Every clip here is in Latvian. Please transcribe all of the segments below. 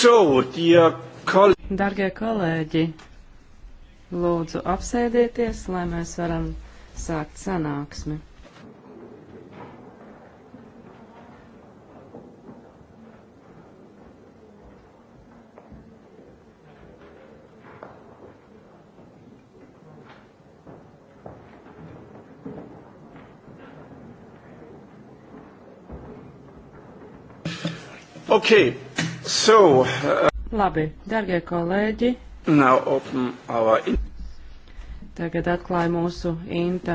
So, kol Dargie kolēģi, lūdzu apsēdieties, lai mēs varam sākt sanāksmi. Okay. So, uh, Labi, darbie kolēģi. Our... Tagad atklāja mūsu INTA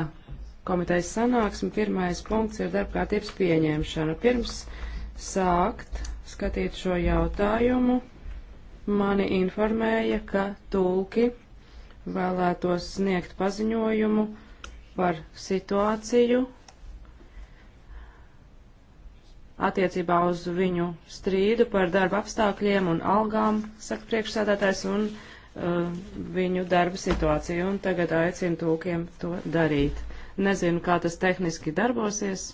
komitejas sanāksmi. Pirmais punkts ir darbkārtības pieņemšana. Pirms sākt skatīt šo jautājumu, mani informēja, ka tulki vēlētos sniegt paziņojumu par situāciju attiecībā uz viņu strīdu par darba apstākļiem un algām, saka priekšsēdētājs, un uh, viņu darba situāciju. Un tagad aicinu tūkiem to darīt. Nezinu, kā tas tehniski darbosies.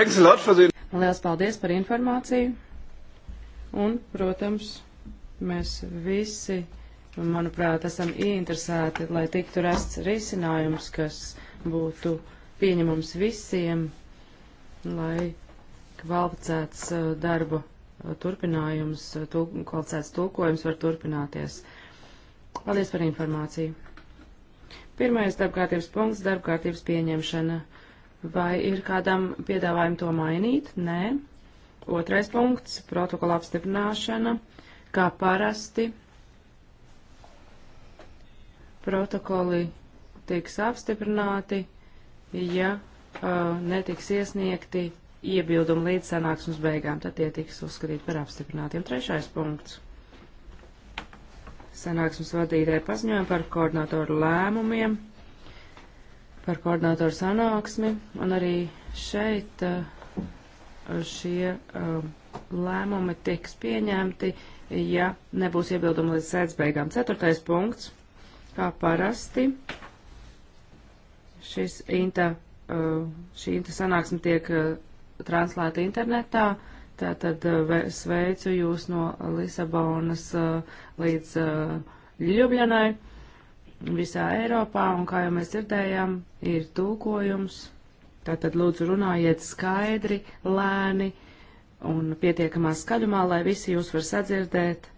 Lielas paldies par informāciju. Un, protams, mēs visi, manuprāt, esam ieinteresēti, lai tiktu rasts risinājums, kas būtu pieņemams visiem, lai kvalificēts uh, darba uh, turpinājums, uh, tulk, kvalificēts tulkojums var turpināties. Paldies par informāciju. Pirmais darbkārtības punkts - darbkārtības pieņemšana. Vai ir kādam piedāvājumi to mainīt? Nē. Otrais punkts - protokola apstiprināšana. Kā parasti protokoli tiks apstiprināti, ja uh, netiks iesniegti iebildumi līdz sanāksmes beigām, tad tie tiks uzskatīti par apstiprinātiem. Trešais punkts. Sanāksmes vadītāja paziņoja par koordinatoru lēmumiem par koordinātoru sanāksmi, un arī šeit eh, šie eh, lēmumi tiks pieņemti, ja nebūs iebildumi līdz sēdz beigām. Ceturtais punkts, kā parasti, šis inta, eh, šī inta sanāksme tiek translēta internetā, tātad sveicu jūs no Lisabonas līdz Ljubljanai visā Eiropā, un kā jau mēs dzirdējām, ir tūkojums. Tātad lūdzu runājiet skaidri, lēni un pietiekamā skaļumā, lai visi jūs var sadzirdēt,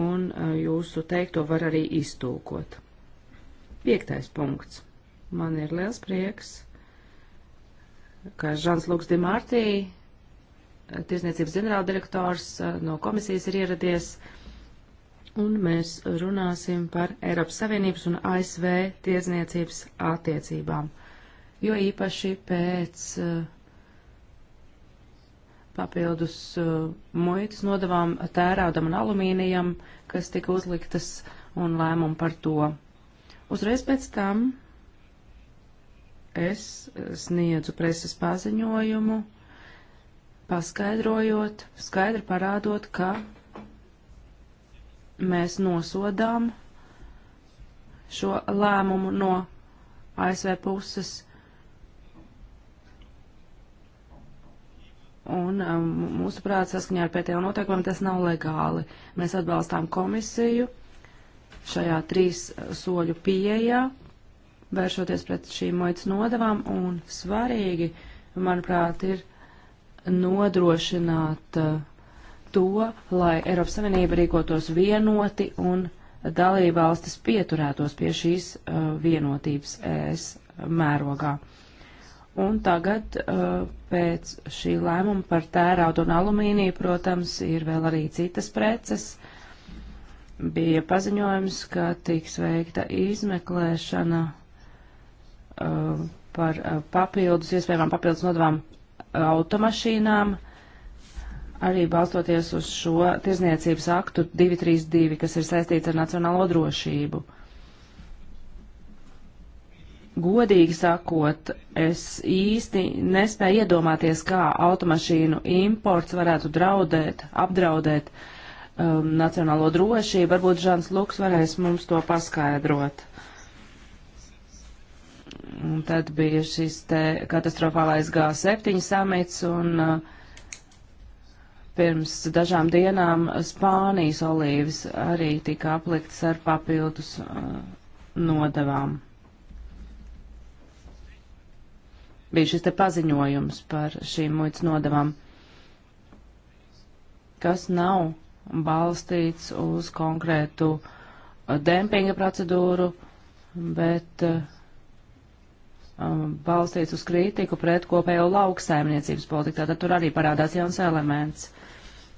un eh, jūsu teikto var arī iztūkot. Piektais punkts. Man ir liels prieks, ka Žans Lūks Dimārtī, tirsniecības ģenerāldirektors eh, no komisijas ir ieradies. Uh, un mēs runāsim par Eiropas Savienības un ASV tiesniecības attiecībām, jo īpaši pēc eh, papildus eh, muitas nodavām tērādam un alumīnijam, kas tika uzliktas un lēmumu par to. Uzreiz pēc tam es sniedzu preses paziņojumu, paskaidrojot, skaidri parādot, ka mēs nosodām šo lēmumu no ASV puses. Un um, mūsuprāt, saskaņā ar PTO noteikumiem tas nav legāli. Mēs atbalstām komisiju šajā trīs soļu pieejā, vēršoties pret šīm moitas nodavām, un svarīgi, manuprāt, ir nodrošināt uh, to, lai Eiropas Savienība rīkotos vienoti un dalībvalstis pieturētos pie šīs uh, vienotības ES mērogā. Un tagad uh, pēc šī lēmuma par tērauda un alumīniju, protams, ir vēl arī citas preces. Bija paziņojums, ka tiks veikta izmeklēšana uh, par uh, papildus, iespējamām papildus nodavām automašīnām, arī balstoties uz šo tirzniecības aktu 232, kas ir saistīts ar nacionālo drošību. Godīgi sakot, es īsti nespēju iedomāties, kā automašīnu imports varētu draudēt, apdraudēt um, nacionālo drošību. Varbūt Žans Luks varēs mums to paskaidrot. Un tad bija šis te katastrofālais G7 samits un uh, Pirms dažām dienām Spānijas olīvas arī tika apliktas ar papildus uh, nodavām. Bija šis te paziņojums par šīm muitas nodavām, kas nav balstīts uz konkrētu uh, dempinga procedūru, bet uh, um, balstīts uz kritiku pret kopējo lauksaimniecības politiku. Tātad tur arī parādās jauns elements.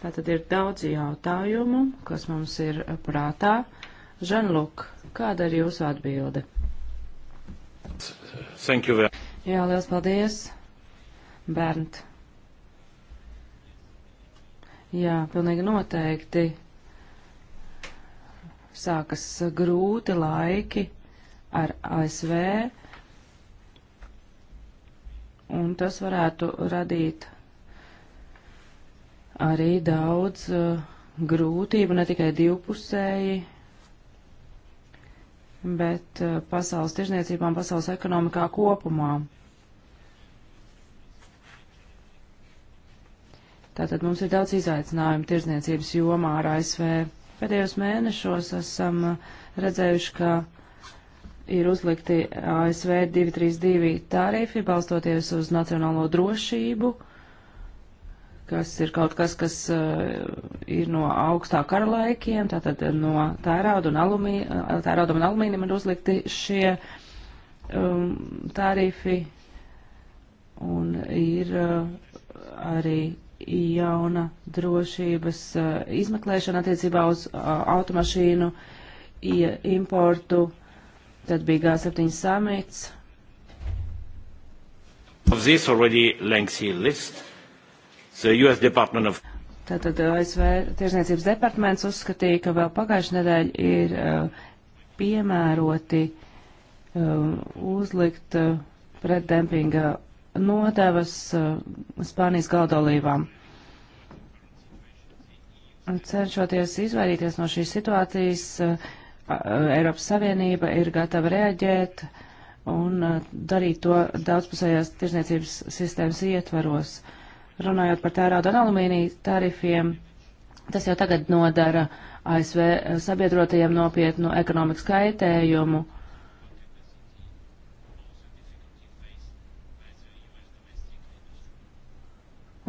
Tātad ir daudz jautājumu, kas mums ir prātā. Žanluk, kāda ir jūsu atbilde? Thank you very much. Jā, liels paldies, Bernt. Jā, pilnīgi noteikti sākas grūti laiki ar ASV, un tas varētu radīt arī daudz uh, grūtību, ne tikai divpusēji, bet uh, pasaules tirzniecībām, pasaules ekonomikā kopumā. Tātad mums ir daudz izaicinājumu tirzniecības jomā ar ASV. Pēdējos mēnešos esam eh, redzējuši, ka ir uzlikti ASV 232 tarifi, balstoties uz nacionālo drošību. Uh, kas ir kaut kas, kas eh, ir no augstā kara laikiem, tātad no tērauda un, alumī, eh, tērauda un alumīniem ir uzlikti šie um, tarifi un ir eh, arī jauna drošības izmeklēšana attiecībā uz automašīnu importu. Tad bija G7 samits. Of this already lengthy list. Of... Tātad uh, ASV tirsniecības departaments uzskatīja, ka vēl pagājušajā nedēļā ir uh, piemēroti uh, uzlikt uh, pretdempinga nodevas uh, Spānijas galdolīvām. Cenšoties izvairīties no šīs situācijas, uh, Eiropas Savienība ir gatava reaģēt un uh, darīt to daudzpusējās tirsniecības sistēmas ietvaros. Uh, Runājot par tērauda un alumīnija tarifiem, tas jau tagad nodara ASV eh, sabiedrotajiem nopietnu ekonomikas kaitējumu.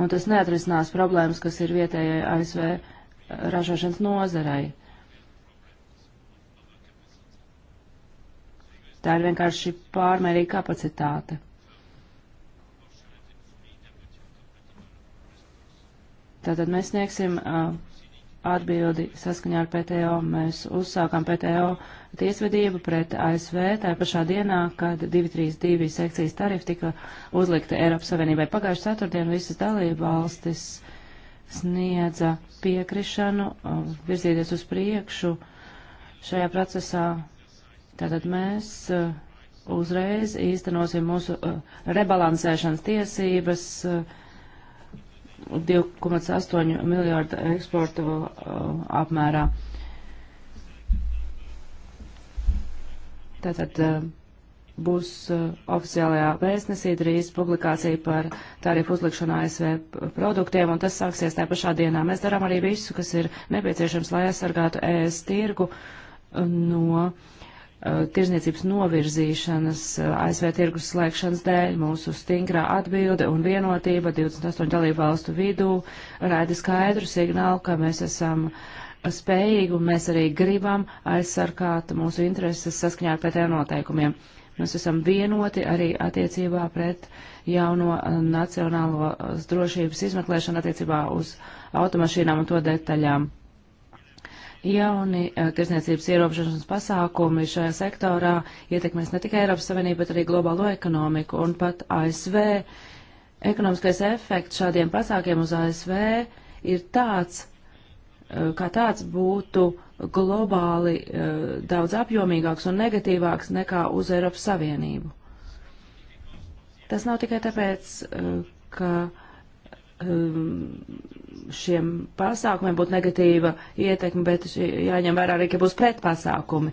Un tas neatrisinās problēmas, kas ir vietējai ASV eh, ražošanas nozarei. Tā ir vienkārši pārmērīga kapacitāte. Tātad mēs sniegsim atbildi saskaņā ar PTO. Mēs uzsākām PTO tiesvedību pret ASV tajā pašā dienā, kad 232 sekcijas tarifi tika uzlikta Eiropas Savienībai. Pagājušā ceturtdien visas dalība valstis sniedza piekrišanu virzīties uz priekšu šajā procesā. Tātad mēs uzreiz īstenosim mūsu rebalansēšanas tiesības. Uh, 2,8 miljārdu eksporta uh, apmērā. Tātad uh, būs uh, oficiālajā vēstnesī drīz publikācija par tarifu uzlikšanu ASV produktiem, un tas sāksies tajā pašā dienā. Mēs darām arī visu, kas ir nepieciešams, lai aizsargātu ES tirgu no uh, Uh, tirzniecības novirzīšanas uh, ASV tirgus slēgšanas dēļ mūsu stingrā atbilde un vienotība 28 dalību valstu vidū raida skaidru signālu, ka mēs esam spējīgi un mēs arī gribam aizsargāt mūsu intereses saskaņā ar pētējiem noteikumiem. Mēs esam vienoti arī attiecībā pret jauno uh, nacionālo drošības izmeklēšanu attiecībā uz automašīnām un to detaļām. Jauni eh, tirsniecības ierobežošanas pasākumi šajā sektorā ietekmēs ne tikai Eiropas Savienību, bet arī globālo ekonomiku un pat ASV. Ekonomiskais efekts šādiem pasākiem uz ASV ir tāds, eh, kā tāds būtu globāli eh, daudz apjomīgāks un negatīvāks nekā uz Eiropas Savienību. Tas nav tikai tāpēc, ka Um, šiem pasākumiem būtu negatīva ietekme, bet jāņem vērā arī, ka būs pretpasākumi.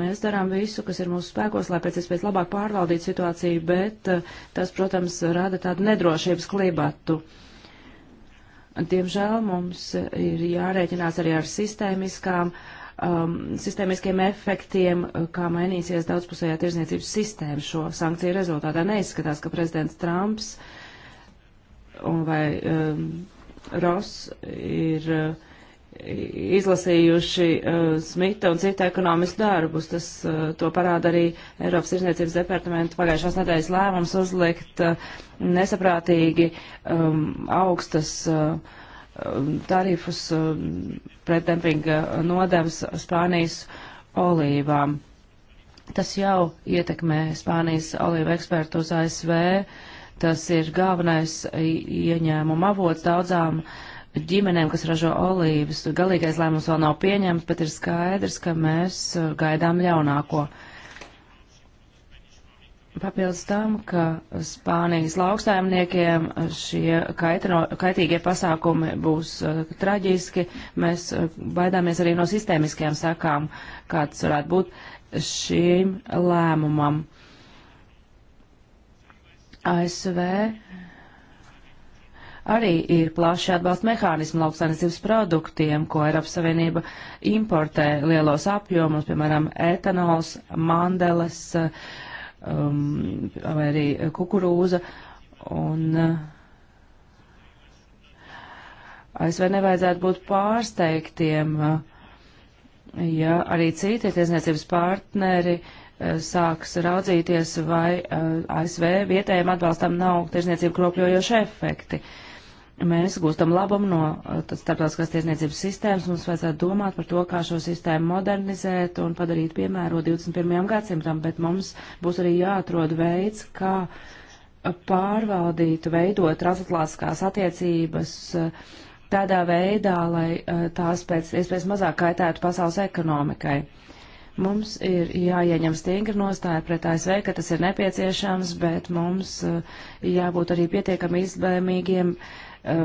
Mēs darām visu, kas ir mūsu spēkos, lai pēc iespējas labāk pārvaldītu situāciju, bet uh, tas, protams, rada tādu nedrošības klibatu. Diemžēl mums ir jārēķinās arī ar sistēmiskām, um, sistēmiskiem efektiem, uh, kā mainīsies daudzpusējā tirzniecības sistēma šo sankciju rezultātā. Neizskatās, ka prezidents Trumps uh, un vai um, Ross ir uh, izlasījuši uh, Smita un citu ekonomistu darbus. Tas, uh, to parāda arī Eiropas izniecības departamentu pagājušās nedēļas lēmums uzlikt uh, nesaprātīgi um, augstas uh, tarifus uh, um, pret dempinga nodevas Spānijas olīvām. Tas jau ietekmē Spānijas olīvu ekspertu uz ASV. Uh, Tas ir galvenais ieņēmuma avots daudzām ģimenēm, kas ražo olīvas. Galīgais lēmums vēl nav pieņemts, bet ir skaidrs, ka mēs uh, gaidām ļaunāko. Papildus tam, ka Spānijas lauksaimniekiem šie kaitino, kaitīgie pasākumi būs uh, traģiski, mēs uh, baidāmies arī no sistēmiskajām sakām, kāds varētu būt šīm lēmumam. ASV arī ir plaši atbalsta mehānismi lauksainasības produktiem, ko Eiropas Savienība importē lielos apjomos, piemēram, etanols, mandeles um, vai arī kukurūza. Un, uh, ASV nevajadzētu būt pārsteigtiem, uh, ja arī citi tiesniecības partneri uh, sāks raudzīties, vai eh, ASV vietējiem atbalstam nav tirzniecību kropļojoši efekti. Mēs gūstam labumu no eh, starptautiskās tirzniecības sistēmas, mums vajadzētu domāt par to, kā šo sistēmu modernizēt un padarīt piemēro 21. gadsimtam, bet mums būs arī jāatrod veids, kā eh, pārvaldīt, veidot transatlantiskās attiecības tādā veidā, lai tās pēc iespējas mazāk kaitētu pasaules ekonomikai. Uh, Mums ir jāieņem stingra nostāja pret ASV, ka tas ir nepieciešams, bet mums eh, jābūt arī pietiekami izlēmīgiem eh,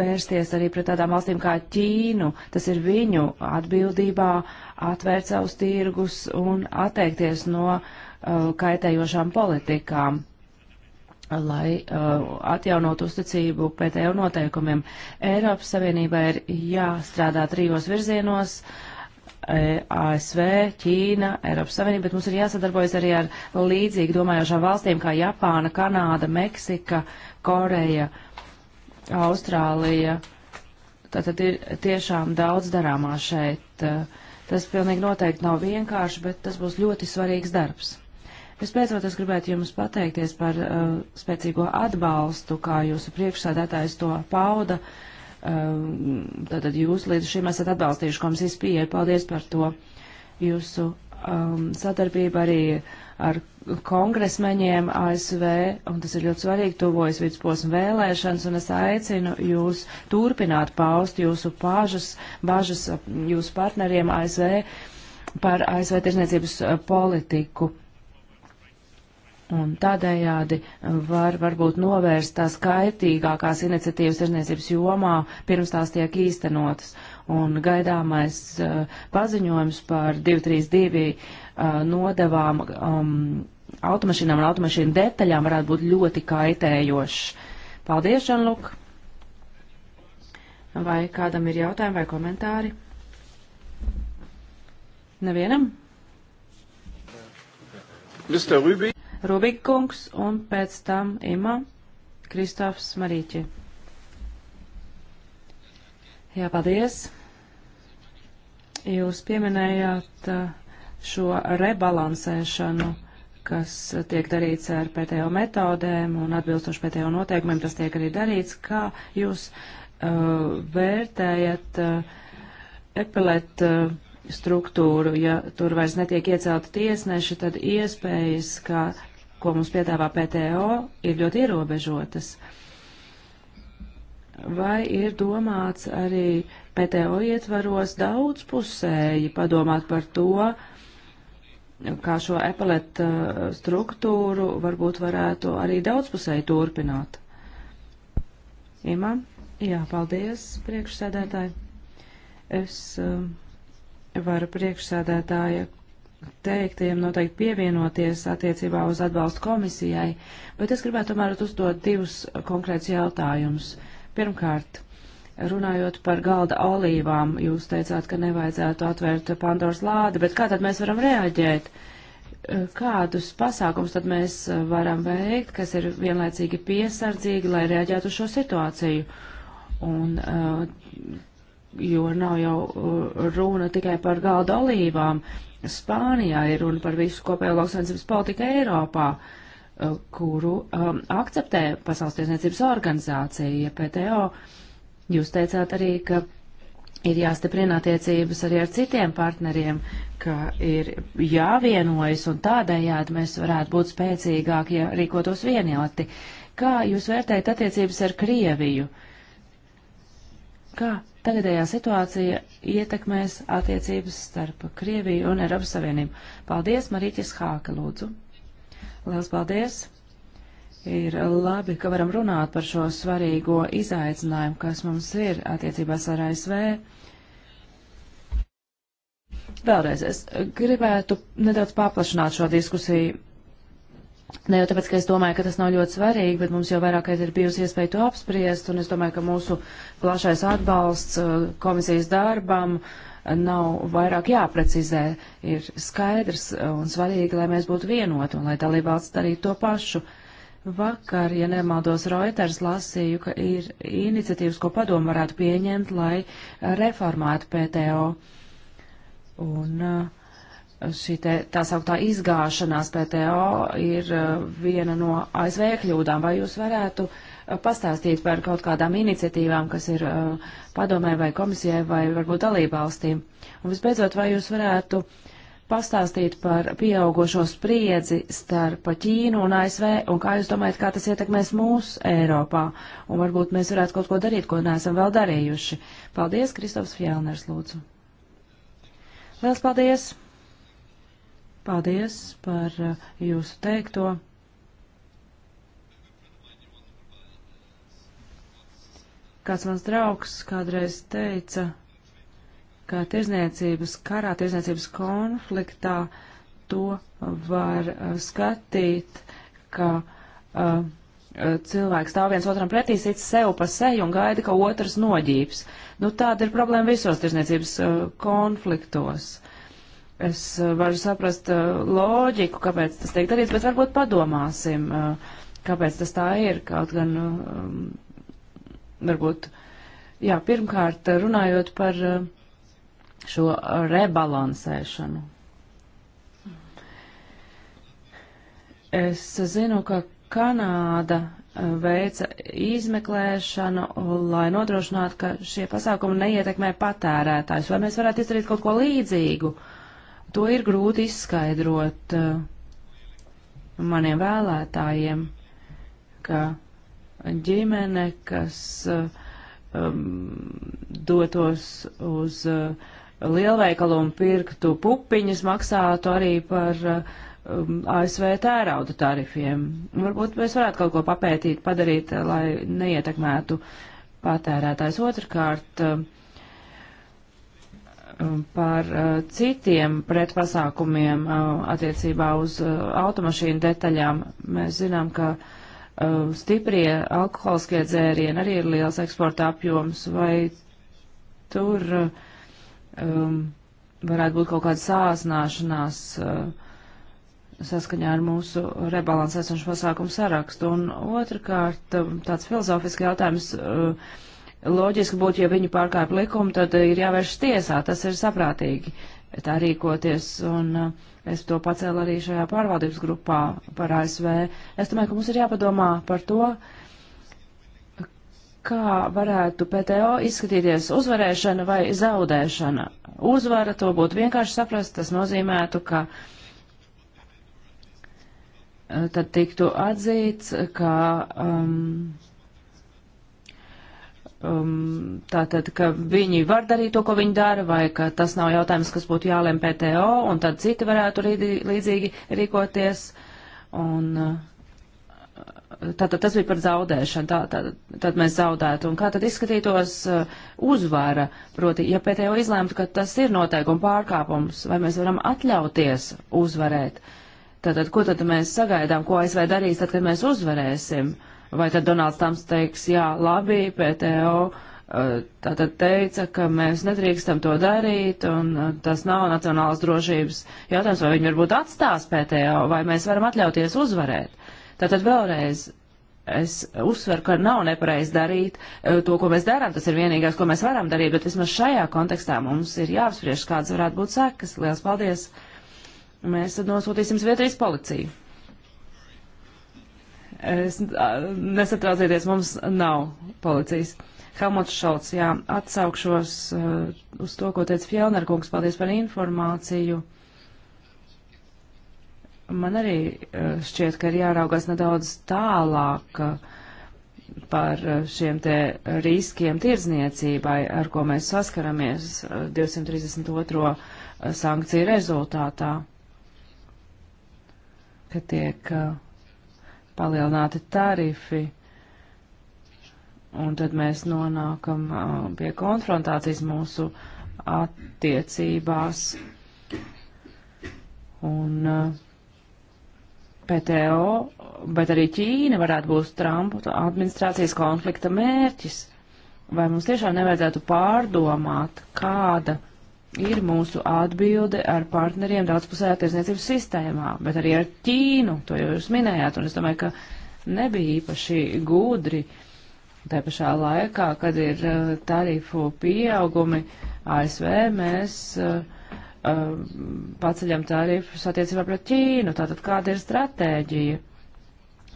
vērsties arī pret tādām valstīm kā Ķīnu. Tas ir viņu atbildībā atvērt savus tirgus un atteikties no eh, kaitējošām politikām lai uh, atjaunot uzticību PTO noteikumiem. Eiropas Savienībā ir jāstrādā trijos virzienos uh, ASV, Ķīna, Eiropas Savienība, bet mums ir jāsadarbojas arī ar līdzīgi domājošām valstīm kā Japāna, Kanāda, Meksika, Koreja, Austrālija. Tātad ir tiešām daudz darāmā šeit. Tas pilnīgi noteikti nav vienkārši, bet tas būs ļoti svarīgs darbs. Vispēcot, es gribētu jums pateikties par uh, spēcīgo atbalstu, kā jūsu priekšsādātājs to pauda. Uh, Um, tātad jūs līdz šim esat atbalstījuši komisijas pieeja. Paldies par to. Jūsu um, sadarbība arī ar kongresmeņiem ASV, un tas ir ļoti svarīgi, tuvojas vidusposma vēlēšanas, un es aicinu jūs turpināt paust jūsu pāžas, bažas um, jūsu partneriem ASV par ASV tirzniecības uh, politiku. Un tādējādi uh, var varbūt novērst tās kaitīgākās iniciatīvas tirzniecības jomā, pirms tās tiek īstenotas. Un gaidāmais uh, paziņojums par 232 uh, nodevām um, automašīnām un automašīnu detaļām varētu būt ļoti kaitējošs. Paldies, Žanluk! Vai kādam ir jautājumi vai komentāri? Nevienam? Mr. Rubī. Rubikungs un pēc tam Ima Kristofs Marīķi. Jā, paldies. Jūs pieminējāt uh, šo rebalansēšanu kas tiek darīts ar PTO metodēm un atbilstoši PTO noteikumiem, tas tiek arī darīts. Kā jūs uh, vērtējat uh, epilet uh, struktūru, ja tur vairs netiek iecelti tiesneši, tad iespējas, ka ko mums piedāvā PTO, ir ļoti ierobežotas. Vai ir domāts arī PTO ietvaros daudzpusēji padomāt par to, kā šo epalet uh, struktūru varbūt varētu arī daudzpusēji turpināt? Imā? Jā, paldies, priekšsēdētāji. Es uh, varu priekšsēdētāja teiktajiem noteikti pievienoties attiecībā uz atbalstu komisijai, bet es gribētu tomēr uzdot divus konkrētus jautājumus. Pirmkārt, runājot par galda olīvām, jūs teicāt, ka nevajadzētu atvērt Pandoras lādi, bet kā tad mēs varam reaģēt? Kādus pasākums tad mēs varam veikt, kas ir vienlaicīgi piesardzīgi, lai reaģētu uz šo situāciju? Un, uh, jo nav jau uh, runa tikai par galda olīvām, Spānijā ir runa par visu kopējo lauksaimniecības politiku Eiropā, eh, kuru um, akceptē Pasaules tiesniecības organizācija PTO. Jūs teicāt arī, ka ir jāstiprina attiecības arī ar citiem partneriem, ka ir jāvienojas un tādējādi mēs varētu būt spēcīgāki, ja rīkotos vienoti. Kā jūs vērtējat attiecības ar Krieviju? Kā Tagadējā situācija ietekmēs attiecības starp Krieviju un Eiropas Savienību. Paldies, Marīķis Hāka, lūdzu. Liels paldies! Ir labi, ka varam runāt par šo svarīgo izaicinājumu, kas mums ir attiecībās ar ASV. Vēlreiz es gribētu nedaudz paplašināt šo diskusiju. Ne jau tāpēc, ka es domāju, ka tas nav ļoti svarīgi, bet mums jau vairākais ir bijusi iespēja to apspriest, un es domāju, ka mūsu plašais atbalsts uh, komisijas darbam uh, nav vairāk jāprecizē. Ir skaidrs uh, un svarīgi, lai mēs būtu vienoti un lai dalībvalsts darītu to pašu. Vakar, ja nemaldos, Reuters lasīju, ka ir iniciatīvas, ko padomu varētu pieņemt, lai reformētu PTO. Un, uh, šī te, tā sauktā izgāšanās PTO ir uh, viena no ASV kļūdām. Vai jūs varētu uh, pastāstīt par kaut kādām iniciatīvām, kas ir uh, padomē vai komisijai vai varbūt dalībvalstīm? Un visbeidzot, vai jūs varētu pastāstīt par pieaugošo spriedzi starp Ķīnu un ASV un kā jūs domājat, kā tas ietekmēs mūs Eiropā? Un varbūt mēs varētu kaut ko darīt, ko neesam vēl darījuši. Paldies, Kristofs Fjellners, lūdzu. Liels paldies! Paldies par uh, jūsu teikto. Kāds mans draugs kādreiz teica, ka tirzniecības karā, tirzniecības konfliktā to var uh, skatīt, ka uh, uh, cilvēks stāv viens otram pretī, sit sev pa seju un gaida, ka otrs noģības. Nu, tāda ir problēma visos tirzniecības uh, konfliktos. Es eh, varu saprast eh, loģiku, kāpēc tas tiek darīts, bet varbūt padomāsim, eh, kāpēc tas tā ir. Kaut gan varbūt, jā, pirmkārt runājot par šo rebalansēšanu. Es zinu, ka Kanāda veica izmeklēšanu, lai nodrošinātu, ka šie pasākumi neietekmē patērētājs. Vai mēs varētu izdarīt kaut ko līdzīgu? Uh, To ir grūti izskaidrot uh, maniem vēlētājiem, ka ģimene, kas uh, um, dotos uz uh, lielveikalu un pirktu pupiņas, maksātu arī par uh, um, ASV tērauda tarifiem. Varbūt mēs varētu kaut ko papētīt, padarīt, lai neietekmētu patērētājs. Otrkārt, uh, Um, par uh, citiem pretpasākumiem uh, attiecībā uz uh, automašīnu detaļām. Mēs zinām, ka stiprie alkoholiskie dzērieni arī ir liels eksporta apjoms, vai tur um, varētu būt kaut kāda sāsnāšanās uh, saskaņā ar mūsu rebalansēšanas pasākumu sarakstu. Un otrkārt, um, tāds filozofisks jautājums. Uh, Loģiski būtu, ja viņi pārkāpj likumu, tad eh, ir jāvēršas tiesā, tas ir saprātīgi tā rīkoties, un eh, es to pacēlu arī šajā pārvaldības grupā par ASV. Es domāju, ka mums ir jāpadomā par to, kā varētu PTO izskatīties uzvarēšana vai zaudēšana. Uzvara to būtu vienkārši saprast, tas nozīmētu, ka eh, tad tiktu atzīts, ka um, um, tātad, ka viņi var darīt to, ko viņi dara, vai ka tas nav jautājums, kas būtu jālem PTO, un tad citi varētu rīdi, līdzīgi rīkoties. Un, uh, tātad tas bija par zaudēšanu, tā, tā, tad mēs zaudētu. Un kā tad izskatītos uh, uzvara, proti, ja PTO izlēmtu, ka tas ir noteikuma pārkāpums, vai mēs varam atļauties uzvarēt? Tātad, ko tad mēs sagaidām, ko ASV darīs, tad, kad mēs uzvarēsim? Uh, Vai tad Donalds Tams teiks, jā, labi, PTO eh, tātad teica, ka mēs nedrīkstam to darīt, un eh, tas nav nacionālas drošības jautājums, vai viņi varbūt atstās PTO, vai mēs varam atļauties uzvarēt. Tātad vēlreiz es uzsveru, ka nav nepareizi darīt eh, to, ko mēs darām, tas ir vienīgais, ko mēs varam darīt, bet vismaz šajā kontekstā mums ir jāapspriež, kādas varētu būt sekas. Lielas paldies! Mēs tad nosūtīsim Zviedrijas policiju. Es, nesatraucieties, mums nav policijas. Helmuts Šalts, jā, atsaukšos uh, uz to, ko teica Fjellnerkungs, paldies par informāciju. Man arī uh, šķiet, ka ir jāraugās nedaudz tālāk uh, par šiem te riskiem tirzniecībai, ar ko mēs saskaramies uh, 232. sankciju rezultātā, ka tiek. Uh, palielināti tarifi. Un tad mēs nonākam pie konfrontācijas mūsu attiecībās. Un PTO, bet arī Ķīna varētu būt Trumpa administrācijas konflikta mērķis. Vai mums tiešām nevajadzētu pārdomāt, kāda ir mūsu atbilde ar partneriem daudzpusējā tirsniecības sistēmā, bet arī ar Ķīnu, to jau jūs minējāt, un es domāju, ka nebija īpaši gudri tā pašā laikā, kad ir uh, tarifu pieaugumi ASV, mēs uh, uh, paceļam tarifus attiecībā pret Ķīnu. Tātad kāda ir stratēģija?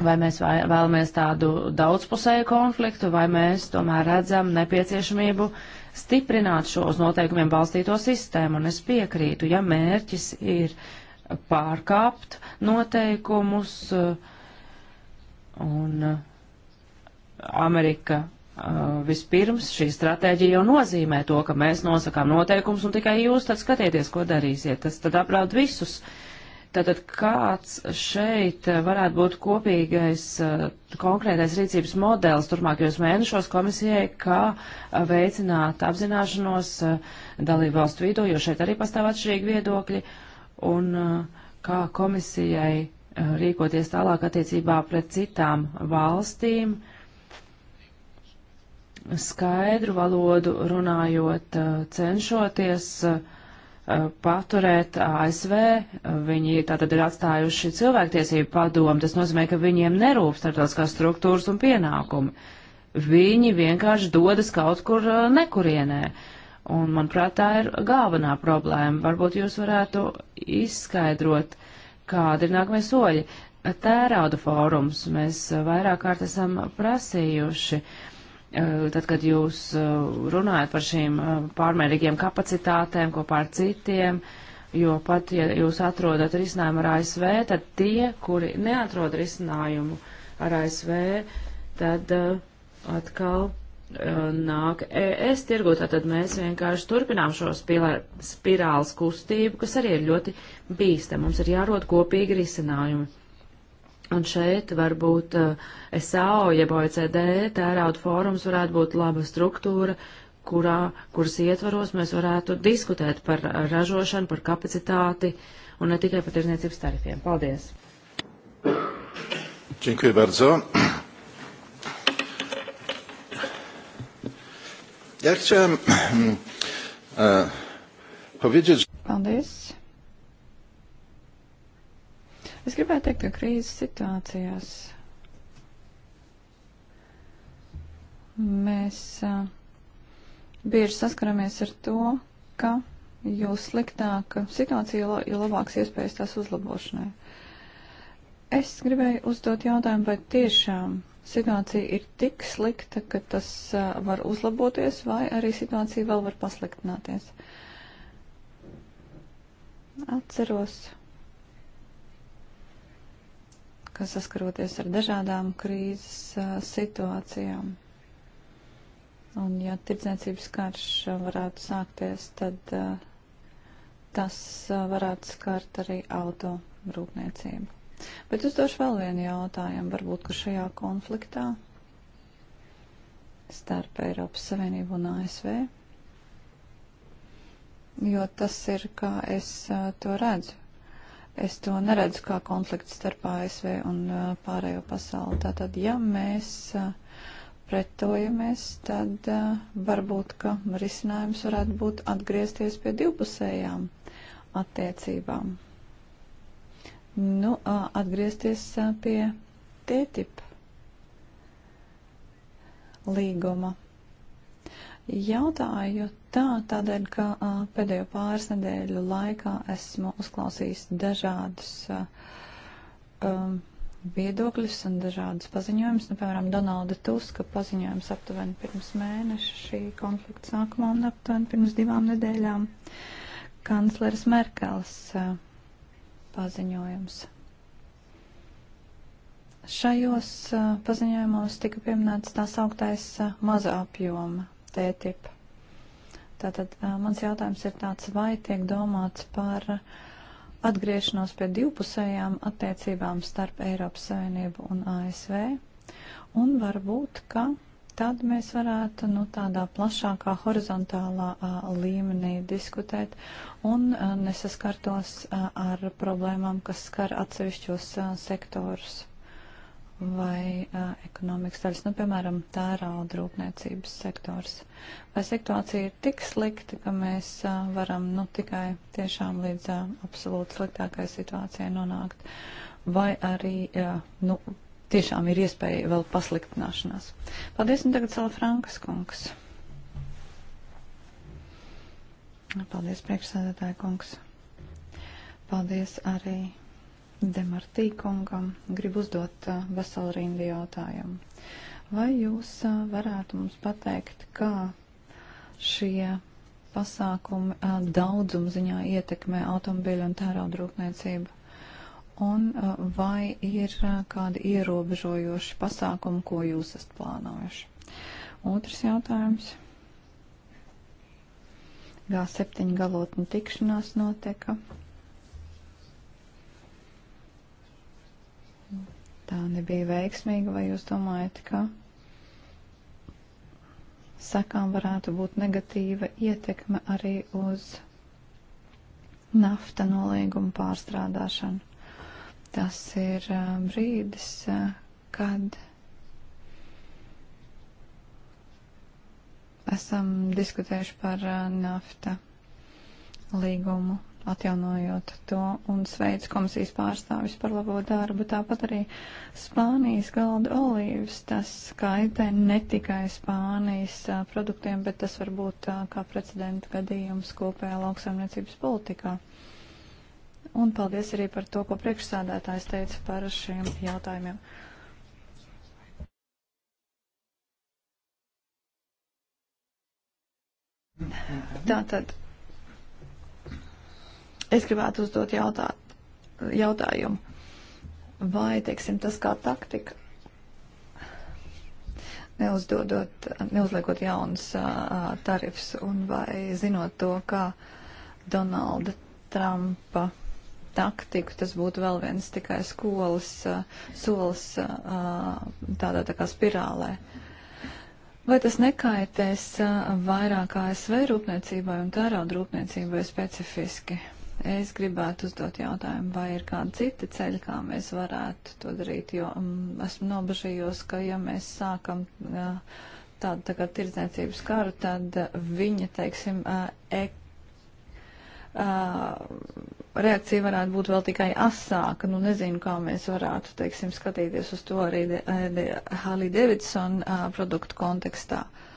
Vai mēs vēlamies tādu daudzpusēju konfliktu, vai mēs tomēr redzam nepieciešamību uh, stiprināt šo uz noteikumiem balstīto sistēmu, un es piekrītu, ja mērķis ir pārkāpt noteikumus, uh, un uh, Amerika uh, vispirms šī stratēģija jau nozīmē to, ka mēs nosakām noteikumus, un tikai jūs tad skatieties, ko darīsiet. Tas tad apdraud visus. Uh, Tātad kāds šeit eh, varētu būt kopīgais eh, konkrētais rīcības modelis turpmākajos mēnešos komisijai, kā eh, veicināt apzināšanos dalību valstu vidū, jo šeit arī pastāv atšķirīgi viedokļi, un kā komisijai rīkoties tālāk attiecībā pret citām valstīm, skaidru valodu runājot, cenšoties uh, Uh, paturēt ASV. Viņi tātad ir atstājuši cilvēktiesību padomu. Tas nozīmē, ka viņiem nerūp starptautiskās struktūras un pienākumi. Viņi vienkārši dodas kaut kur uh, nekurienē. Un, manuprāt, tā ir galvenā problēma. Varbūt jūs varētu izskaidrot, kādi ir nākamie soļi. Tērauda fórums mēs uh, vairāk kārt esam prasījuši. Uh, Eh, tad, kad jūs eh, runājat par šīm eh, pārmērīgiem kapacitātēm kopā ar citiem, jo pat, ja jūs atrodat risinājumu ar ASV, tad tie, kuri neatrod risinājumu ar ASV, tad atkal nāk ES tirgu, tad mēs vienkārši turpinām šo spirāles kustību, kas arī ir ļoti bīstama. Mums ir jārod kopīgi risinājumi. Un šeit varbūt eh, SAO, jeb OECD, tērauda fórums varētu būt laba struktūra, kurā, kuras ietvaros mēs varētu diskutēt par ražošanu, par kapacitāti un ne tikai par tirzniecības tarifiem. Paldies! Dziękuję bardzo. Ja chciałem mm, e, powiedzieć... Paldies. Es gribētu teikt, ka krīzes situācijās mēs uh, bieži saskaramies ar to, ka jo sliktāka situācija, jo labāks iespējas tās uzlabošanai. Es gribēju uzdot jautājumu, vai tiešām situācija ir tik slikta, ka tas uh, var uzlaboties, vai arī situācija vēl var pasliktināties. Atceros ka saskaroties ar dažādām krīzes situācijām. Un ja tirdzniecības karš varētu sākties, tad tas varētu skart arī auto rūpniecību. Bet uzdošu vēl vienu jautājumu, varbūt, ka šajā konfliktā starp Eiropas Savienību un ASV, jo tas ir, kā es to redzu, Es to neredzu kā konfliktu starp ASV un uh, pārējo pasauli. Tātad, ja mēs uh, pretojamies, tad uh, varbūt, ka risinājums varētu būt atgriezties pie divpusējām attiecībām. Nu, atgriezties pie TTIP līguma Jautāju tā, tādēļ, ka pēdējo pāris nedēļu laikā esmu uzklausījis dažādus um, viedokļus un dažādus paziņojumus. Nu, piemēram, Donalda Tuska paziņojums aptuveni pirms mēneša šī konflikta sākumā un aptuveni pirms divām nedēļām kancleres Merkels paziņojums. Šajos paziņojumos tika pieminēts tā sauktais maza apjoma TTIP. Tātad mans jautājums ir tāds, vai tiek domāts par atgriešanos pie divpusējām attiecībām starp Eiropas Savienību un ASV, un varbūt, ka tad mēs varētu nu, tādā plašākā horizontālā a, līmenī diskutēt un a, nesaskartos a, ar problēmām, kas skar atsevišķos a, sektorus vai uh, ekonomikas daļas, nu, piemēram, tērauda rūpniecības sektors. Vai situācija ir tik slikta, ka mēs uh, varam nu, tikai tiešām līdz uh, absolūti sliktākai situācijai nonākt, vai arī uh, nu, tiešām ir iespēja vēl pasliktināšanās. Paldies, un tagad Sala Frankas kungs. Paldies, priekšsēdētāja kungs. Paldies arī Demartī kungam gribu uzdot veselu rindu jautājumu. Vai jūs varētu mums pateikt, kā šie pasākumi daudzuma ziņā ietekmē automobīļu un tērauda rūpniecību? Un vai ir kādi ierobežojoši pasākumi, ko jūs esat plānojuši? Otrs jautājums. G7 galotņu tikšanās notika. tā nebija veiksmīga, vai jūs domājat, ka sakām varētu būt negatīva ietekme arī uz nafta nolīgumu pārstrādāšanu. Tas ir brīdis, kad esam diskutējuši par nafta līgumu atjaunojot to un sveic komisijas pārstāvis par labo darbu. Tāpat arī Spānijas galda olīvas, tas kaitē ne tikai Spānijas a, produktiem, bet tas var būt a, kā precedenta gadījums kopējā lauksaimniecības politikā. Un paldies arī par to, ko priekšsādātājs teica par šiem jautājumiem. Tātad Es gribētu uzdot jautā, jautājumu, vai, teiksim, tas kā taktika, neuzdodot, neuzliekot jaunas tarifs, un vai zinot to, kā Donalda Trumpa taktiku, tas būtu vēl viens tikai skolas a, solis a, tādā tā kā spirālē. Vai tas nekaitēs a, vairāk ASV rūpniecībai un tērauda rūpniecībai specifiski? Es gribētu uzdot jautājumu, vai ir kāda cita ceļa, kā mēs varētu to darīt, jo um, esmu nobežījos, ka ja mēs sākam uh, tādu tā kā tirdzniecības karu, tad uh, viņa, teiksim, uh, ek, uh, reakcija varētu būt vēl tikai asāka. Nu, nezinu, kā mēs varētu, teiksim, skatīties uz to arī Halī Davidson uh, produktu kontekstā. Uh,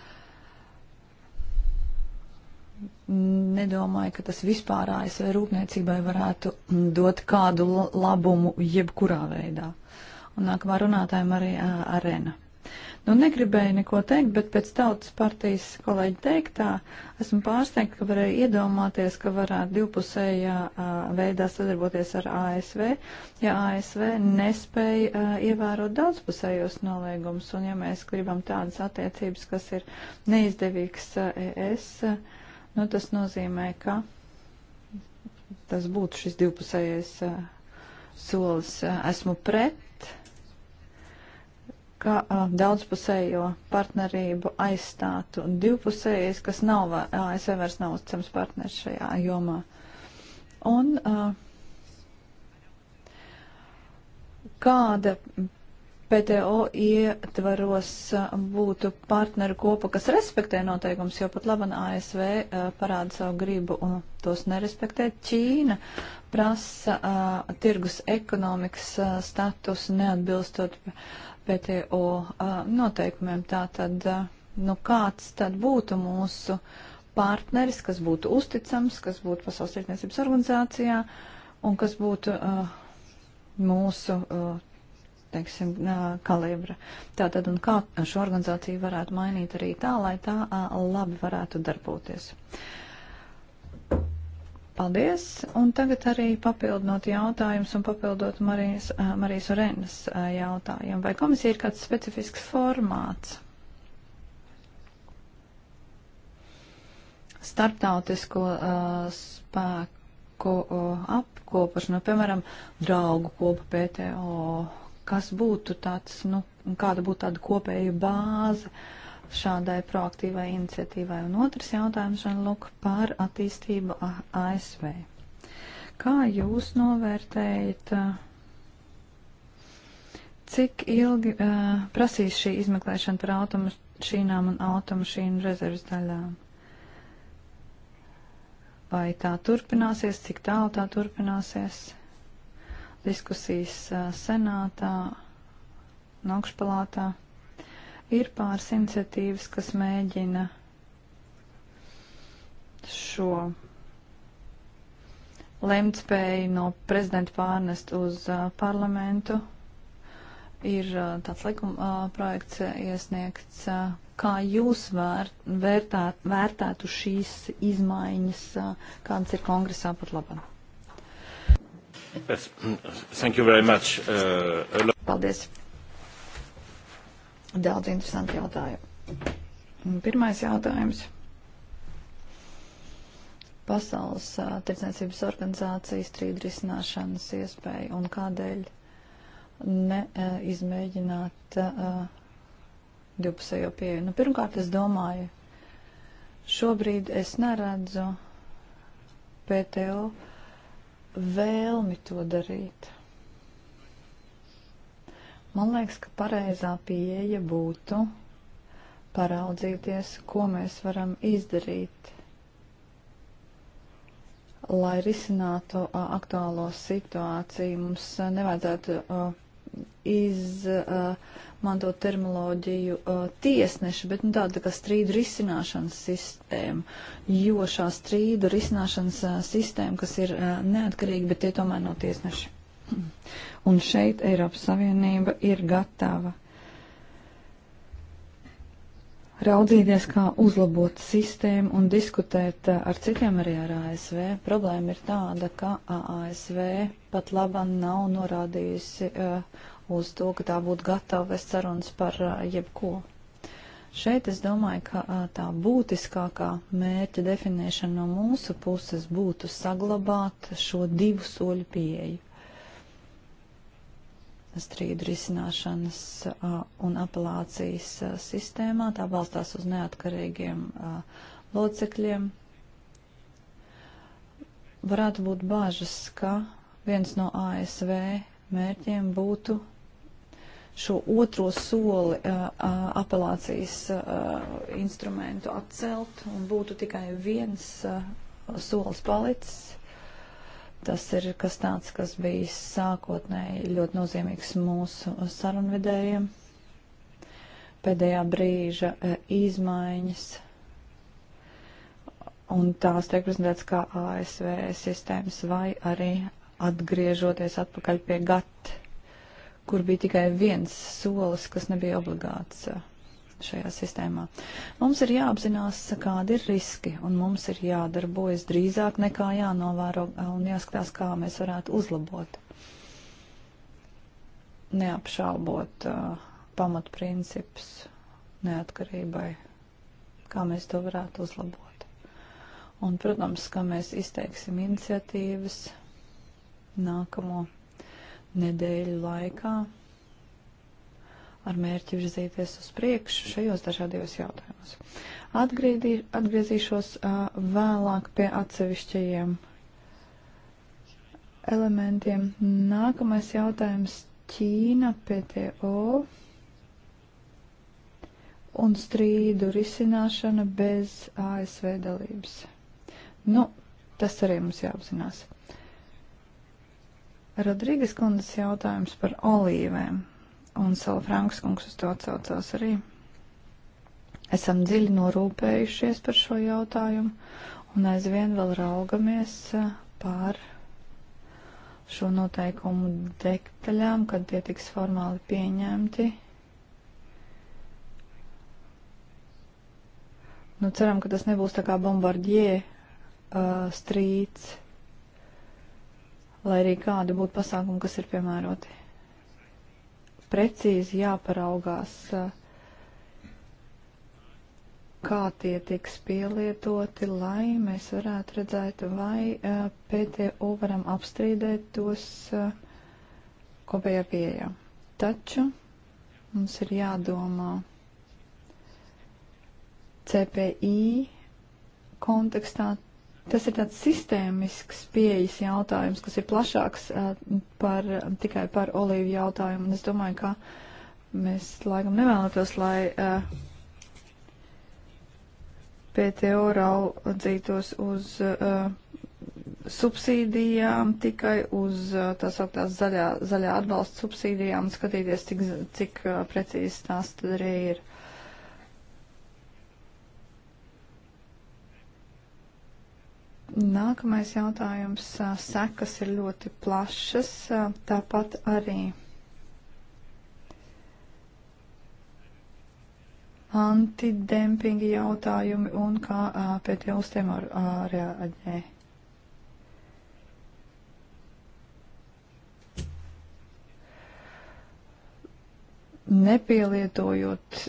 nedomāju, ka tas vispār ASV rūpniecībai varētu dot kādu labumu jebkurā veidā. Un nākamā runātājiem arī uh, arēna. Nu, negribēju neko teikt, bet pēc tautas partijas kolēģi teiktā esmu pārsteigta, ka varēju iedomāties, ka varētu divpusējā uh, veidā sadarboties ar ASV, ja ASV nespēja uh, ievērot daudzpusējos noliegumus. Un ja mēs gribam tādas attiecības, kas ir neizdevīgas uh, ES. Uh, Nu, tas nozīmē, ka tas būtu šis divpusējais uh, solis. Eh, esmu pret, ka uh, daudzpusējo partnerību aizstātu divpusējais, kas nav, ASV vairs nav uzticams partners šajā jomā. Un uh, kāda PTO ietvaros būtu partneru kopa, kas respektē noteikums, jo pat laban ASV parāda savu gribu un tos nerespektē. Ķīna prasa uh, tirgus ekonomikas uh, statusu neatbilstot PTO uh, noteikumiem. Tātad, uh, nu kāds tad būtu mūsu partneris, kas būtu uzticams, kas būtu Pasaules tirdzniecības organizācijā un kas būtu uh, mūsu. Uh, teiksim, kalibra. Tātad, un kā šo organizāciju varētu mainīt arī tā, lai tā labi varētu darboties. Paldies, un tagad arī papildinot jautājums un papildot Marijas, Marijas Urenas jautājumu. Vai komisija ir kāds specifisks formāts? starptautisko uh, spēku uh, apkopošanu, piemēram, draugu kopu PTO kas būtu tāds, nu, kāda būtu tāda kopēja bāze šādai proaktīvai iniciatīvai. Un otrs jautājums, Žanluk, par attīstību ASV. Kā jūs novērtējat, cik ilgi uh, prasīs šī izmeklēšana par automašīnām un automašīnu rezerves daļām? Vai tā turpināsies, cik tālu tā turpināsies? diskusijas senātā un augšpalātā. Ir pāris iniciatīvas, kas mēģina šo lemtspēju no prezidenta pārnest uz uh, parlamentu. Ir uh, tāds likuma uh, projekts iesniegts. Kā jūs vēr, vērtāt, vērtētu šīs izmaiņas, kādas ir kongresā pat labāk? Yes. Thank you very much. Uh, Paldies. Daudz interesanti jautājumi. Pirmais jautājums. Pasaules uh, tirdzniecības organizācijas strīdu risināšanas iespēja un kādēļ neizmēģināt uh, uh, divpusējo pieeju. Nu, pirmkārt, es domāju, šobrīd es neredzu PTO vēlmi to darīt. Man liekas, ka pareizā pieeja būtu paraudzīties, ko mēs varam izdarīt, lai risinātu aktuālo situāciju. Mums nevajadzētu uh, izmantot uh, terminoloģiju uh, tiesneši, bet nu, tāda kā strīdu risināšanas sistēma, jo šā strīdu risināšanas uh, sistēma, kas ir neatkarīga, bet tie tomēr nav tiesneši. Un šeit Eiropas Savienība ir gatava raudzīties, kā uzlabot sistēmu un diskutēt eh, ar citiem arī ar ASV. Problēma ir tāda, ka ASV pat laba nav norādījusi eh, uz to, ka tā būtu gatava vest sarunas par eh, jebko. Šeit es domāju, ka tā būtiskākā mērķa definēšana no mūsu puses būtu saglabāt šo divu soļu pieeju strīdu risināšanas un apelācijas sistēmā. Tā balstās uz neatkarīgiem locekļiem. Varētu būt bažas, ka viens no ASV mērķiem būtu šo otro soli apelācijas instrumentu atcelt un būtu tikai viens solis palicis Tas ir kas tāds, kas bija sākotnēji ļoti nozīmīgs mūsu sarunvedējiem. Pēdējā brīža e, izmaiņas, un tās tiek prezentētas kā ASV sistēmas, vai arī atgriežoties atpakaļ pie GATT, kur bija tikai viens solis, kas nebija obligāts. Uh, šajā sistēmā. Mums ir jāapzinās, kādi ir riski, un mums ir jādarbojas drīzāk nekā jānovēro eh, un jāskatās, kā mēs varētu uzlabot. Neapšaubot uh, pamatprincips neatkarībai, kā mēs to varētu uzlabot. Un, protams, ka mēs izteiksim iniciatīvas nākamo nedēļu laikā ar mērķi virzīties uz priekšu šajos dažādajos jautājumos. Atgriedī, atgriezīšos uh, vēlāk pie atsevišķajiem elementiem. Nākamais jautājums - Ķīna, PTO un strīdu risināšana bez ASV dalības. Nu, tas arī mums jāapzinās. Rodrīgas kundas jautājums par olīvēm un Sala Franks kungs uz to atsaucās arī. Esam dziļi norūpējušies par šo jautājumu un aizvien vēl raugamies eh, pār šo noteikumu detaļām, kad tie tiks formāli pieņemti. Nu, ceram, ka tas nebūs tā kā bombardie uh, eh, strīds, lai arī kādi būtu pasākumi, kas ir piemēroti precīzi jāparaugās, kā tie tiks pielietoti, lai mēs varētu redzēt, vai e, PTU varam apstrīdēt tos e, kopējā pieejā. Taču mums ir jādomā CPI kontekstā Tas ir tāds sistēmisks pieejas jautājums, kas ir plašāks uh, par, tikai par olīvu jautājumu. Un es domāju, ka mēs laikam nevēlētos, lai uh, PTO raudzītos uz uh, subsīdijām, tikai uz tā sauktās zaļā, zaļā atbalsta subsīdijām un skatīties, cik, cik precīzi tās tad arī ir. Nākamais jautājums. Sekas ir ļoti plašas, tāpat arī antidempinga jautājumi un kā pie tie uz tiem reaģē. Nepielietojot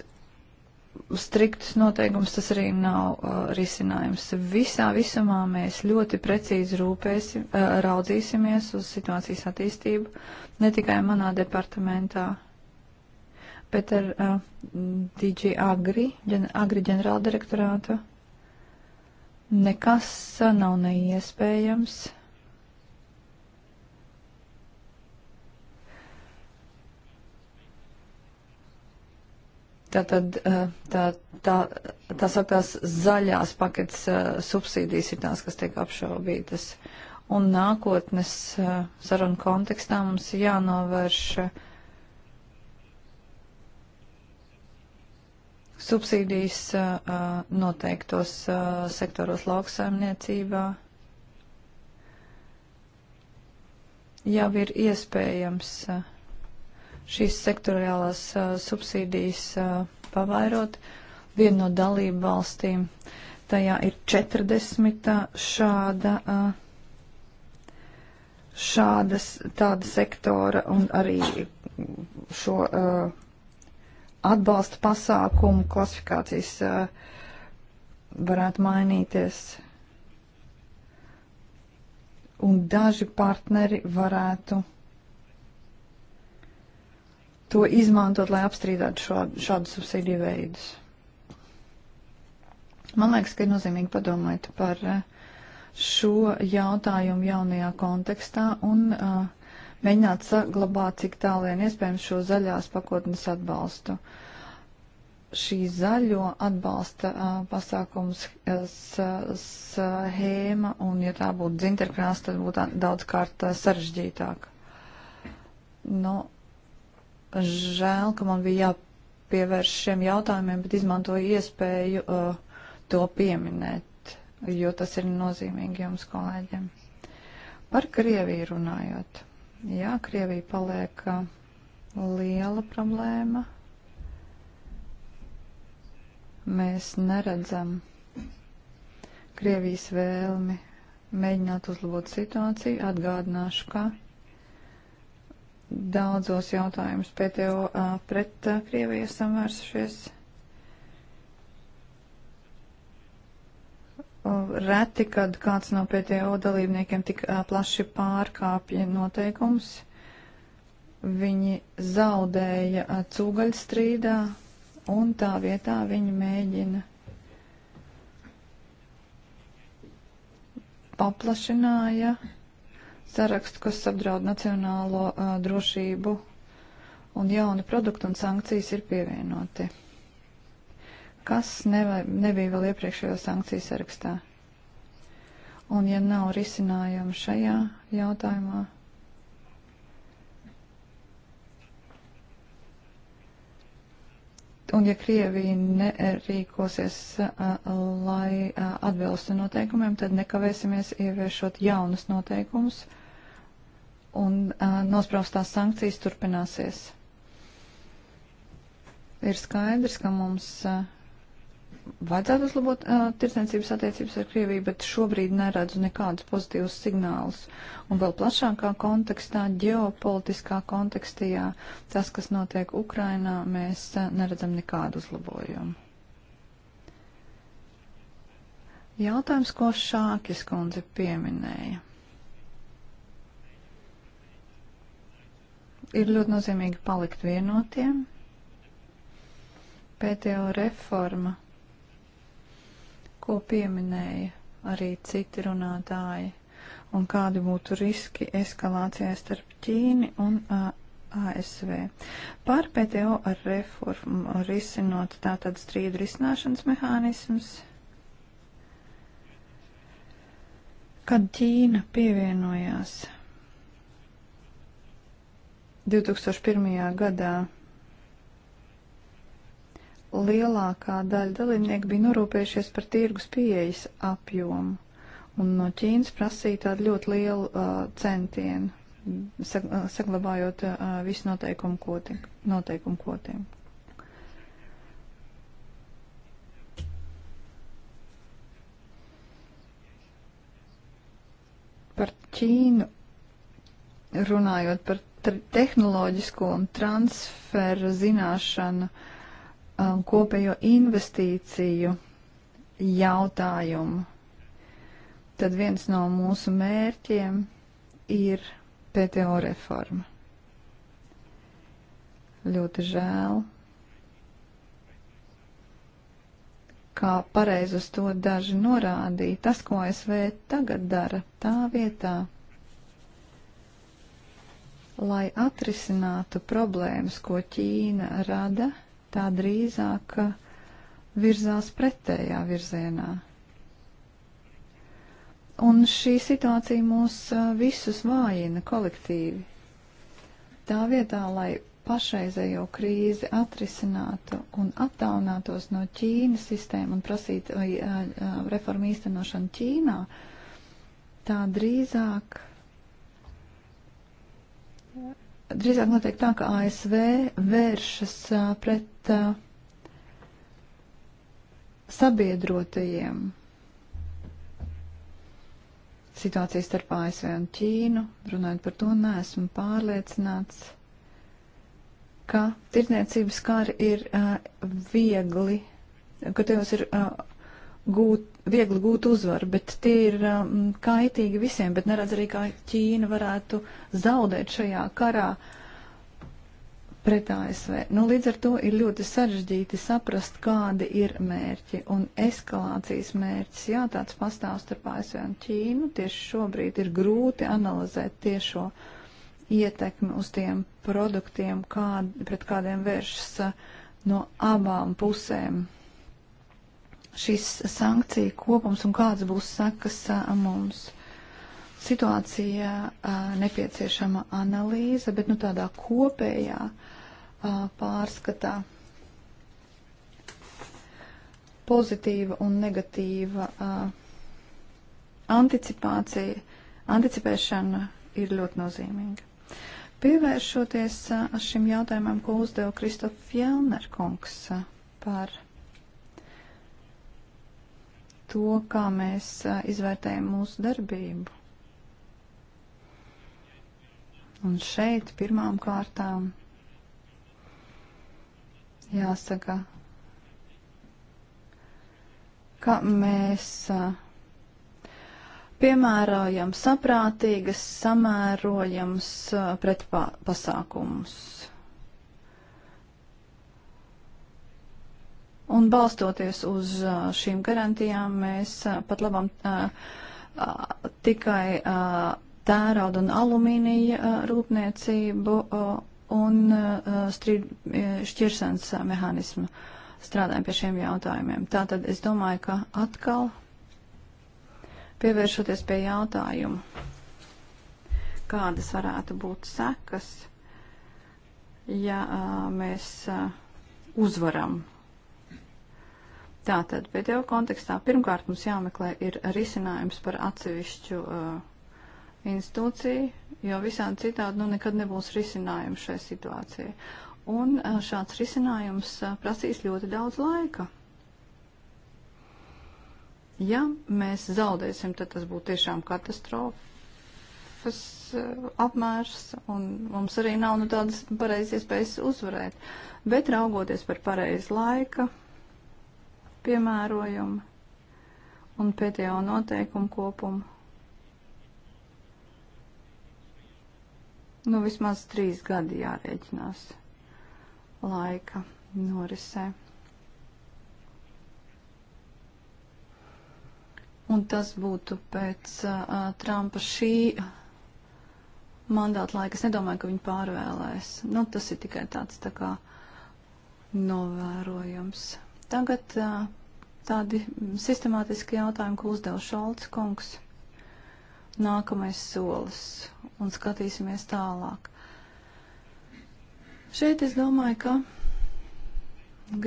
striktus noteikumus, tas arī nav uh, risinājums. Visā visumā mēs ļoti precīzi rūpēsim, uh, raudzīsimies uz situācijas attīstību, ne tikai manā departamentā, bet ar uh, DG Agri, ģen, Agri ģenerāldirektorātu. Nekas uh, nav neiespējams. Uh, Tātad tā, tā, tā saktās zaļās paketes subsīdijas ir tās, kas tiek apšaubītas. Un nākotnes sarunu kontekstā mums jānovērš subsīdijas noteiktos sektoros lauksaimniecībā. Jau ir iespējams. Uh, šīs sektoriālās uh, subsīdijas uh, pavairot. Viena no dalību valstīm tajā ir 40 šāda, uh, šādas, tāda sektora un arī šo uh, atbalsta pasākumu klasifikācijas uh, varētu mainīties un daži partneri varētu to izmantot, lai apstrīdētu šo, šādu subsīdiju veidus. Man liekas, ka ir nozīmīgi padomāt par eh, šo jautājumu jaunajā kontekstā un uh, mēģināt saglabāt, cik tālu vien iespējams šo zaļās pakotnes atbalstu. Šī zaļo atbalsta uh, pasākums schēma, un ja tā būtu dzinterkrāsta, tad būtu daudz kārt uh, sarežģītāk. Nu, Žēl, ka man bija jāpievērš šiem jautājumiem, bet izmantoju iespēju uh, to pieminēt, jo tas ir nozīmīgi jums, kolēģiem. Par Krieviju runājot. Jā, Krievija paliek uh, liela problēma. Mēs neredzam Krievijas vēlmi mēģināt uzlabot situāciju. Atgādināšu, ka daudzos jautājumus PTO pret Krieviju esam vērsušies. Reti, kad kāds no PTO dalībniekiem tik plaši pārkāpja noteikums, viņi zaudēja cūgaļstrīdā un tā vietā viņi mēģina paplašināja sarakstu, kas apdraud nacionālo uh, drošību, un jauni produkti un sankcijas ir pievienoti. Kas neva, nebija vēl iepriekšējo sankciju sarakstā? Un ja nav risinājumu šajā jautājumā, un ja Krievija nerīkosies, uh, lai uh, atbilstu noteikumiem, tad nekavēsimies ieviešot jaunus noteikumus. Uh, un uh, nospraustās sankcijas turpināsies. Ir skaidrs, ka mums uh, vajadzētu uzlabot uh, tirdzniecības attiecības ar Krieviju, bet šobrīd neredzu nekādus pozitīvus signālus. Un vēl plašākā kontekstā, ģeopolitiskā kontekstijā, tas, kas notiek Ukrainā, mēs uh, neredzam nekādu uzlabojumu. Jautājums, ko Šākis kundze pieminēja ir ļoti nozīmīgi palikt vienotiem. Pēdējo reforma, ko pieminēja arī citi runātāji, un kādi būtu riski eskalācijai starp Ķīni un uh, ASV. Par PTO ar reformu risinot tātad strīdu risināšanas mehānisms. Kad Ķīna pievienojās 2001. gadā lielākā daļa dalībnieku bija norūpējušies par tirgus pieejas apjomu, un no Ķīnas prasīja tādu ļoti lielu uh, centienu, sag, uh, saglabājot uh, visu noteikumu, koti, noteikumu kotiem. Par Ķīnu runājot par tehnoloģisko un transferu zināšanu um, kopējo investīciju jautājumu, tad viens no mūsu mērķiem ir PTO reforma. Ļoti žēl, kā pareiz uz to daži norādīja, tas, ko ASV tagad dara tā vietā lai atrisinātu problēmas, ko Ķīna rada, tā drīzāk virzās pretējā virzienā. Un šī situācija mūs visus vājina kolektīvi. Tā vietā, lai pašreizējo krīzi atrisinātu un attālinātos no Ķīnas sistēmu un prasītu vai, reformu īstenošanu Ķīnā, tā drīzāk drīzāk notiek tā, ka ASV vēršas pret sabiedrotajiem. Situācija starp ASV un Ķīnu, runājot par to, neesmu pārliecināts, ka tirdzniecības kari ir uh, viegli, ka tajos ir uh, gūt viegli gūt uzvaru, bet tie ir um, kaitīgi visiem, bet neredz arī, kā Ķīna varētu zaudēt šajā karā pret ASV. Nu, līdz ar to ir ļoti sarežģīti saprast, kādi ir mērķi un eskalācijas mērķis. Jā, tāds pastāv starp ASV un Ķīnu. Tieši šobrīd ir grūti analizēt tiešo ietekmi uz tiem produktiem, kād, pret kādiem vēršas uh, no abām pusēm šīs sankcija kopums un kādas būs sekas mums. Situācija nepieciešama analīze, bet nu tādā kopējā pārskatā pozitīva un negatīva anticipācija, anticipēšana ir ļoti nozīmīga. Pievēršoties šim jautājumam, ko uzdeva Kristof Jelner kungs par to, kā mēs izvērtējam mūsu darbību. Un šeit pirmām kārtām jāsaka, ka mēs piemērojam saprātīgas, samērojams pretpasākumus. Pa Un balstoties uz šīm garantijām, mēs pat labam tikai tērauda un alumīnija rūpniecību un strīd šķirsens mehānismu strādājam pie šiem jautājumiem. Tātad es domāju, ka atkal pievēršoties pie jautājuma, kādas varētu būt sekas, ja mēs uzvaram Tātad video kontekstā pirmkārt mums jāmeklē ir risinājums par atsevišķu uh, institūciju, jo visādi citādi nu nekad nebūs risinājums šai situācijai. Un uh, šāds risinājums uh, prasīs ļoti daudz laika. Ja mēs zaudēsim, tad tas būtu tiešām katastrofas uh, apmērs, un mums arī nav nu, tādas pareizes iespējas uzvarēt. Bet raugoties par pareizu laiku piemērojumu un PTO noteikumu kopumu. Nu, vismaz trīs gadi jārēķinās laika norisē. Un tas būtu pēc uh, Trumpa šī mandāta laika. Es nedomāju, ka viņi pārvēlēs. Nu, tas ir tikai tāds tā kā novērojams. Tagad tādi sistemātiski jautājumi, ko uzdev Šolts kungs. Nākamais solis un skatīsimies tālāk. Šeit es domāju, ka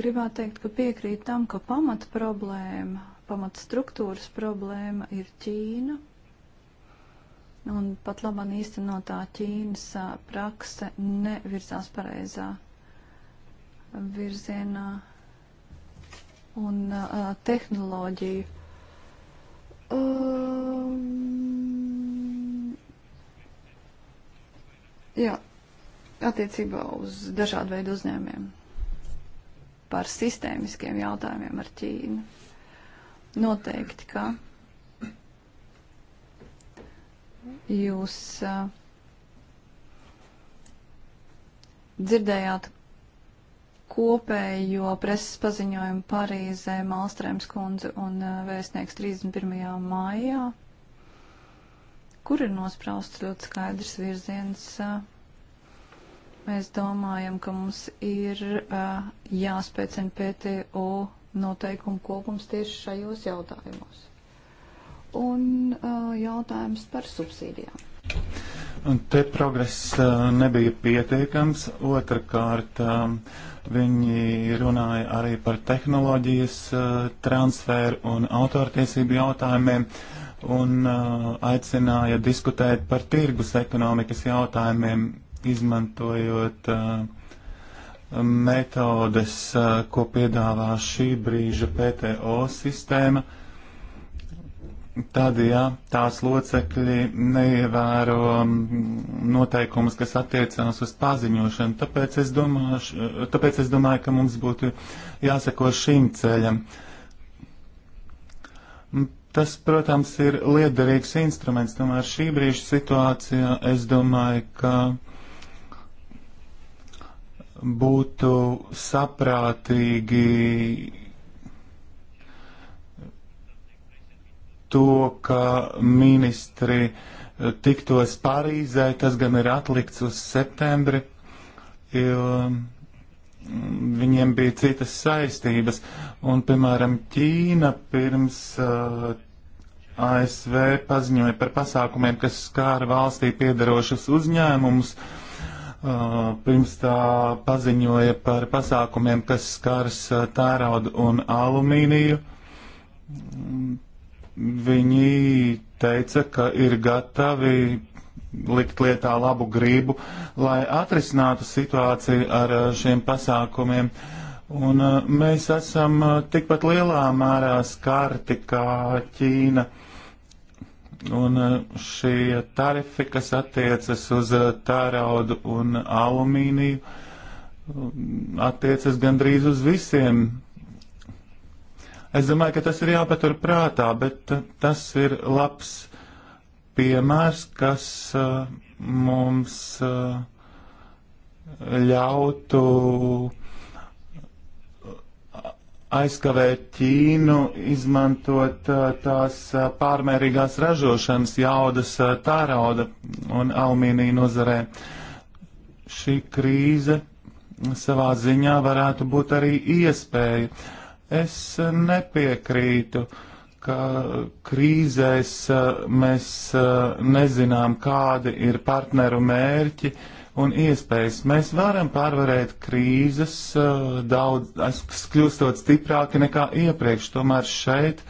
gribētu teikt, ka piekrīt tam, ka pamata problēma, pamata struktūras problēma ir Ķīna. Un pat labam īstenotā Ķīnas prakse nevirzās pareizā virzienā un uh, tehnoloģiju. Um, jā, attiecībā uz dažādu veidu uzņēmiem par sistēmiskiem jautājumiem ar Ķīnu. Noteikti, ka jūs uh, dzirdējāt kopējo preses paziņojumu Parīzē Malstrēms kundze un uh, vēstnieks 31. maijā, kur ir nosprausts ļoti skaidrs virziens. Uh, mēs domājam, ka mums ir uh, jāspēcina PTO noteikumu kopums tieši šajos jautājumos. Un jautājums par subsīdijām. Un te progress nebija pietiekams. Otrakārt, uh, Viņi runāja arī par tehnoloģijas eh, transferu un autortiesību jautājumiem un eh, aicināja diskutēt par tirgus ekonomikas jautājumiem, izmantojot eh, metodes, ko piedāvā šī brīža PTO sistēma Tad, ja tās locekļi neievēro mm, noteikumus, kas attiecās uz paziņošanu, tāpēc es, domāšu, tāpēc es domāju, ka mums būtu jāseko šīm ceļam. Mm, tas, protams, ir liederīgs instruments, tomēr šī brīža situācijā es domāju, ka būtu saprātīgi to, ka ministri eh, tiktos Parīzē, tas gan ir atlikts uz septembri, jo mm, viņiem bija citas saistības. Un, piemēram, Ķīna pirms uh, eh, ASV paziņoja par pasākumiem, kas skāra valstī piedarošas uzņēmumus. Uh, pirms tā paziņoja par pasākumiem, kas skars tēraudu un alumīniju. Mm, Viņi teica, ka ir gatavi likt lietā labu gribu, lai atrisinātu situāciju ar šiem pasākumiem. Un mēs esam tikpat lielā mērā skarti kā Ķīna. Un šie tarifi, kas attiecas uz tāraudu un alumīniju, attiecas gandrīz uz visiem Es domāju, ka tas ir jāpatur prātā, bet uh, tas ir labs piemērs, kas uh, mums uh, ļautu aizkavēt Ķīnu, izmantot tās pārmērīgās ražošanas jaudas tārauda un alumīnija nozarē. Šī krīze savā ziņā varētu būt arī iespēja Es nepiekrītu, ka krīzēs mēs nezinām, kādi ir partneru mērķi un iespējas. Mēs varam pārvarēt krīzes daudz, kļūstot stiprāki nekā iepriekš. Tomēr šeit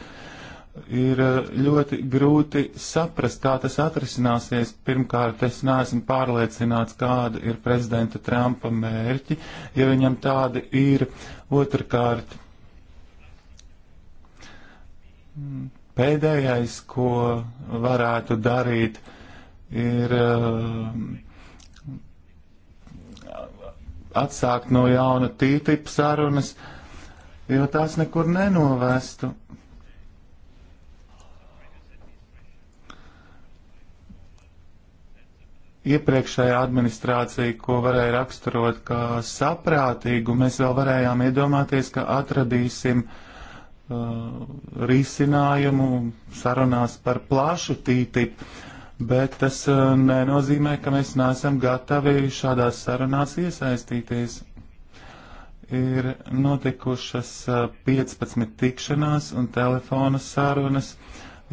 ir ļoti grūti saprast, kā tas atrisināsies. Pirmkārt, es neesmu pārliecināts, kāda ir prezidenta Trumpa mērķi, ja viņam tādi ir. Otrakārt, Pēdējais, ko varētu darīt, ir eh, atsākt no jauna TTIP sarunas, jo tās nekur nenovestu. iepriekšējā administrācija, ko varēja raksturot kā saprātīgu, mēs vēl varējām iedomāties, ka atradīsim Uh, risinājumu sarunās par plašu tītip, bet tas uh, nenozīmē, ka mēs neesam gatavi šādās sarunās iesaistīties. Ir notikušas 15 uh, tikšanās un telefona sarunas,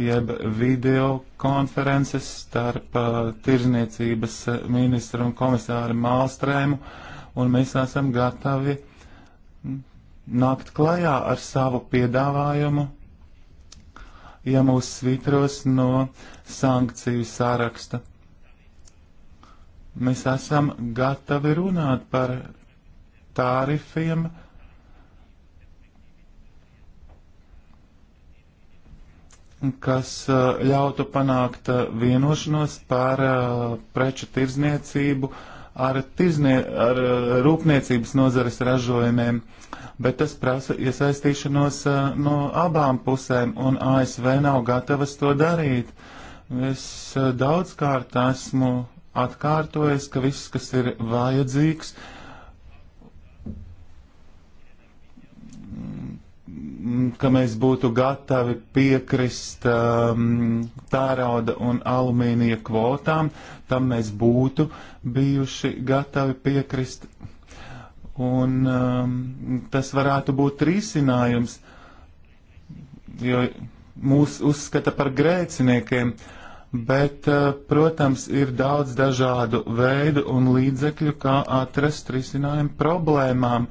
jeb video konferences starp tirzniecības ministru un komisāru Mālstrēmu, un mēs esam gatavi uh, nākt klajā ar savu piedāvājumu, ja mūs svitros no sankciju sāraksta. Mēs esam gatavi runāt par tārifiem, kas eh, ļautu panākt eh, vienošanos par eh, preču tirzniecību ar, tirznie, ar rūpniecības nozares ražojumiem. Uh, bet tas prasa iesaistīšanos eh, no abām pusēm, un ASV nav gatavas to darīt. Es eh, daudzkārt esmu atkārtojis, ka viss, kas ir vajadzīgs, mm, ka mēs būtu gatavi piekrist um, tērauda un alumīnija kvotām, tam mēs būtu bijuši gatavi piekrist, Un um, tas varētu būt risinājums, jo mūs uzskata par grēciniekiem, bet, uh, protams, ir daudz dažādu veidu un līdzekļu, kā atrast risinājumu problēmām,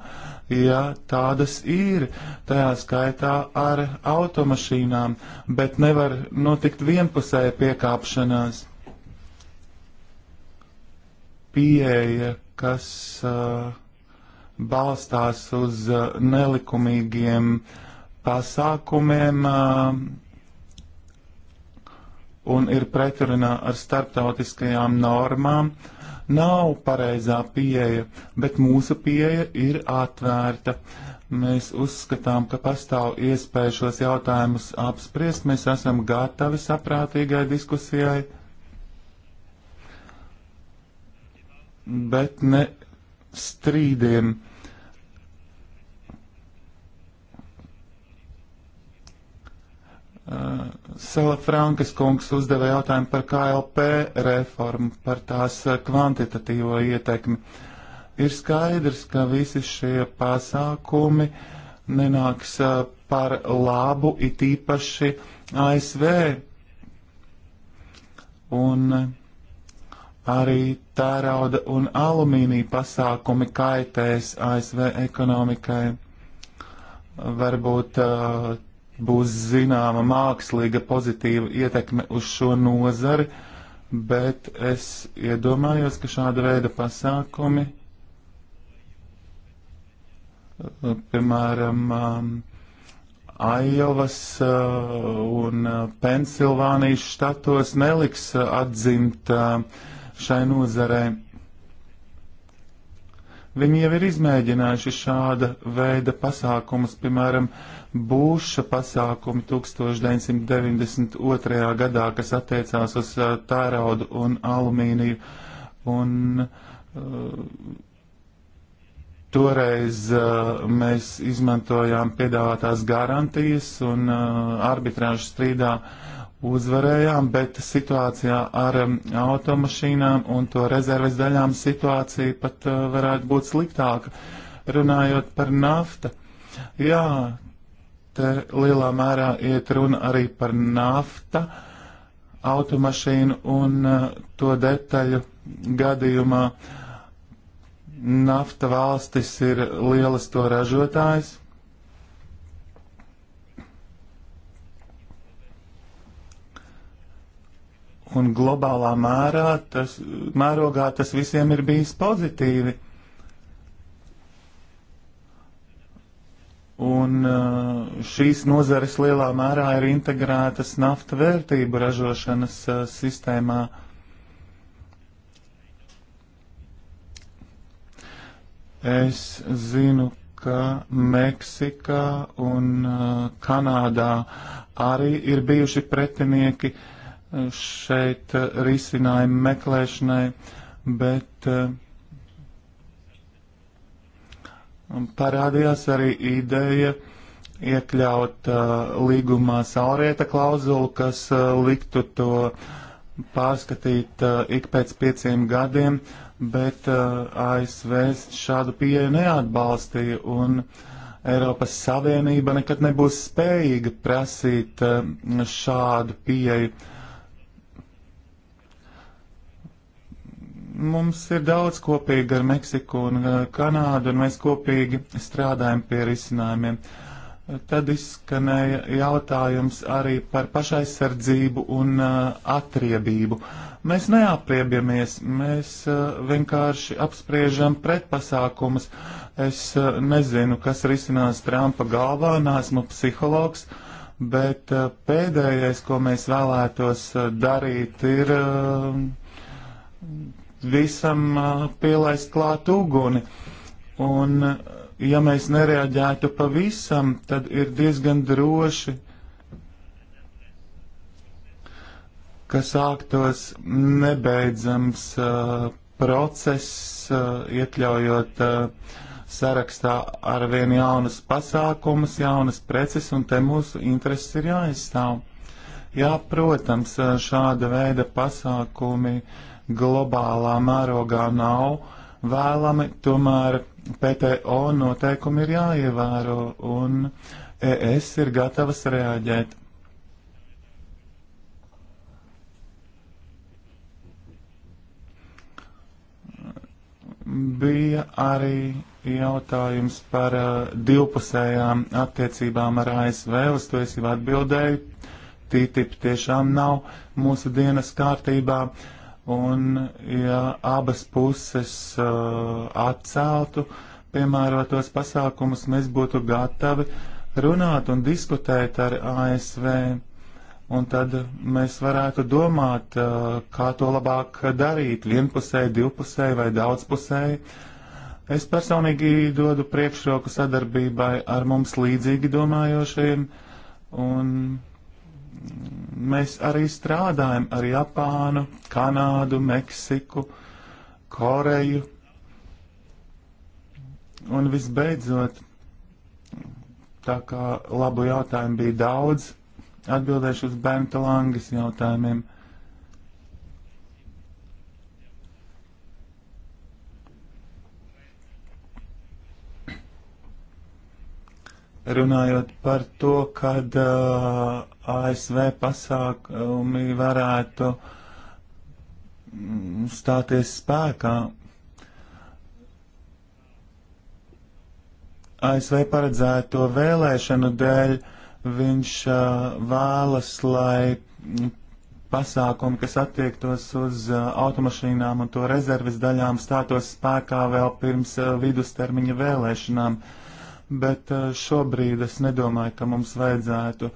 ja tādas ir, tajā skaitā ar automašīnām, bet nevar notikt vienpusēja piekāpšanās. Pieeja, kas. Uh, balstās uz uh, nelikumīgiem pasākumiem uh, un ir pretrunā ar starptautiskajām normām, nav pareizā pieeja, bet mūsu pieeja ir atvērta. Mēs uzskatām, ka pastāv iespēja šos jautājumus apspriest. Mēs esam gatavi saprātīgai diskusijai, bet ne strīdiem. Sela Frankas kungs uzdeva jautājumu par KLP reformu, par tās eh, kvantitatīvo ietekmi. Ir skaidrs, ka visi šie pasākumi nenāks eh, par labu it īpaši ASV. Un eh, arī tērauda un alumīnija pasākumi kaitēs ASV ekonomikai. Varbūt uh, būs zināma mākslīga pozitīva ietekme uz šo nozari, bet es iedomājos, ka šāda veida pasākumi, piemēram, Aijovas um, uh, un uh, Pensilvānijas štatos neliks uh, atzimt šai nozarei Viņi jau ir izmēģinājuši šāda veida pasākumus, piemēram, būša pasākumi 1992. gadā, kas attiecās uz uh, tēraudu un alumīniju. Un, uh, Toreiz uh, mēs izmantojām piedāvātās garantijas un uh, arbitrāžu strīdā uh, uzvarējām, bet situācijā ar um, automašīnām un to rezerves daļām situācija pat uh, varētu būt sliktāka. Runājot par naftu, jā, te lielā mērā iet runa arī par nafta, automašīnu un uh, to detaļu gadījumā. Nafta valstis ir lielas to ražotājs un globālā mērā tas, mērogā tas visiem ir bijis pozitīvi. Un uh, šīs nozares lielā mērā ir integrētas nafta vērtību ražošanas uh, sistēmā. Es zinu, ka Meksikā un uh, Kanādā arī ir bijuši pretinieki uh, šeit eh, risinājumu meklēšanai, bet eh, parādījās arī ideja iekļaut eh, līgumā saurieta klauzulu, kas liktu to pārskatīt ik pēc pieciem gadiem, bet ASV šādu pieeju neatbalstīja un Eiropas Savienība nekad nebūs spējīga prasīt šādu pieeju Mums ir daudz kopīga ar Meksiku un uh, Kanādu, un mēs kopīgi strādājam pie risinājumiem. Tad izskanēja jautājums arī par pašaizsardzību un uh, atriebību. Mēs neapriebjamies, mēs uh, vienkārši apspriežam pretpasākumus. Es nezinu, kas risinās Trumpa galvā, nesmu psihologs, bet pēdējais, ko mēs vēlētos darīt, ir visam pielaist klāt uguni. Un, ja mēs nereaģētu pavisam, tad ir diezgan droši, ka sāktos nebeidzams uh, process, uh, iekļaujot uh, sarakstā ar vien jaunas pasākumas, jaunas preces, un te mūsu intereses ir jāizstāv. Jā, protams, šāda veida pasākumi uh, globālā mērogā nav vēlami, tomēr PTO noteikumi ir jāievēro un ES ir gatavas reaģēt. Bija arī jautājums par uh, divpusējām attiecībām ar ASV. Uz to es jau atbildēju. TTIP tiešām nav mūsu dienas kārtībā. Uh, Un, ja abas puses uh, atceltu piemērotos pasākumus, mēs būtu gatavi runāt un diskutēt ar ASV. Un tad mēs varētu domāt, uh, kā to labāk darīt - vienpusēji, divpusēji vai daudzpusēji. Es personīgi dodu priekšroku sadarbībai ar mums līdzīgi domājošiem. Un, mm, Mēs arī strādājam ar Japānu, Kanādu, Meksiku, Koreju. Un visbeidzot, tā kā labu jautājumu bija daudz, atbildēšu uz Bernta Langas jautājumiem. runājot par to, kad uh, ASV pasākumi varētu mm, stāties spēkā. ASV paredzēto vēlēšanu dēļ viņš uh, vēlas, lai mm, pasākumi, kas attiektos uz uh, automašīnām un to rezerves daļām, stātos spēkā vēl pirms uh, vidustermiņa vēlēšanām. Uh, bet eh, šobrīd es nedomāju, ka mums vajadzētu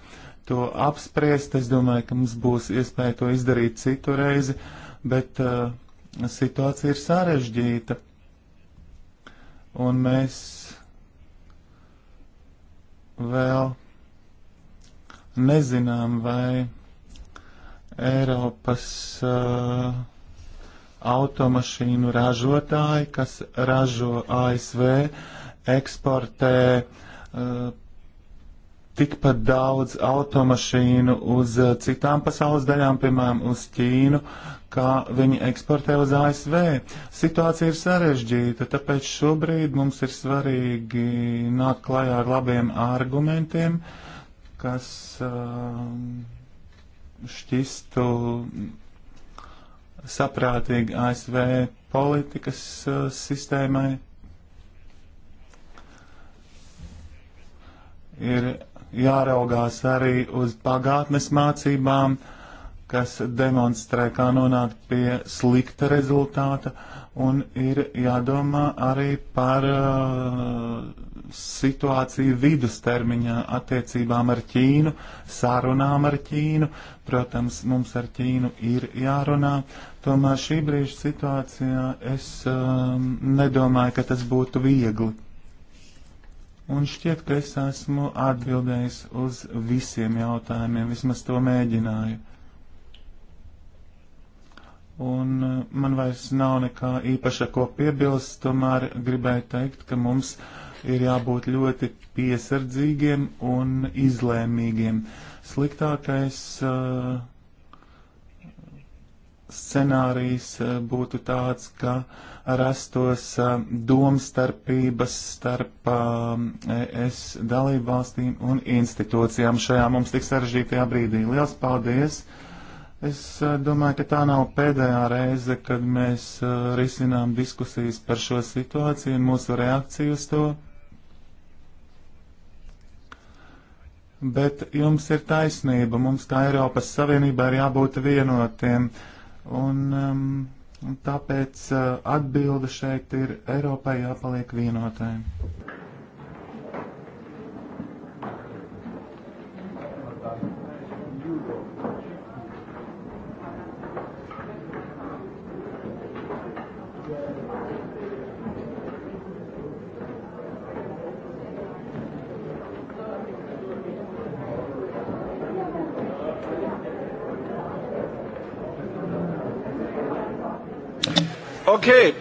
to apspriest. Es domāju, ka mums būs iespēja to izdarīt citu reizi, bet uh, situācija ir sarežģīta. Un mēs vēl nezinām, vai Eiropas uh, automašīnu ražotāji, kas ražo ASV, uh, eksportē uh, tikpat daudz automašīnu uz eh, citām pasaules daļām, piemēram, uz Ķīnu, kā viņi eksportē uz ASV. Situācija ir sarežģīta, tāpēc šobrīd mums ir svarīgi nākt klajā ar labiem argumentiem, kas uh, šķistu saprātīgi ASV politikas uh, sistēmai ir jāraugās arī uz pagātnes mācībām, kas demonstrē, kā nonākt pie slikta rezultāta, un ir jādomā arī par uh, situāciju vidustermiņā attiecībām ar Ķīnu, sarunām ar Ķīnu. Protams, mums ar Ķīnu ir jārunā. Tomēr šī brīža situācijā es um, uh, nedomāju, ka tas būtu viegli. Un šķiet, ka es esmu atbildējis uz visiem jautājumiem, vismaz to mēģināju. Un eh, man vairs nav nekā īpaša ko piebilst, tomēr gribēju teikt, ka mums ir jābūt ļoti piesardzīgiem un izlēmīgiem. Sliktākais uh, scenārijs eh, būtu tāds, ka rastos eh, domstarpības starp eh, ES dalību valstīm un institūcijām šajā mums tik sarežģītajā brīdī. Liels paldies! Es domāju, ka tā nav pēdējā reize, kad mēs risinām diskusijas par šo situāciju un mūsu reakciju uz to. Bet jums ir taisnība, mums kā Eiropas Savienībā ir jābūt vienotiem. Uh, Un, um, un tāpēc uh, atbilde šeit ir Eiropai jāpaliek vienotai. Ok.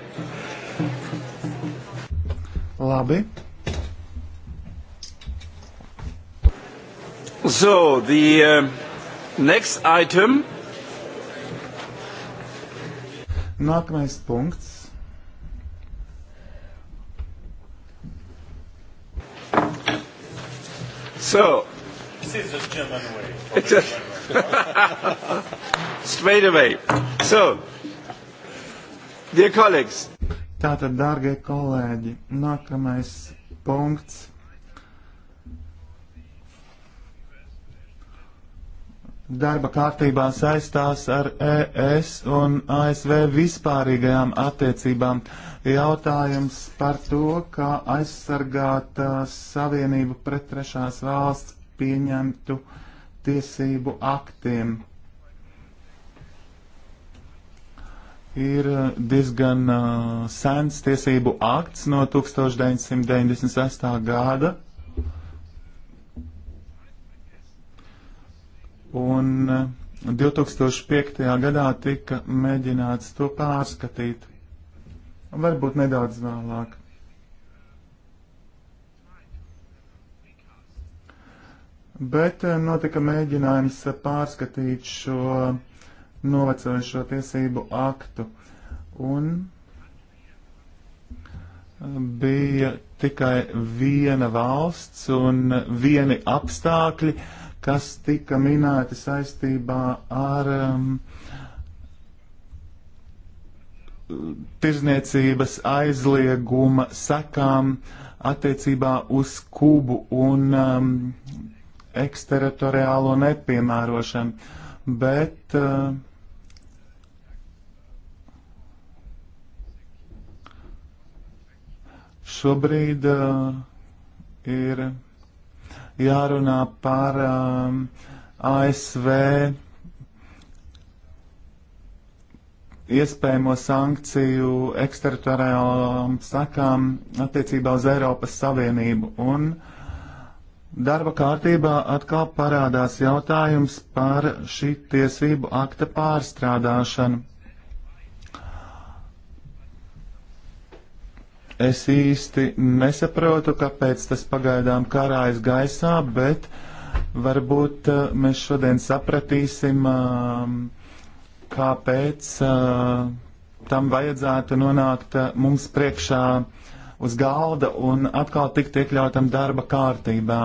Labi. So, the uh, next item. Nākamais punkts. So. This is the German way. Straight away. So. Dear colleagues. Tātad, dārgie kolēģi, nākamais punkts. Darba kārtībā saistās ar ES un ASV vispārīgajām attiecībām. Jautājums par to, kā aizsargāt uh, savienību pret trešās valsts pieņemtu tiesību aktiem. ir eh, diezgan uh, sens tiesību akts no 1998. gada. Un uh, eh, 2005. gadā tika mēģināts to pārskatīt. Varbūt nedaudz vēlāk. Bet uh, notika mēģinājums pārskatīt šo novecojušo tiesību aktu. Un eh, bija tikai viena valsts un vieni apstākļi, kas tika minēti saistībā ar um, tirzniecības aizlieguma sekām attiecībā uz Kubu un um, eksteritoriālo nepiemērošanu. Bet uh, Šobrīd uh, ir jārunā par um, eh, ASV iespējamo sankciju eksteritoriālām sakām attiecībā uz Eiropas Savienību. Un darba kārtībā atkal parādās jautājums par šī tiesību akta pārstrādāšanu. Es īsti nesaprotu, kāpēc tas pagaidām karājas gaisā, bet varbūt eh, mēs šodien sapratīsim, ehm, kāpēc eh, tam vajadzētu nonākt eh, mums priekšā uz galda un atkal tikt iekļautam darba kārtībā.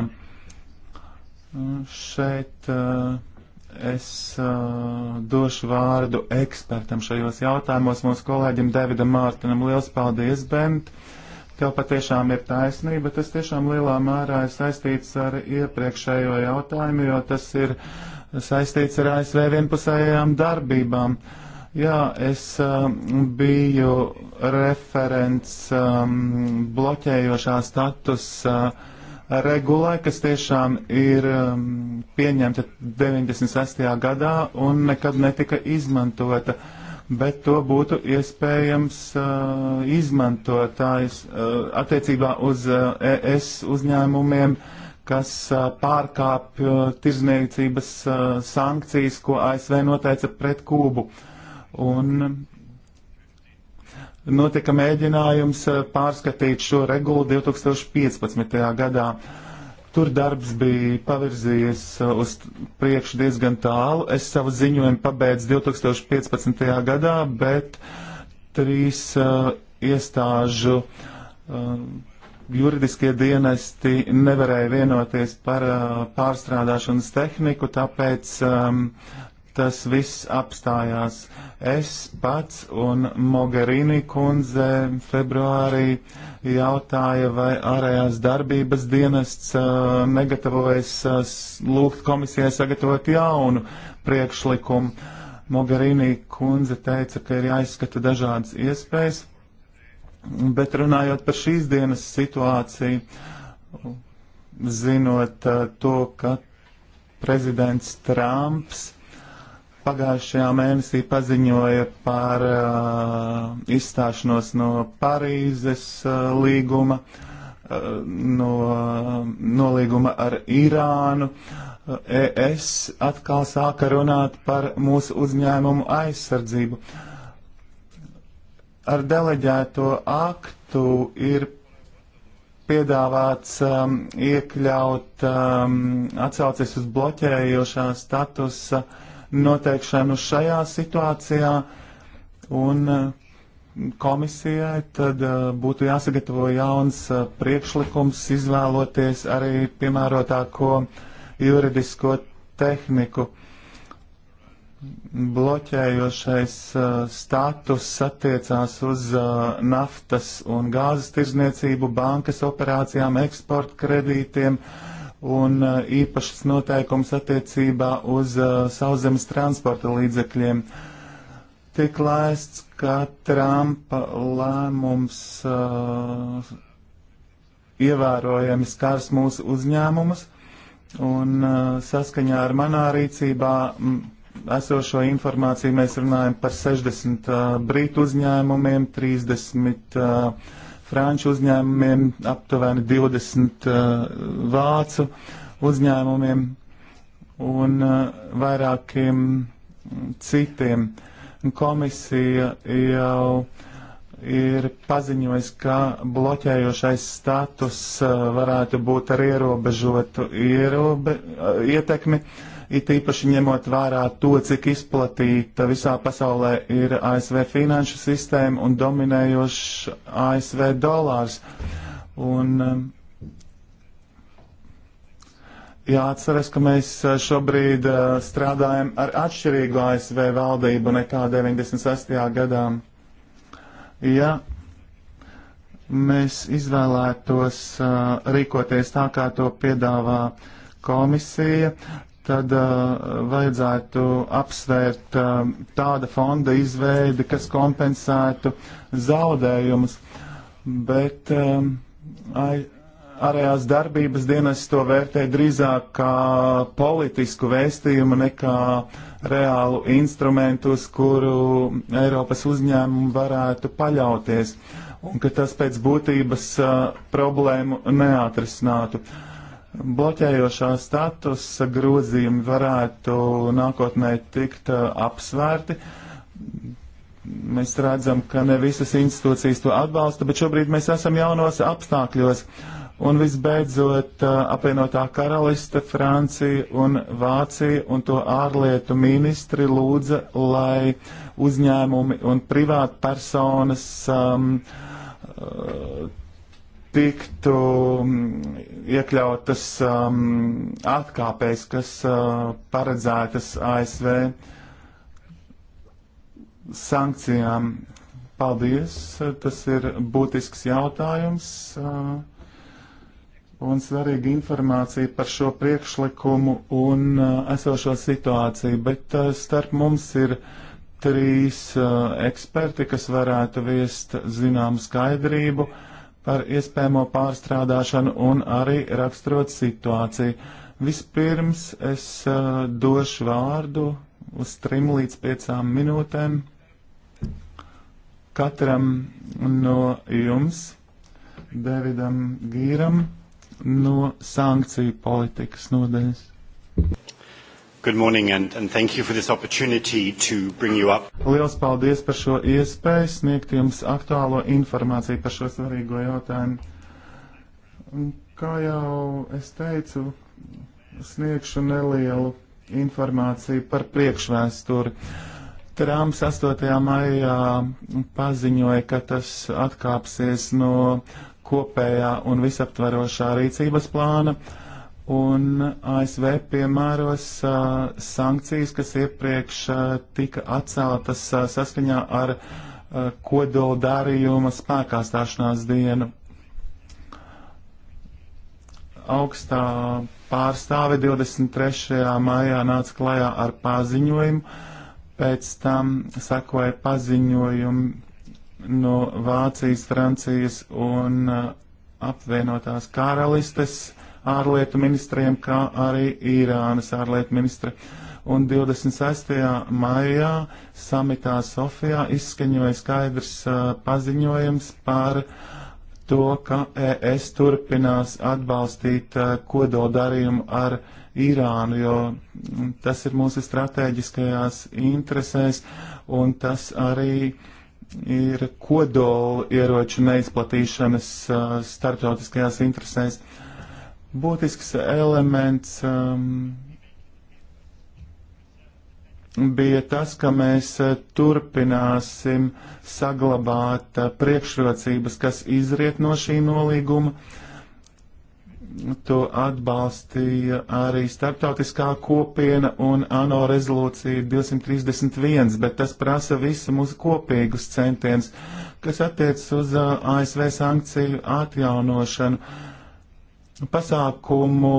Šeit uh, Es uh, došu vārdu ekspertam šajos jautājumos, mūsu kolēģim Davidam Mārtinam. Liels paldies, Bent! Tev patiešām ir taisnība, tas tiešām lielā mērā ir saistīts ar iepriekšējo jautājumu, jo tas ir saistīts ar ASV vienpusējām darbībām. Jā, es uh, biju referents um, bloķējošā statusa. Uh, regulai, kas tiešām ir um, pieņemta 96. gadā un nekad netika izmantota. Bet to būtu iespējams uh, izmantotājs uh, attiecībā uz uh, ES uzņēmumiem, kas uh, pārkāp uh, tirzniecības uh, sankcijas, ko ASV noteica pret Kūbu. Un notika mēģinājums eh, pārskatīt šo regulu 2015. gadā. Tur darbs bija pavirzījies eh, uz priekšu diezgan tālu. Es savu ziņojumu pabeidzu 2015. gadā, bet trīs uh, iestāžu uh, juridiskie dienesti nevarēja vienoties par uh, pārstrādāšanas tehniku, tāpēc um, uh, tas viss apstājās. Es pats un Mogherini kundze februārī jautāja, vai ārējās darbības dienests uh, negatavojas uh, lūgt komisijai sagatavot jaunu priekšlikumu. Mogherini kundze teica, ka ir jāizskata dažādas iespējas, bet runājot par šīs dienas situāciju, zinot uh, to, ka prezidents Trumps pagājušajā mēnesī paziņoja par uh, izstāšanos no Parīzes uh, līguma, uh, no nolīguma ar Irānu. Uh, ES atkal sāka runāt par mūsu uzņēmumu aizsardzību. Ar deleģēto aktu ir piedāvāts um, iekļaut um, atsaucis uz bloķējošā statusa uh, noteikšanu šajā situācijā, un eh, komisijai tad eh, būtu jāsagatavo jauns eh, priekšlikums, izvēloties arī piemērotāko juridisko tehniku. Bloķējošais status attiecās uz naftas un gāzes tirzniecību, bankas operācijām, eksporta kredītiem, uh, un uh, īpašas noteikums attiecībā uz uh, sauszemes transporta līdzekļiem. Tiek lēsts, ka Trumpa lēmums uh, ievērojami skars mūsu uzņēmumus, un uh, saskaņā ar manā rīcībā m, mm, esošo informāciju mēs runājam par 60 uh, brītu uzņēmumiem, 30 uh, franču uzņēmumiem, aptuveni 20 uh, eh, vācu uzņēmumiem un uh, vairākiem citiem. Komisija jau ir paziņojusi, ka bloķējošais status uh, varētu būt ar ierobežotu ierobe, uh, ietekmi. Uh, it īpaši ņemot vērā to, cik izplatīta visā pasaulē ir ASV finanšu sistēma un dominējošs ASV dolārs. Un, um, Jāatceras, ka mēs uh, šobrīd uh, strādājam ar atšķirīgu ASV valdību nekā 96. gadā. Ja mēs izvēlētos uh, rīkoties tā, kā to piedāvā komisija, tad uh, vajadzētu apsvērt uh, tāda fonda izveidi, kas kompensētu zaudējumus. Bet uh, um, ārējās darbības dienas to vērtē drīzāk kā politisku vēstījumu nekā reālu instrumentu, uz kuru Eiropas uzņēmumu varētu paļauties, un ka tas pēc būtības uh, problēmu neatrisinātu. Uh, bloķējošā statusa grozījumi varētu nākotnē tikt uh, apsvērti. Mēs redzam, ka ne visas institūcijas to atbalsta, bet šobrīd mēs esam jaunos apstākļos. Un visbeidzot, uh, apvienotā karaliste, Francija un Vācija un to ārlietu ministri lūdza, lai uzņēmumi un privātpersonas um, uh, tiktu mm, iekļautas um, atkāpēs, kas uh, paredzētas ASV sankcijām. Paldies, tas ir būtisks jautājums uh, un svarīga informācija par šo priekšlikumu un uh, esošo situāciju, bet uh, starp mums ir trīs uh, eksperti, kas varētu viest zinām skaidrību. Uh, par iespējamo pārstrādāšanu un arī raksturot situāciju. Vispirms es uh, došu vārdu uz trim līdz piecām minūtēm katram no jums, Davidam Gīram, no sankciju politikas nodaļas. Good morning and, and thank you for this opportunity to bring you up. Liels paldies par šo iespēju sniegt jums aktuālo informāciju par šo svarīgo jautājumu. Kā jau es teicu, sniegšu nelielu informāciju par priekšvēsturi. Trumps 8. maijā paziņoja, ka tas atkāpsies no kopējā un visaptverošā rīcības plāna. Uh, un ASV piemēros uh, sankcijas, kas iepriekš uh, tika atceltas uh, saskaņā ar uh, kodola darījuma spēkā stāšanās dienu. Augstā pārstāve 23. maijā nāca klajā ar paziņojumu, pēc tam sakoja paziņojumi no Vācijas, Francijas un uh, apvienotās karalistes ārlietu ministriem, kā arī Irānas ārlietu ministra. Un 26. maijā samitā Sofijā izskaņoja skaidrs uh, paziņojums par to, ka ES turpinās atbalstīt uh, kodoldarījumu ar Irānu, jo tas ir mūsu strateģiskajās interesēs un tas arī ir kodola ieroču neizplatīšanas uh, starptautiskajās interesēs. Uh, Būtisks elements um, bija tas, ka mēs uh, turpināsim saglabāt uh, priekšrocības, kas izriet no šī nolīguma. To atbalstīja arī starptautiskā kopiena un ANO rezolūcija 231, bet tas prasa visu mūsu kopīgus centienus, kas attiecas uz uh, ASV sankciju atjaunošanu pasākumu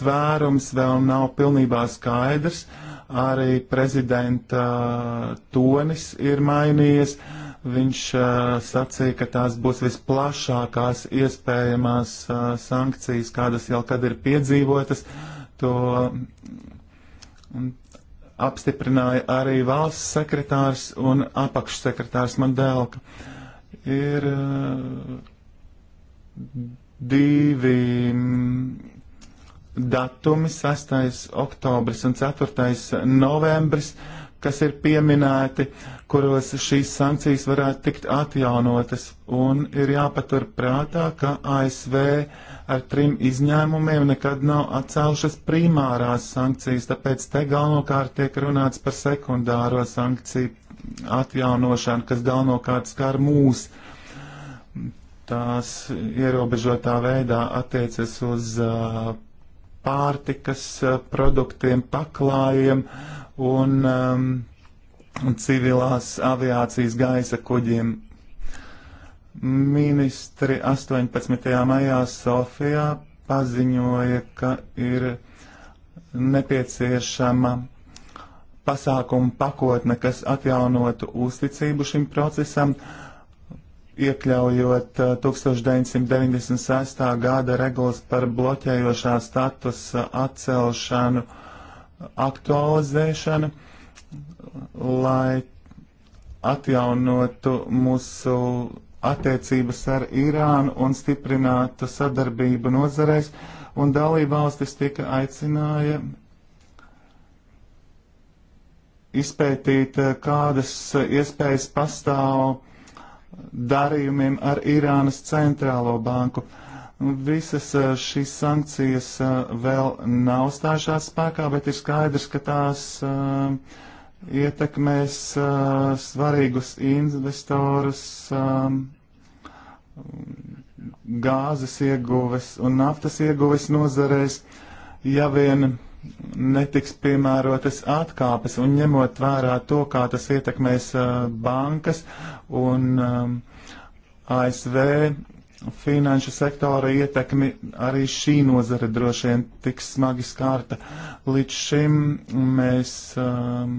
tvērums vēl nav pilnībā skaidrs. Arī prezidenta uh, tonis ir mainījies. Viņš uh, sacīja, ka tās būs visplašākās iespējamās uh, sankcijas, kādas jau kad ir piedzīvotas. To mm, apstiprināja arī valsts sekretārs un apakšsekretārs Mandelka. Ir uh, divi mm, datumi, 6. oktobris un 4. novembris, kas ir pieminēti, kuros šīs sankcijas varētu tikt atjaunotas. Un ir jāpatur prātā, ka ASV ar trim izņēmumiem nekad nav atcēlušas primārās sankcijas, tāpēc te galvenokārt tiek runāts par sekundāro sankciju atjaunošanu, kas galvenokārt skar mūsu tās ierobežotā veidā attiecas uz uh, pārtikas uh, produktiem, paklājiem un um, civilās aviācijas gaisa kuģiem. Ministri 18. maijā Sofijā paziņoja, ka ir nepieciešama pasākuma pakotne, kas atjaunotu uzticību šim procesam. Uh, iekļaujot 1996. Uh, gada regulas par bloķējošā statusa atcelšanu, aktualizēšanu, lai atjaunotu mūsu attiecības ar Irānu un stiprinātu sadarbību nozarēs, un dalībvalstis tika aicināja izpētīt, uh, kādas iespējas pastāv darījumiem ar Irānas centrālo banku. Visas eh, šīs sankcijas eh, vēl nav stājušās spēkā, bet ir skaidrs, ka tās eh, ietekmēs svarīgus investorus gāzes ieguves un naftas ieguves nozarēs, ja vien netiks piemērotas atkāpes un ņemot vērā to, kā tas ietekmēs uh, bankas un um, ASV finanšu sektora ietekmi arī šī nozara droši vien tiks smagi skārta. Līdz šim mēs um,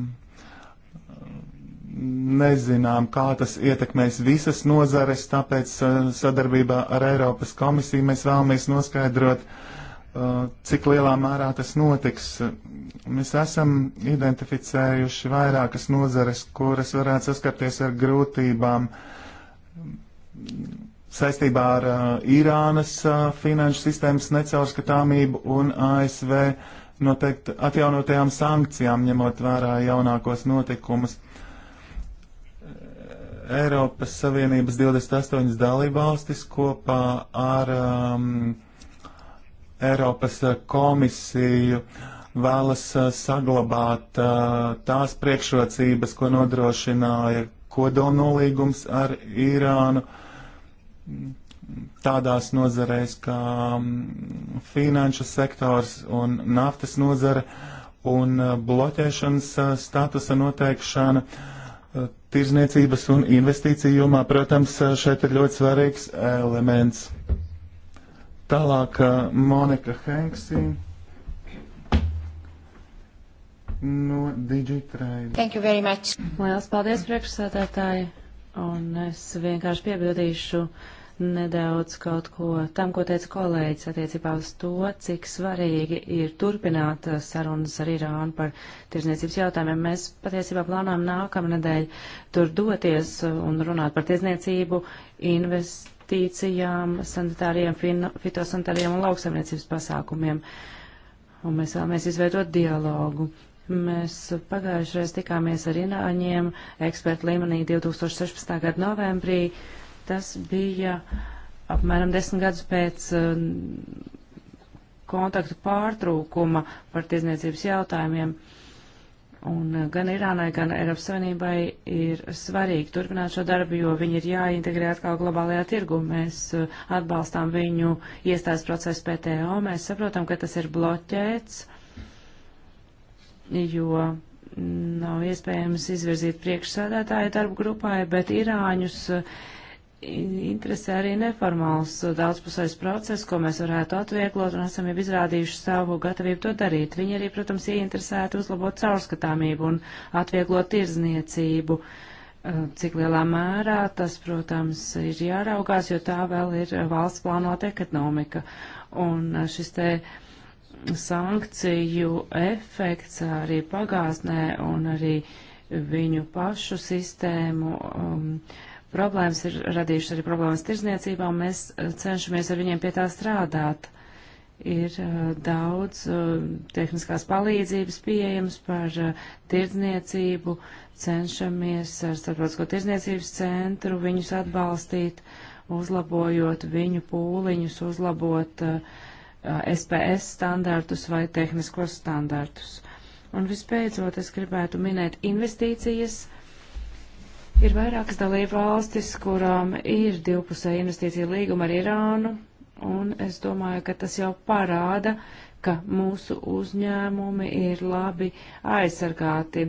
nezinām, kā tas ietekmēs visas nozares, tāpēc uh, sadarbībā ar Eiropas komisiju mēs vēlamies noskaidrot, uh, Uh, cik lielā mērā tas notiks. Mēs esam identificējuši vairākas nozares, kuras varētu saskarties ar grūtībām saistībā ar uh, Irānas uh, finanšu sistēmas necaurskatāmību un ASV noteikti atjaunotajām sankcijām, ņemot vērā jaunākos notikumus. Eiropas Savienības 28 dalībvalstis kopā ar um, Eiropas eh, komisiju vēlas eh, saglabāt eh, tās priekšrocības, ko nodrošināja kodolnolīgums ar Irānu tādās nozarēs kā mm, finanšu sektors un naftas nozare un bloķēšanas statusa noteikšana tirzniecības un investīciju jomā, protams, šeit ir ļoti svarīgs elements. Tālāk Monika Henksī no Digitrade. Thank you very much. Lielas paldies priekšsēdētāji. Un es vienkārši piebildīšu nedaudz kaut ko tam, ko teica kolēģis attiecībā uz to, cik svarīgi ir turpināt sarunas ar Irānu par tirzniecības jautājumiem. Mēs patiesībā plānojam nākamnedēļ tur doties un runāt par tirzniecību, invest investīcijām, sanitāriem, fitosanitāriem un lauksaimniecības pasākumiem. Un mēs vēlamies izveidot dialogu. Mēs pagājušreiz tikāmies ar Ināņiem ekspertu līmenī 2016. gada novembrī. Tas bija apmēram desmit gadus pēc um, kontaktu pārtrūkuma par tiesniecības jautājumiem. Uh, Un eh, gan Irānai, gan Eiropas Savienībai ir svarīgi turpināt šo darbu, jo viņi ir jāintegrē atkal globālajā tirgu. Mēs eh, atbalstām viņu iestājas procesu PTO. Mēs saprotam, ka tas ir bloķēts, jo mm, nav iespējams izvirzīt priekšsēdētāju darbu grupai, bet Irāņus. Uh, interesē arī neformāls daudzpusējs process, ko mēs varētu atvieglot un esam jau izrādījuši savu gatavību to darīt. Viņi arī, protams, ieinteresēti uzlabot caurskatāmību un atvieglot tirzniecību. Uh, cik lielā mērā tas, protams, ir jāraugās, jo tā vēl ir valsts plānota ekonomika. Un uh, šis te sankciju efekts arī pagāznē un arī viņu pašu sistēmu. Um, problēmas, ir radījušas arī problēmas tirzniecībā, un mēs eh, cenšamies ar viņiem pie tā strādāt. Ir eh, daudz eh, tehniskās palīdzības pieejams par tirdzniecību, cenšamies ar starptautisko tirdzniecības centru viņus atbalstīt, uzlabojot viņu pūliņus, uzlabot SPS standartus vai tehniskos standartus. Un visbeidzot, es gribētu minēt investīcijas. Uh, Ir vairākas dalība valstis, kurām ir divpusēja investīcija līguma ar Irānu, un es domāju, ka tas jau parāda, ka mūsu uzņēmumi ir labi aizsargāti.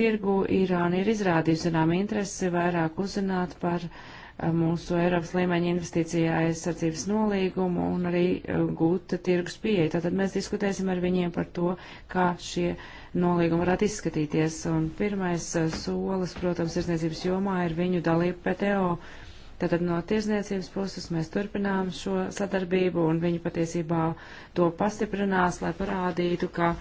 Tirgu Irāna ir izrādījusi zinām interesi vairāk uzzināt par eh, mūsu Eiropas līmeņa investīcija aizsardzības nolīgumu un arī eh, gūta tirgus pieeja. Tātad mēs diskutēsim ar viņiem par to, kā šie uh, nolīguma varētu izskatīties. Un pirmais eh, solis, protams, tirsniecības jomā ir viņu dalība PTO. Tātad no tirsniecības puses mēs turpinām šo sadarbību un viņi patiesībā to pastiprinās, lai parādītu, ka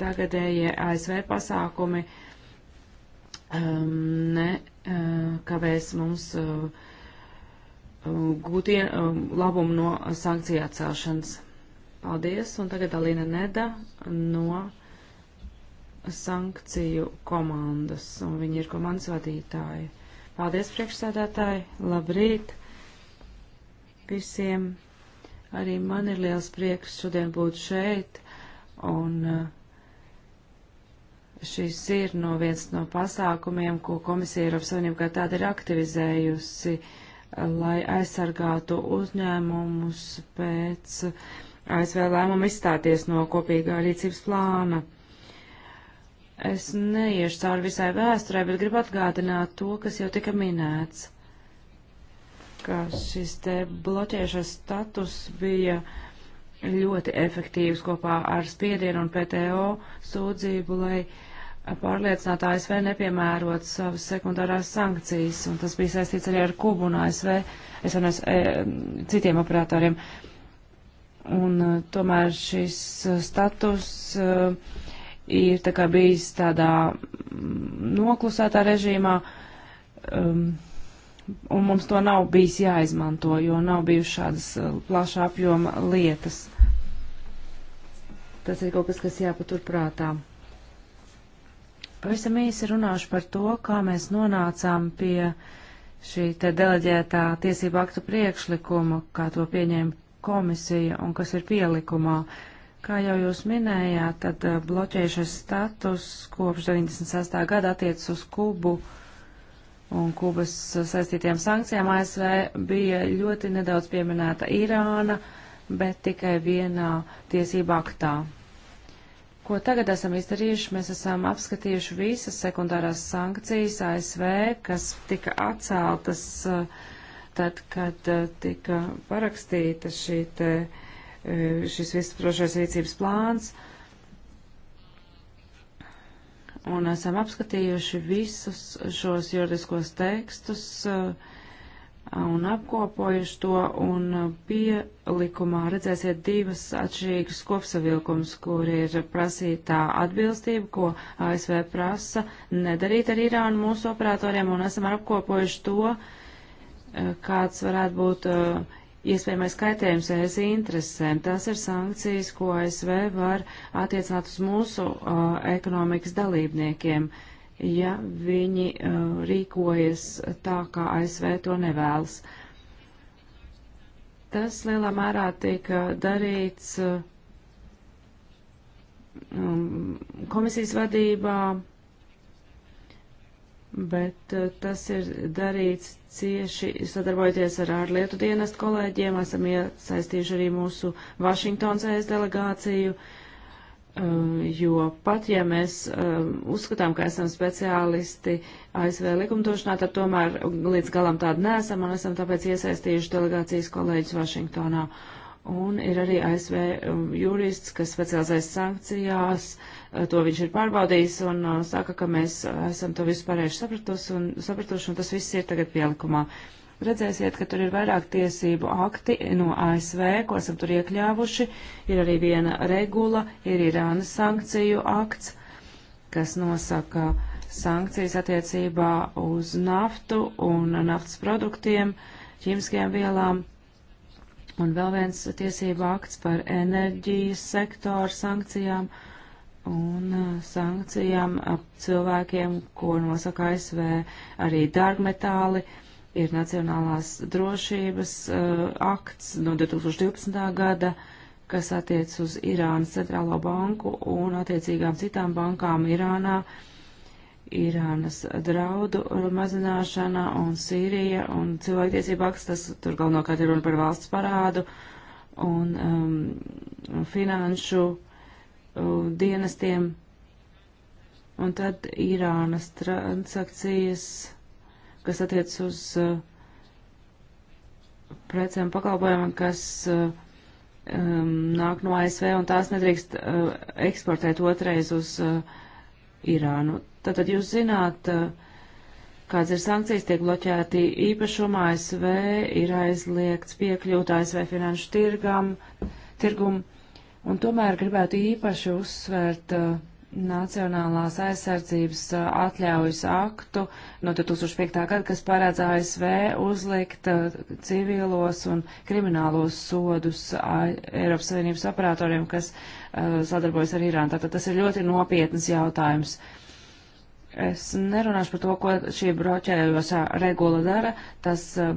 tagadējie ASV pasākumi um, ne uh, kavēs mums uh, eh, gūt um, ehm, labumu no sankciju atcelšanas. Paldies, un tagad Alīna Neda no sankciju komandas, un viņi ir komandas vadītāji. Paldies, priekšsēdētāji! Labrīt visiem! Arī man ir liels prieks šodien būt šeit, un eh, šis ir no viens no pasākumiem, ko komisija Eiropas Savienība kā tāda ir aktivizējusi, lai aizsargātu uzņēmumus pēc eh, ASV lēmuma izstāties no kopīgā rīcības plāna. Es neiešu cauri visai vēsturē, bet gribu atgādināt to, kas jau tika minēts, ka šis te bloķēšanas status bija ļoti efektīvs kopā ar spiedienu un PTO sūdzību, lai pārliecinātu ASV nepiemērot savas sekundārās sankcijas, un tas bija saistīts arī ar Kubu un ASV, es un es, e, citiem operatoriem. Un e, tomēr šis e, status uh, ir tā kā bijis tādā mm, noklusētā režīmā, um, un mums to nav bijis jāizmanto, jo nav bijušas šādas uh, plaša apjoma lietas. Tas ir kaut kas, kas jāpatur prātā. Pavisam īsi runāšu par to, kā mēs nonācām pie šī te deleģētā tiesību aktu priekšlikuma, kā to pieņēma komisija un kas ir pielikumā. Uh, Kā jau jūs minējāt, tad eh, bloķējušais status kopš 96. gada attiecas uz Kubu un Kubas eh, saistītiem sankcijām ASV bija ļoti nedaudz pieminēta Irāna, bet tikai vienā tiesība aktā. Ko tagad esam izdarījuši? Mēs esam apskatījuši visas sekundārās sankcijas ASV, kas tika atceltas eh, tad, kad tika parakstīta šī te. Uh, E, šis visaptrošais rīcības plāns. Un esam apskatījuši visus šos juridiskos tekstus e, un apkopojuši to, un pielikumā redzēsiet divas atšķirīgas kopsavilkums, kur ir prasītā atbilstība, ko ASV prasa nedarīt ar Irānu mūsu operatoriem, un esam apkopojuši to, e, kāds varētu būt uh, iespējamais kaitējums ES interesēm. Tas ir sankcijas, ko ASV var attiecināt uz mūsu uh, ekonomikas dalībniekiem, ja viņi uh, rīkojas tā, kā ASV to nevēlas. Tas lielā mērā tika darīts um, komisijas vadībā bet eh, tas ir darīts cieši sadarbojoties ar ārlietu dienestu kolēģiem. Esam iesaistījuši arī mūsu Vašingtons ES delegāciju, eh, jo pat ja mēs eh, uzskatām, ka esam speciālisti ASV likumdošanā, tad tomēr līdz galam tādu nesam un esam tāpēc iesaistījuši delegācijas kolēģus Vašingtonā. Un ir arī ASV jurists, kas specializējas sankcijās, uh, Eh, to viņš ir pārbaudījis un eh, saka, ka mēs eh, esam to visu pareizi sapratuši un, sapratuši, un tas viss ir tagad pielikumā. Redzēsiet, ka tur ir vairāk tiesību akti no ASV, ko esam tur iekļāvuši. Ir arī viena regula, ir Irānas sankciju akts, kas nosaka sankcijas attiecībā uz naftu un naftas produktiem, ķīmiskajām vielām. Un vēl viens tiesību akts par enerģijas sektoru sankcijām. Uh, un sankcijām cilvēkiem, ko nosaka ASV arī dārgmetāli, ir Nacionālās drošības uh, akts no 2012. gada, kas attiec uz Irānas centrālo banku un attiecīgām citām bankām Irānā, Irānas draudu mazināšana un Sīrija un cilvēktiesība akts, tas tur galvenokārt ir runa par valsts parādu un um, finanšu uh, dienestiem. Un tad Irānas transakcijas, kas attiec uz uh, precēm pakalpojumiem, kas uh, um, nāk no ASV, un tās nedrīkst uh, eksportēt otrais uz uh, Irānu. Tātad jūs zināt, uh, kāds ir sankcijas, tiek bloķēti īpašumā ASV, ir aizliegts piekļūt ASV finanšu tirgam, tirgumu Un tomēr gribētu īpaši uzsvērt uh, Nacionālās aizsardzības uh, atļaujas aktu no 2005. gada, kas parādz ASV uzlikt uh, civilos un kriminālos sodus uh, Eiropas Savienības operatoriem, kas uh, sadarbojas ar Irānu. Tātad tas ir ļoti nopietnas jautājums. Es nerunāšu par to, ko šī broķējosā regula dara. Tas uh,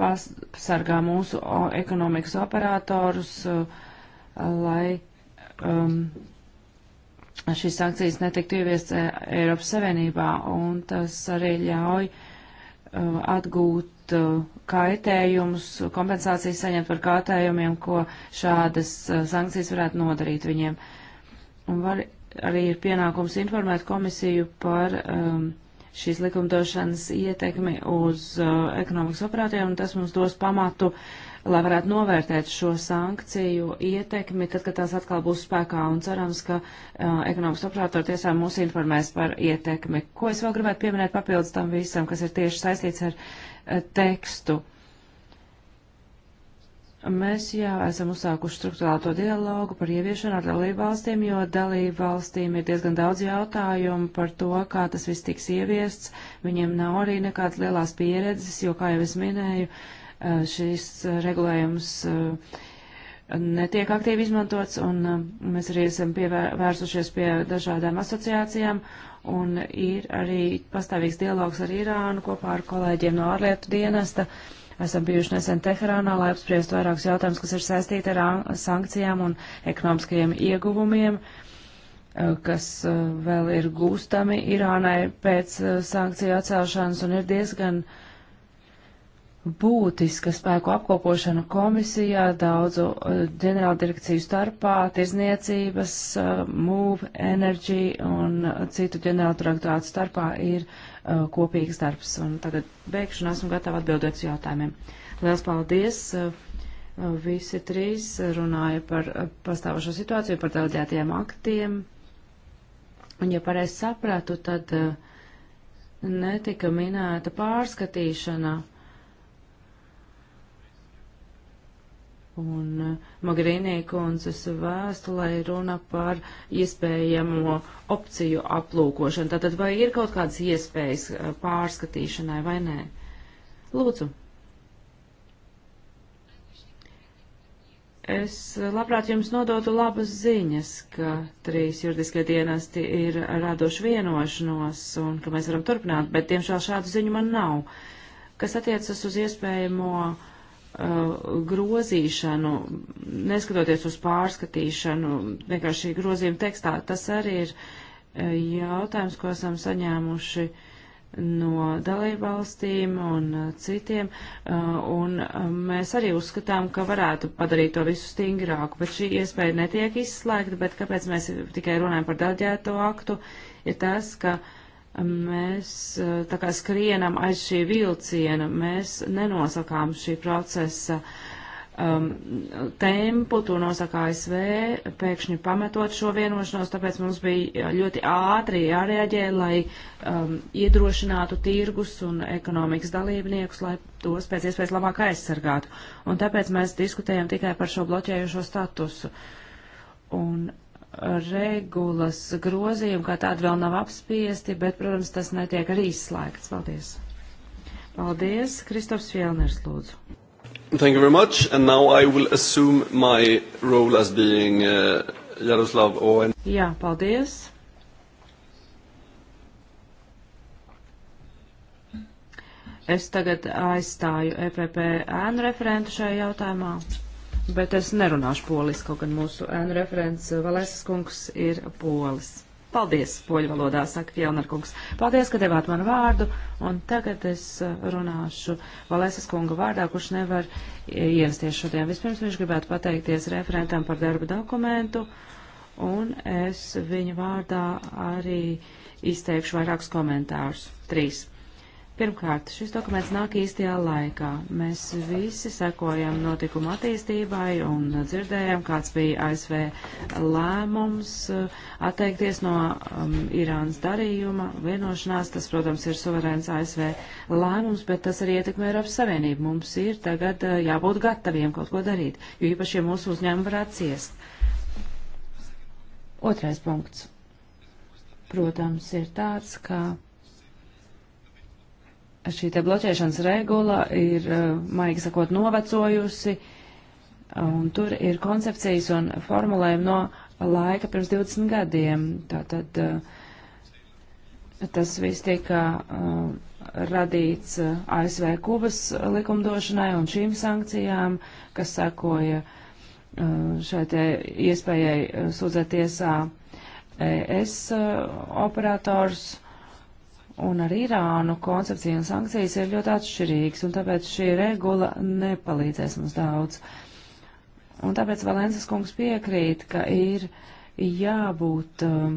pasargā mūsu o, ekonomikas operatorus, uh, lai um, šīs sankcijas netiktu ieviestas eh, Eiropas Savienībā, un tas arī ļauj uh, atgūt uh, kaitējumus, kompensācijas saņemt par kaitējumiem, ko šādas uh, sankcijas varētu nodarīt viņiem. Un var, arī ir pienākums informēt komisiju par um, šīs likumdošanas ietekmi uz uh, ekonomikas operātoriem, un tas mums dos pamatu uh, lai varētu novērtēt šo sankciju ietekmi, tad, kad tās atkal būs spēkā un cerams, ka uh, ekonomikas operātori tiesām mūs informēs par ietekmi. Ko es vēl gribētu pieminēt papildus tam visam, kas ir tieši saistīts ar uh, tekstu? Mēs jau esam uzsākuši struktūrālo dialogu par ieviešanu ar dalību valstīm, jo dalību valstīm ir diezgan daudz jautājumu par to, kā tas viss tiks ieviests. Viņiem nav arī nekādas lielās pieredzes, jo, kā jau es minēju, uh, Eh, šīs eh, regulējums eh, netiek aktīvi izmantots, un mēs arī esam pievērsušies pie dažādām asociācijām, un ir arī pastāvīgs dialogs ar Irānu kopā ar kolēģiem no ārlietu dienesta. Esam bijuši nesen Teherānā, lai apspriestu vairākus jautājumus, kas ir saistīti ar sankcijām un ekonomiskajiem ieguvumiem, kas vēl ir gūstami Irānai pēc sankciju atcelšanas, un ir diezgan uh, būtiska spēku apkopošana komisijā daudzu eh, ģenerāldirekciju starpā, tirzniecības, eh, MOVE, Energy un citu ģenerāldirektorātu starpā ir eh, kopīgs darbs. Un tagad beigšu un esmu gatava atbildēt uz jautājumiem. Liels paldies! Visi trīs runāja par pastāvošo situāciju, par daudzētiem aktiem. Un, ja pareizi sapratu, tad netika minēta pārskatīšana Un eh, Magrīnī kundzes vēstulē runa par iespējamo opciju aplūkošanu. Tātad vai ir kaut kādas iespējas eh, pārskatīšanai vai nē? Lūdzu. Es labprāt jums nodotu labas ziņas, ka trīs juridiskie dienesti ir radoši vienošanos un ka mēs varam turpināt, bet diemžēl šādu ziņu man nav. Kas attiecas uz iespējamo uh, Uh, grozīšanu, neskatoties uz pārskatīšanu, vienkārši grozījuma tekstā, tas arī ir uh, jautājums, ko esam saņēmuši no dalībvalstīm un uh, citiem, un mēs arī uzskatām, ka varētu padarīt to visu stingrāku, bet šī iespēja netiek izslēgta, bet kāpēc mēs tikai runājam par daļģēto aktu, ir tas, ka uh, mēs eh, tā kā skrienam aiz šī vilciena, mēs nenosakām šī procesa um, tempu, to nosaka ASV, pēkšņi pametot šo vienošanos, tāpēc mums bija ļoti ātri jārēģē, lai um, iedrošinātu tirgus un ekonomikas dalībniekus, lai tos pēc iespējas labāk aizsargātu. Un tāpēc mēs diskutējam tikai par šo bloķējušo statusu. Un regulas grozījumi, kā tādi vēl nav apspiesti, bet, protams, tas netiek arī izslēgts. Paldies. Paldies. Kristofs Fjellners, lūdzu. Thank you very much, and now I will assume my role as being uh, Jaroslav Owen. Jā, paldies. Es tagad aizstāju EPP ēnu referentu šajā jautājumā bet es nerunāšu polis, kaut gan mūsu ēnu referents Valēsas kungs ir polis. Paldies, poļu valodā, saka Fjellnerkungs. Paldies, ka devāt man vārdu, un tagad es runāšu Valēsas kunga vārdā, kurš nevar ierasties šodien. Vispirms viņš gribētu pateikties referentam par darba dokumentu, un es viņa vārdā arī izteikšu vairākus komentārus. Trīs. Pirmkārt, šis dokuments nāk īstajā laikā. Mēs visi sekojam notikuma attīstībai un dzirdējam, kāds bija ASV lēmums uh, atteikties no um, Irānas darījuma vienošanās. Tas, protams, ir suverēns ASV lēmums, bet tas arī ietekmē Eiropas Savienību. Mums ir tagad uh, jābūt gataviem kaut ko darīt, jo īpaši, ja mūsu uzņēmumi varētu ciest. Otrais punkts, protams, ir tāds, ka šī te bloķēšanas regula ir, eh, maigi sakot, novecojusi, un tur ir koncepcijas un formulējumi no laika pirms 20 gadiem. Tātad eh, tas viss tika eh, radīts ASV Kubas likumdošanai un šīm sankcijām, kas sakoja šai te iespējai sūdzēt tiesā es operators. Uh, un ar Irānu koncepcija un sankcijas ir ļoti atšķirīgas, un tāpēc šī regula nepalīdzēs mums daudz. Un tāpēc Valences kungs piekrīt, ka ir jābūt um,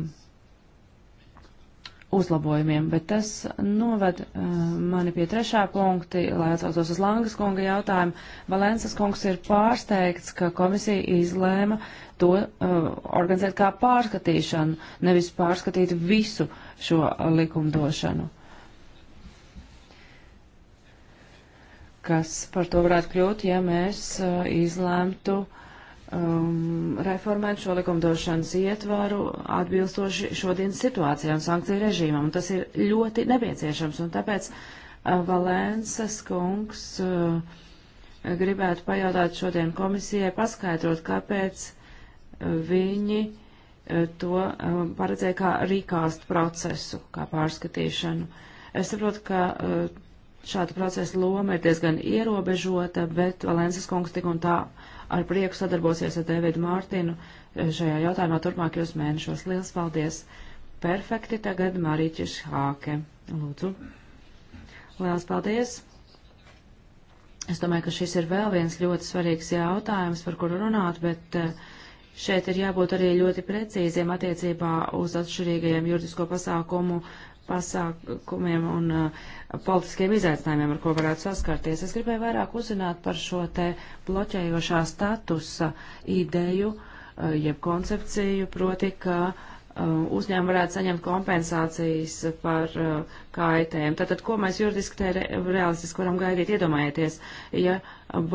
uzlabojumiem, bet tas noved uh, mani pie trešā punkti, lai atsaucos uz Langas kunga jautājumu. Valences kungs ir pārsteigts, ka komisija izlēma to uh, organizēt kā pārskatīšanu, nevis pārskatīt visu uh, šo likumdošanu. Kas par to varētu kļūt, ja mēs uh, izlēmtu um, reformēt šo likumdošanas ietvaru atbilstoši šodienas situācijām un sankciju režīmam. Un tas ir ļoti nepieciešams, un tāpēc uh, Valēnsas kungs uh, gribētu pajautāt šodien komisijai, paskaidrot, kāpēc uh, viņi to uh, paredzēja kā rīkāstu procesu, kā pārskatīšanu. Es saprotu, ka uh, šāda procesa loma ir diezgan ierobežota, bet Valences kungs tik un tā ar prieku sadarbosies ar Davidu Mārtinu uh, šajā jautājumā turpmākajos mēnešos. Liels paldies! Perfekti tagad Marīķis Hāke. Lūdzu. Liels paldies! Es domāju, ka šis ir vēl viens ļoti svarīgs jautājums, par kuru runāt, bet uh, Šeit ir jābūt arī ļoti precīziem attiecībā uz atšķirīgajiem juridisko pasākumu pasākumiem un uh, politiskiem izaicinājumiem, ar ko varētu saskarties. Es gribēju vairāk uzzināt par šo te bloķējošā statusa ideju, uh, jeb koncepciju, proti, ka uh, uzņēmumi varētu saņemt kompensācijas par uh, kaitēm. Tātad, ko mēs juridiski te re realistiski varam gaidīt, iedomājieties, ja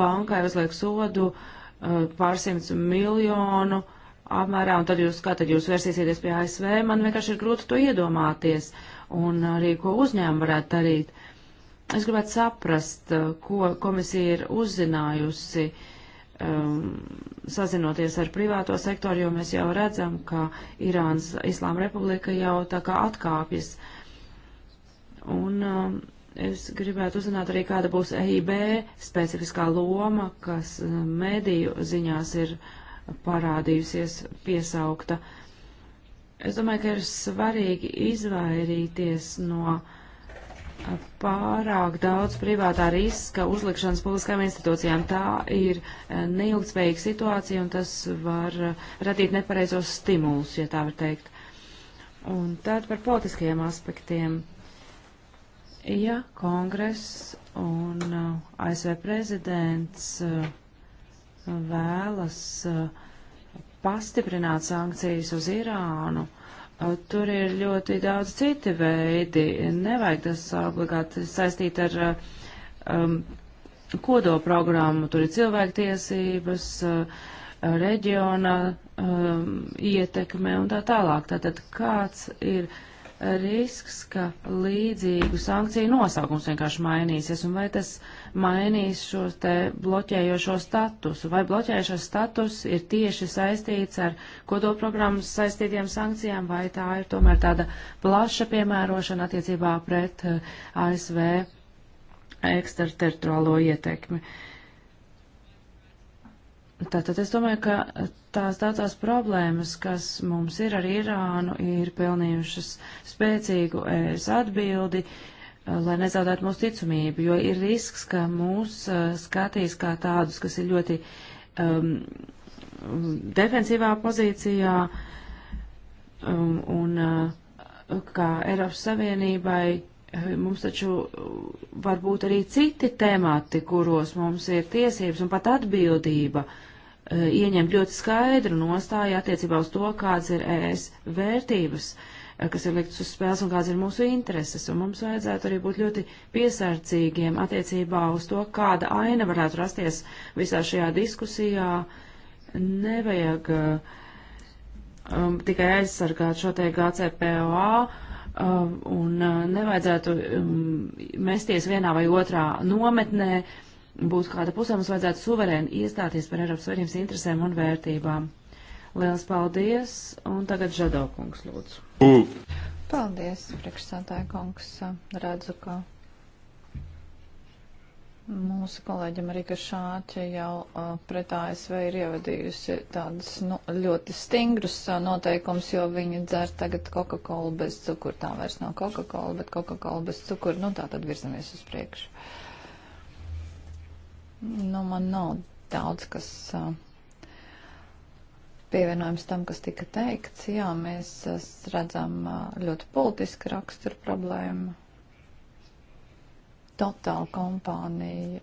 bankai uzliek sodu uh, Uh, pārsimts miljonu apmērā, un tad jūs, kā tad jūs vērsīsieties pie ASV, man vienkārši ir grūti to iedomāties, un arī ko uzņēmumi varētu darīt. Es gribētu saprast, uh, ko komisija ir uzzinājusi, um, sazinoties ar privāto sektoru, jo mēs jau redzam, ka Irānas Islāma Republika jau tā kā atkāpjas. Un, um, Es gribētu uzzināt arī, kāda būs EIB specifiskā loma, kas eh, mediju ziņās ir parādījusies piesaukta. Es domāju, ka ir svarīgi izvairīties no eh, pārāk daudz privātā riska uzlikšanas publiskajām institūcijām. Tā ir eh, neilgtspējīga situācija un tas var radīt nepareizos stimulus, ja tā var teikt. Un tad par politiskajiem aspektiem ja kongress un uh, ASV prezidents uh, vēlas uh, pastiprināt sankcijas uz Irānu, tur ir ļoti daudz citi veidi. Nevajag tas obligāti saistīt ar um, kodoprogrammu, tur ir cilvēktiesības, reģiona um, ietekme un tā tālāk. Tātad kāds ir risks, ka līdzīgu sankciju nosaukums vienkārši mainīsies, un vai tas mainīs šo te bloķējošo statusu, vai bloķējošo status ir tieši saistīts ar kodolprogrammas saistītiem sankcijām, vai tā ir tomēr tāda plaša piemērošana attiecībā pret eh, ASV ekstrateritoriālo ietekmi. Uh, Tātad es domāju, ka tās daudzās problēmas, kas mums ir ar Irānu, ir pelnījušas spēcīgu ES atbildi, eh, lai nezaudētu mūsu ticamību, jo ir risks, ka mūs eh, skatīs kā tādus, kas ir ļoti um, defensīvā pozīcijā um, un uh, eh, kā Eiropas Savienībai Mums taču uh, var būt arī citi temati, kuros mums ir tiesības un pat atbildība uh, ieņemt ļoti skaidru nostāju attiecībā uz to, kādas ir ES vērtības, uh, kas ir liktas uz spēles un kādas ir mūsu intereses. Un mums vajadzētu arī būt ļoti piesardzīgiem attiecībā uz to, kāda aina varētu rasties visā šajā diskusijā. Nevajag um, tikai aizsargāt šo te GCPOA Uh, un uh, nevajadzētu um, mesties vienā vai otrā nometnē, būtu kāda pusē, mums vajadzētu suverēni iestāties par Eiropas Savienības interesēm un vērtībām. Liels paldies, un tagad Žadokungs lūdzu. Paldies, priekšsādāja kungs. Redzu, ka Mūsu kolēģim arī, ka šāķa jau uh, pret ASV ir ievadījusi tādas nu, ļoti stingrus uh, noteikums, jo viņi dzer tagad Coca-Cola bez cukuru. Tā vairs nav Coca-Cola, bet Coca-Cola bez cukuru. Nu, tā tad virzamies uz priekšu. Nu, man nav daudz, kas. Uh, pievienojums tam, kas tika teikts. Jā, mēs redzam ļoti politiski raksturu problēmu. Totāla kompānija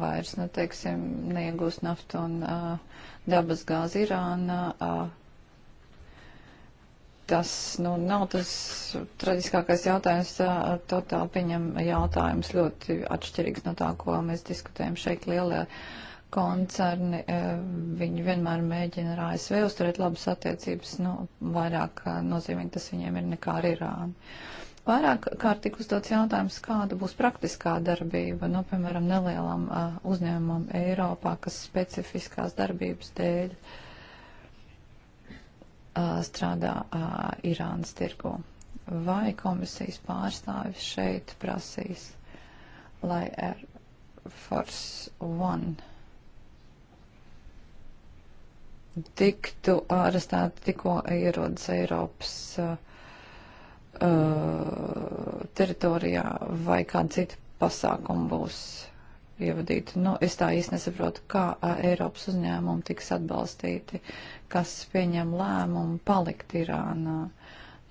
vairs, nu, teiksim, neiegūs naftu un uh, dabas gāzi Irānā. Uh, tas, nu, nav tas tradiskākais jautājums, uh, totāli pieņem jautājums ļoti atšķirīgs no tā, ko mēs diskutējam šeit lielie koncerni. Uh, viņi vienmēr mēģina ar ASV uzturēt labas attiecības, nu, vairāk uh, nozīmīgi tas viņiem ir nekā ar Irānu. Vairāk kārt tik uzdots jautājums, kāda būs praktiskā darbība, nu, piemēram, nelielam uh, uzņēmumam Eiropā, kas specifiskās darbības dēļ uh, strādā uh, Irānas tirgu. Vai komisijas pārstāvis šeit prasīs, lai Air Force One tiktu arestēti tikko ierodas Eiropas uh, Uh, teritorijā vai kāda cita pasākuma būs ievadīta. Nu, es tā īsti nesaprotu, kā uh, Eiropas uzņēmumi tiks atbalstīti, kas pieņem lēmumu palikt Irānā,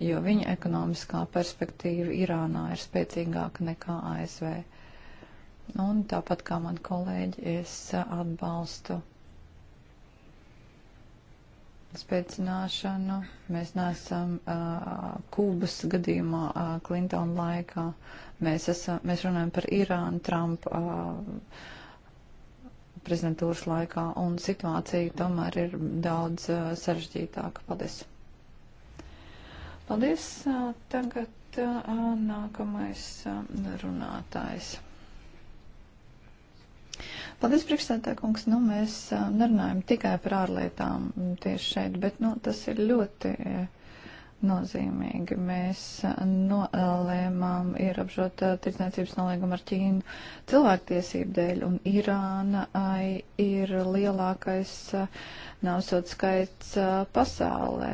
jo viņa ekonomiskā perspektīva Irānā ir spēcīgāka nekā ASV. Un tāpat kā man kolēģi, es uh, atbalstu spēcināšanu. Mēs neesam uh, Kūbas gadījumā, uh, Klintona laikā. Mēs, esam, mēs runājam par Irānu, Trumpa uh, prezidentūras laikā, un situācija tomēr ir daudz uh, sarežģītāka. Paldies! Paldies! Uh, tagad uh, nākamais uh, runātājs. Paldies, priekšsēdētāj, kungs. Nu, mēs nerunājam tikai par ārlietām tieši šeit, bet nu, tas ir ļoti nozīmīgi. Mēs nolēmām ierobežot tirdzniecības nolīgumu ar Ķīnu cilvēktiesību dēļ, un Irāna ai, ir lielākais nausot skaits pasaulē.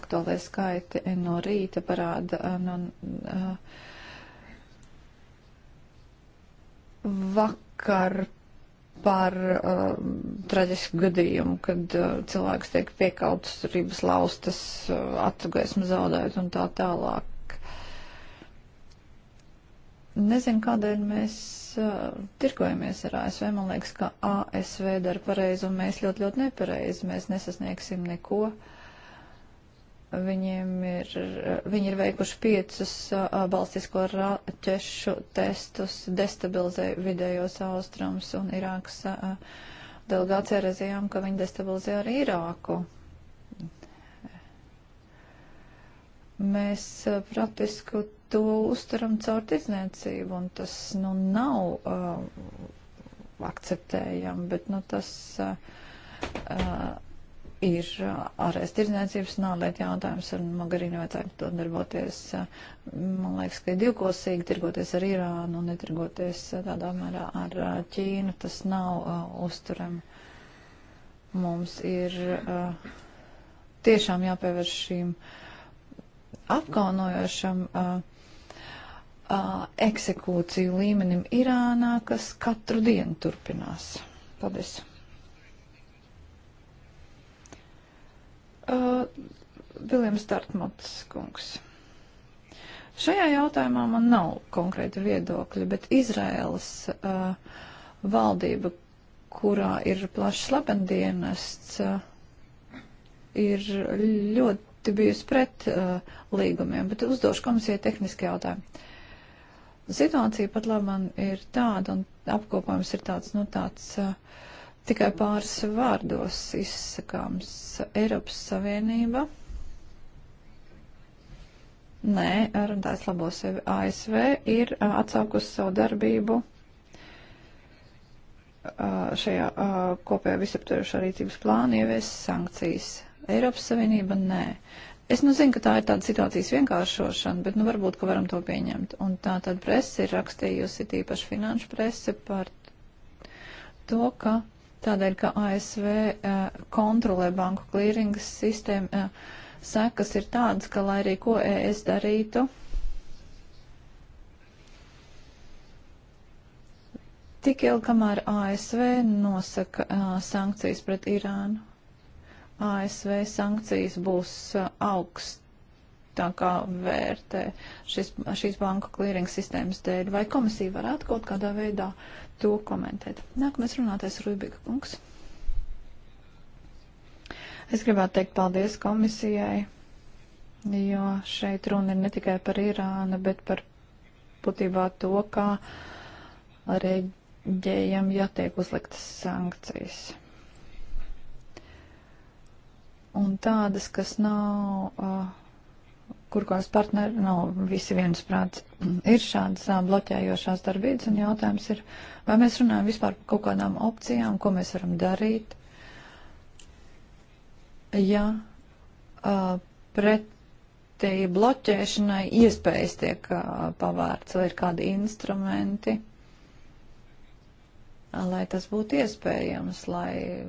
Aktuālai skaiti no rīta parāda no vak vakar par uh, traģisku gadījumu, kad uh, cilvēks tiek piekauts, rības laustas, uh, atsagaismu zaudēt un tā tālāk. Nezinu, kādēļ mēs uh, tirkojamies ar ASV. Man liekas, ka ASV dara pareizi un mēs ļoti, ļoti nepareizi. Mēs nesasniegsim neko. Uh, Viņiem ir, viņi ir veikuši piecus balstisko raķešu testus, destabilizēja vidējos austrums un Irākas delegācijā redzējām, ka viņi destabilizēja arī Irāku. Mēs praktiski to uztaram caur tirdzniecību, un tas nu nav uh, akceptējami, bet nu, tas uh, ir uh, ārējais tirdzniecības nodēt jautājums, un Mogarīna vajadzētu to darboties. Uh, man liekas, ka ir divkosīgi tirgoties ar Irānu un netirgoties uh, tādā mērā ar Ķīnu. Tas nav uh, uzturam. Mums ir uh, tiešām jāpievērš šīm apkaunojošam. Uh, uh, eksekūciju līmenim Irānā, kas katru dienu turpinās. Paldies! Uh, Viljams Tartmots kungs. Šajā jautājumā man nav konkrēta viedokļa, bet Izraēlas uh, valdība, kurā ir plašs labendienests, uh, ir ļoti bijusi pret uh, līgumiem, bet uzdošu komisijai tehniski jautājumu. Situācija pat labam ir tāda, un apkopojums ir tāds, nu tāds. Uh, tikai pāris vārdos izsakāms Eiropas Savienība. Nē, runātājs labo sevi ASV ir atsaukusi savu darbību šajā kopējā visaptverošā rīcības plāna ievies sankcijas. Eiropas Savienība nē. Es nu zinu, ka tā ir tāda situācijas vienkāršošana, bet nu varbūt, ka varam to pieņemt. Un tā tad presa ir rakstījusi tīpaši finanšu prese par to, ka tādēļ, ka ASV eh, kontrolē banku klīringas sistēmu. Eh, sekas ir tādas, ka lai arī ko es darītu, Tik ilgi, kamēr ASV nosaka uh, sankcijas pret Irānu, ASV sankcijas būs uh, augstākā vērtē šis, šīs banku klīringa sistēmas dēļ. Vai komisija varētu kaut kādā veidā to komentēt. Nākamais runātais Rubika kungs. Es gribētu teikt paldies komisijai, jo šeit runa ir ne tikai par Irānu, bet par būtībā to, kā reģējam jātiek uzliktas sankcijas. Un tādas, kas nav. Uh, kurkos partneri, nu, visi viensprāts, ir šādas bloķējošās darbības, un jautājums ir, vai mēs runājam vispār par kaut kādām opcijām, ko mēs varam darīt, ja uh, pretī bloķēšanai iespējas tiek uh, pavērts, vai ir kādi instrumenti, lai tas būtu iespējams, lai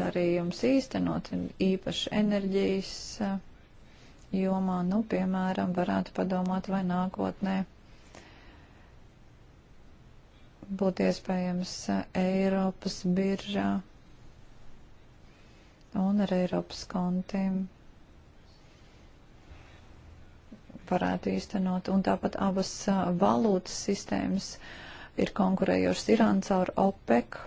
darījums īstenot, īpaši enerģijas. Uh, jomā, nu, piemēram, varētu padomāt vai nākotnē būtu iespējams eh, Eiropas biržā un ar Eiropas kontiem varētu īstenot. Un tāpat abas eh, valūtas sistēmas ir konkurējošas Irāns ar OPEC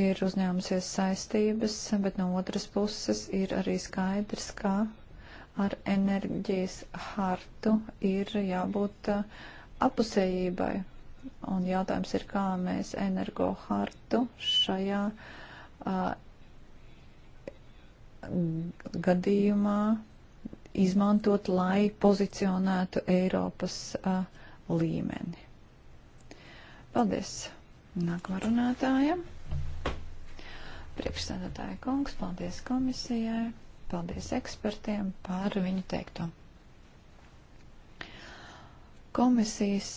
ir uzņēmusies saistības, bet no otras puses ir arī skaidrs, ka ar enerģijas hartu ir jābūt uh, apusējībai. Un jautājums ir, kā mēs energo hartu šajā uh, gadījumā izmantot, lai pozicionētu Eiropas a, uh, līmeni. Paldies! Nākamā runātājai. Priekšsēdētāja kungs, paldies komisijai, paldies ekspertiem par viņu teikto. Komisijas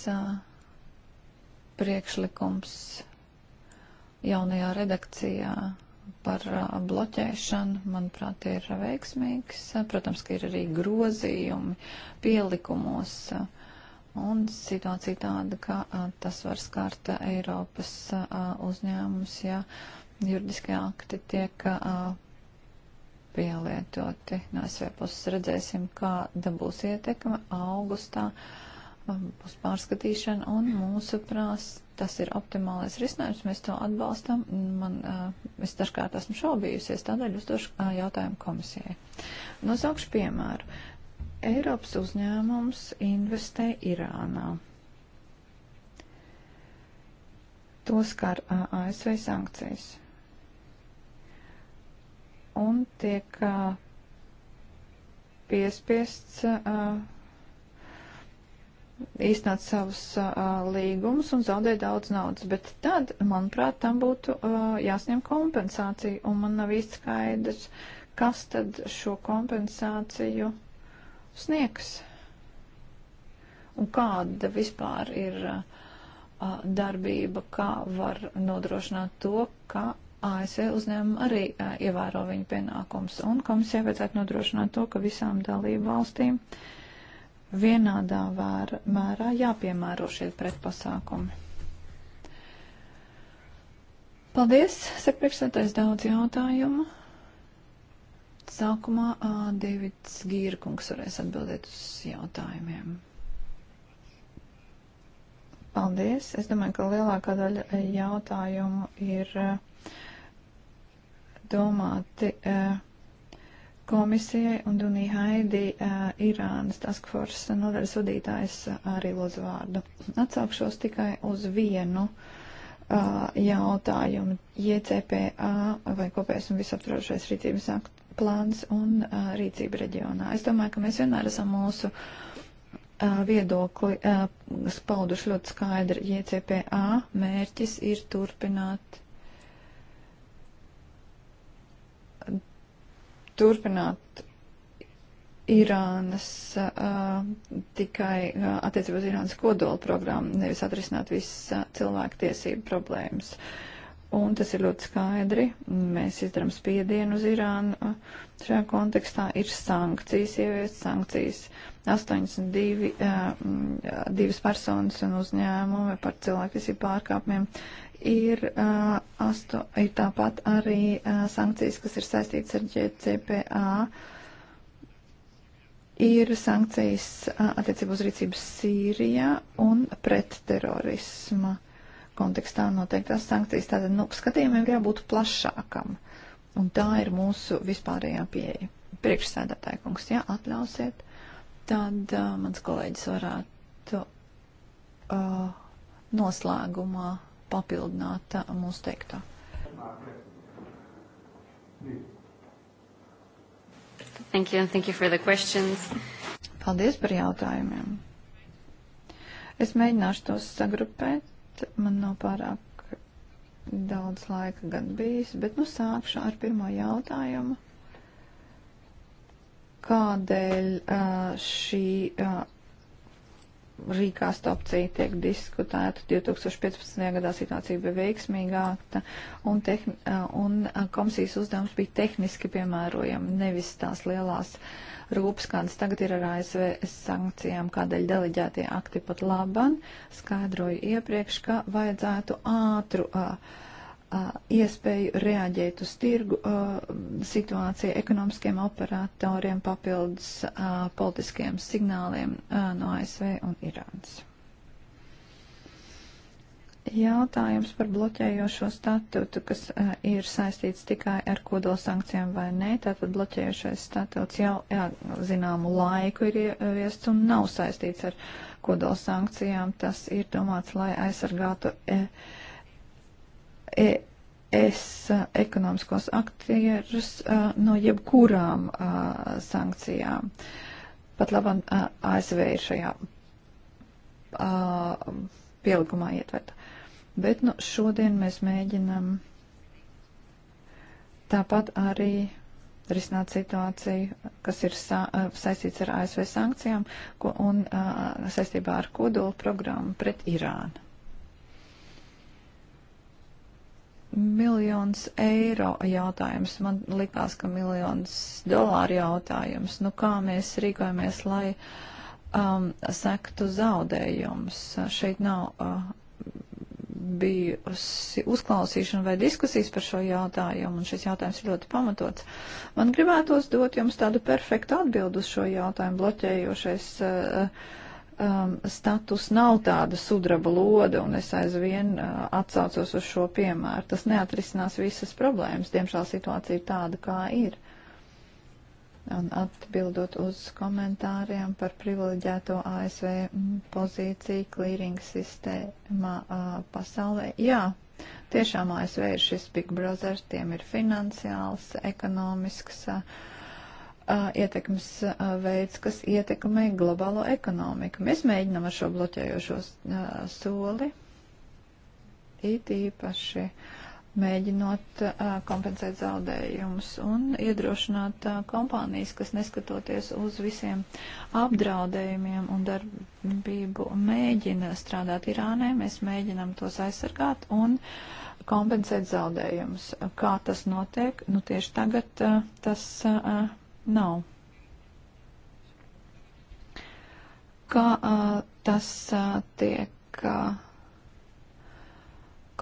priekšlikums jaunajā redakcijā par bloķēšanu, manuprāt, ir veiksmīgs. Protams, ka ir arī grozījumi pielikumos, un situācija tāda, ka tas var skart Eiropas uzņēmums, ja juridiskie akti tiek uh, pielietoti. No SV puses redzēsim, kāda būs ietekme augustā, būs pārskatīšana un mūsu prās. Tas ir optimālais risinājums, mēs to atbalstam. Man, uh, es dažkārt esmu šaubījusies, tādēļ uzdošu uh, jautājumu komisijai. Nosaukšu piemēru. Eiropas uzņēmums investē Irānā. To skar uh, ASV sankcijas un tiek uh, piespiests uh, īstenot savus uh, līgumus un zaudē daudz naudas. Bet tad, manuprāt, tam būtu uh, jāsņem kompensācija, un man nav īsti skaidrs, kas tad šo kompensāciju sniegs. Un kāda vispār ir uh, darbība, kā var nodrošināt to, ka ASV e uzņēmumi arī uh, ievēro viņu pienākums, un komisijai vajadzētu nodrošināt to, ka visām dalību valstīm vienādā vēr, mērā jāpiemēro šie pretpasākumi. Paldies, sekpriekšsētājs daudz jautājumu. Sākumā uh, Deivids Gīrkungs varēs atbildēt uz jautājumiem. Paldies. Es domāju, ka lielākā daļa jautājumu ir uh, domāti eh, komisijai un Dunī Haidī, eh, Irānas task force nodaļas vadītājs eh, arī lūdzu vārdu. Atsaukšos tikai uz vienu jautājumu JCPA vai kopējais un visaptrošais rīcības plāns un rīcība reģionā. Es domāju, ka mēs vienmēr esam mūsu viedokli spauduši ļoti skaidri. JCPA mērķis ir turpināt turpināt Irānas uh, tikai uh, attiecībā uz Irānas kodola programmu, nevis atrisināt visas uh, cilvēku tiesību problēmas. Un tas ir ļoti skaidri. Mēs izdarām spiedienu uz Irānu. Uh, šajā kontekstā ir sankcijas, ieviest sankcijas. 82 uh, uh, divas personas un uzņēmumi par cilvēktiesību pārkāpumiem ir, uh, asto, ir tāpat arī uh, sankcijas, kas ir saistītas ar GCPA. Ir sankcijas uh, attiecībā uz rīcību Sīrijā un pret terorisma kontekstā noteiktās sankcijas. Tātad, nu, skatījumiem jābūt plašākam. Un tā ir mūsu vispārējā pieeja. Priekšsēdētāji kungs, jā, atļausiet, tad uh, mans kolēģis varētu uh, noslēgumā papildināt uh, mūsu teikto. Thank you, and thank you for the questions. Paldies par jautājumiem. Es mēģināšu tos sagrupēt. Man nav pārāk daudz laika gan bijis, bet nu sākšu ar pirmo jautājumu. Kādēļ uh, šī uh, Rīgā stopcija tiek diskutēta. 2015. gadā situācija bija veiksmīgāka un, tehn, un komisijas uzdevums bija tehniski piemērojama, nevis tās lielās rūpes, kādas tagad ir ar ASV sankcijām, kādēļ deleģētie akti pat laban. Skaidroju iepriekš, ka vajadzētu ātru. Uh, iespēju reaģēt uz tirgu situāciju ekonomiskiem operatoriem papildus politiskiem signāliem no ASV un Irānas. Jautājums par bloķējošo statūtu, kas uh, ir saistīts tikai ar kodola sankcijām vai nē, tātad bloķējošais statūts jau jā, zināmu laiku ir ieviests un nav saistīts ar kodola sankcijām. Tas ir domāts, lai aizsargātu. Uh, e es ekonomiskos aktierus no jebkurām sankcijām. Pat labam ASV ir šajā pielikumā ietverta. Bet nu, šodien mēs mēģinam tāpat arī risināt situāciju, kas ir sa saistīts ar ASV sankcijām ko, un uh, saistībā ar kodolu programmu pret Irānu. miljons eiro jautājums. Man likās, ka miljons dolāru jautājums. Nu, kā mēs rīkojamies, lai um, sektu zaudējumus? Šeit nav uh, bijusi uzklausīšana vai diskusijas par šo jautājumu, un šis jautājums ir ļoti pamatots. Man gribētos dot jums tādu perfektu atbildu uz šo jautājumu bloķējošais. Uh, um, status nav tāda sudraba loda, un es aizvien uh, atsaucos uz šo piemēru. Tas neatrisinās visas problēmas. Diemžēl situācija ir tāda, kā ir. Un atbildot uz komentāriem par privileģēto ASV pozīciju klīringa sistēmā uh, pasaulē, jā, tiešām ASV ir šis Big Brother, tiem ir finansiāls, ekonomisks. Uh, ietekmes veids, kas ietekmē globālo ekonomiku. Mēs mēģinām ar šo bloķējošo soli it īpaši mēģinot kompensēt zaudējumus un iedrošināt kompānijas, kas neskatoties uz visiem apdraudējumiem un darbību mēģina strādāt Irānē, mēs mēģinam tos aizsargāt un uh, kompensēt zaudējumus. Kā tas notiek? Nu, tieši tagad tas nav. Kā uh, tas uh, tiek uh,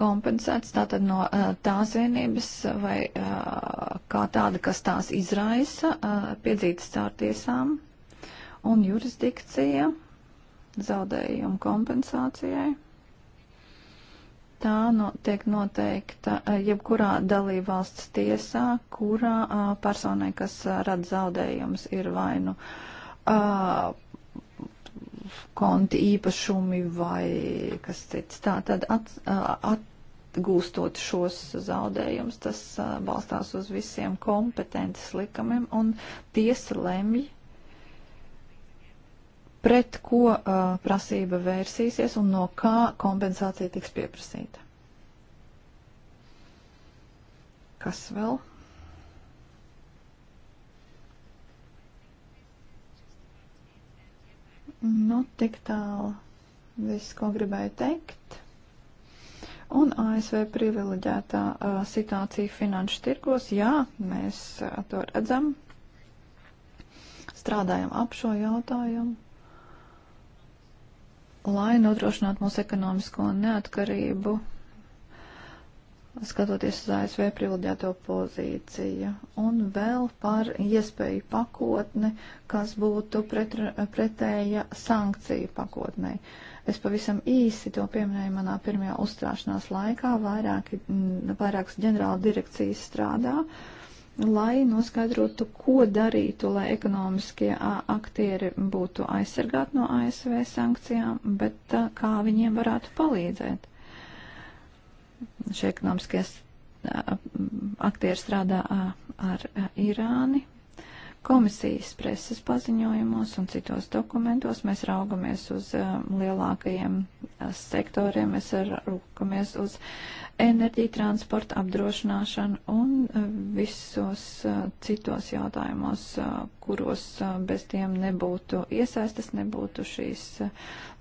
kompensēts tātad no uh, tās vienības vai uh, kā tāda, kas tās izraisa, uh, piedzītas caur tiesām un jurisdikcija zaudējumu kompensācijai? tā no, nu, tiek noteikta eh, jebkurā dalībvalsts tiesā, kurā a, eh, personai, kas eh, rada zaudējumus, ir vai nu a, konti īpašumi vai kas cits. Tā tad at, a, atgūstot šos zaudējumus, tas a, balstās uz visiem kompetences likumiem un tiesa lemj pret ko uh, prasība vērsīsies un no kā kompensācija tiks pieprasīta. Kas vēl? Nu, tik tālu viss, ko gribēju teikt. Un ASV privileģētā uh, situācija finanšu tirgos, jā, mēs uh, to redzam, strādājam ap šo jautājumu lai nodrošinātu mūsu ekonomisko neatkarību, skatoties uz ASV privileģēto pozīciju, un vēl par iespēju pakotni, kas būtu pret, pretēja sankciju pakotnei. Es pavisam īsi to pieminēju manā pirmajā uzstāšanās laikā, vairāki, vairākas ģenerāla direkcijas strādā. Uh, lai noskaidrotu, ko darītu, lai ekonomiskie aktieri būtu aizsargāti no ASV sankcijām, bet kā viņiem varētu palīdzēt. Šie ekonomiskie aktieri strādā ar Irāni. Komisijas preses paziņojumos un citos dokumentos mēs raugamies uz lielākajiem sektoriem, mēs raugamies uz uh, enerģiju, transportu, apdrošināšanu un eh, visos eh, citos jautājumos, eh, kuros bez tiem nebūtu iesaistas, nebūtu šīs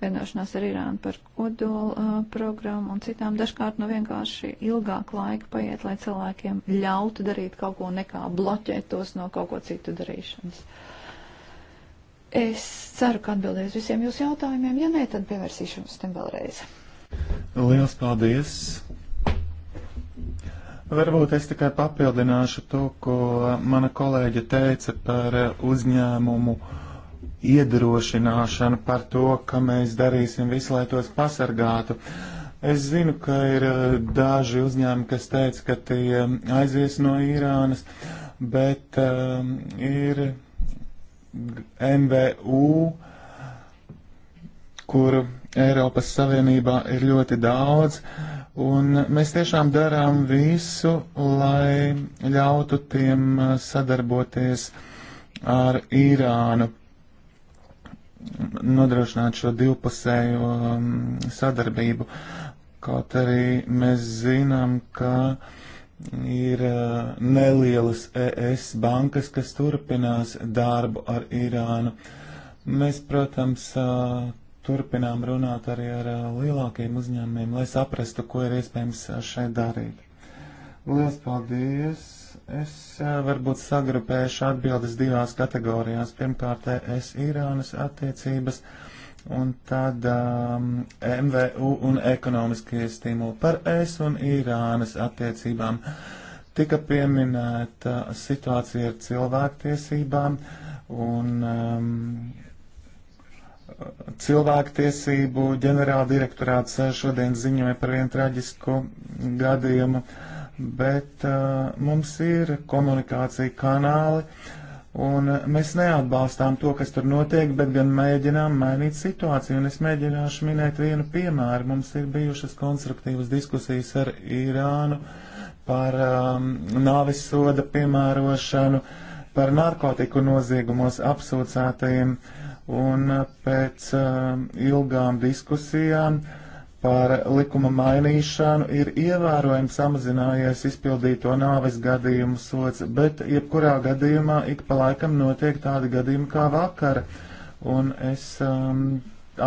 vienošanās ar Irānu par kodolu programmu un citām. Dažkārt nu vienkārši ilgāk laika paiet, lai cilvēkiem ļautu darīt kaut ko nekā bloķēt tos no kaut ko citu darīšanas. Es ceru, ka atbildēs visiem jūsu jautājumiem. Ja nē, tad pievērsīšos tam vēlreiz. Lielas paldies! Varbūt es tikai papildināšu to, ko mana kolēģe teica par uzņēmumu iedrošināšanu, par to, ka mēs darīsim visu, lai tos pasargātu. Es zinu, ka ir e, daži uzņēmumi, kas teica, ka tie aizies no Irānas, bet um, ir MVU, kuru Eiropas Savienībā ir ļoti daudz, Un mēs tiešām darām visu, lai ļautu tiem uh, sadarboties ar Irānu, nodrošināt šo divpusējo um, sadarbību. Kaut arī mēs zinām, ka ir uh, nelielas ES bankas, kas turpinās darbu ar Irānu. Mēs, protams, uh, turpinām runāt arī ar lielākiem uzņēmumiem, lai saprastu, ko ir iespējams šeit darīt. Lielas paldies! Es varbūt sagrupēšu atbildes divās kategorijās. Pirmkārt, es Irānas attiecības un tad um, MVU un ekonomiskie stimuli par es un Irānas attiecībām. Tika pieminēta situācija ar cilvēktiesībām un um, cilvēktiesību ģenerāldirektorāts šodien ziņoja par vienu traģisku gadījumu, bet uh, mums ir komunikācija kanāli, un mēs neatbalstām to, kas tur notiek, bet gan mēģinām mainīt situāciju, un es mēģināšu minēt vienu piemēru. Mums ir bijušas konstruktīvas diskusijas ar Irānu par um, nāvis soda piemērošanu, par narkotiku noziegumos apsūdzētajiem. Uh, un uh, pēc um, ilgām diskusijām par likuma mainīšanu ir ievērojami samazinājies izpildīto nāves gadījumu sots, bet jebkurā gadījumā ik pa laikam notiek tādi gadījumi kā vakar. Un es um,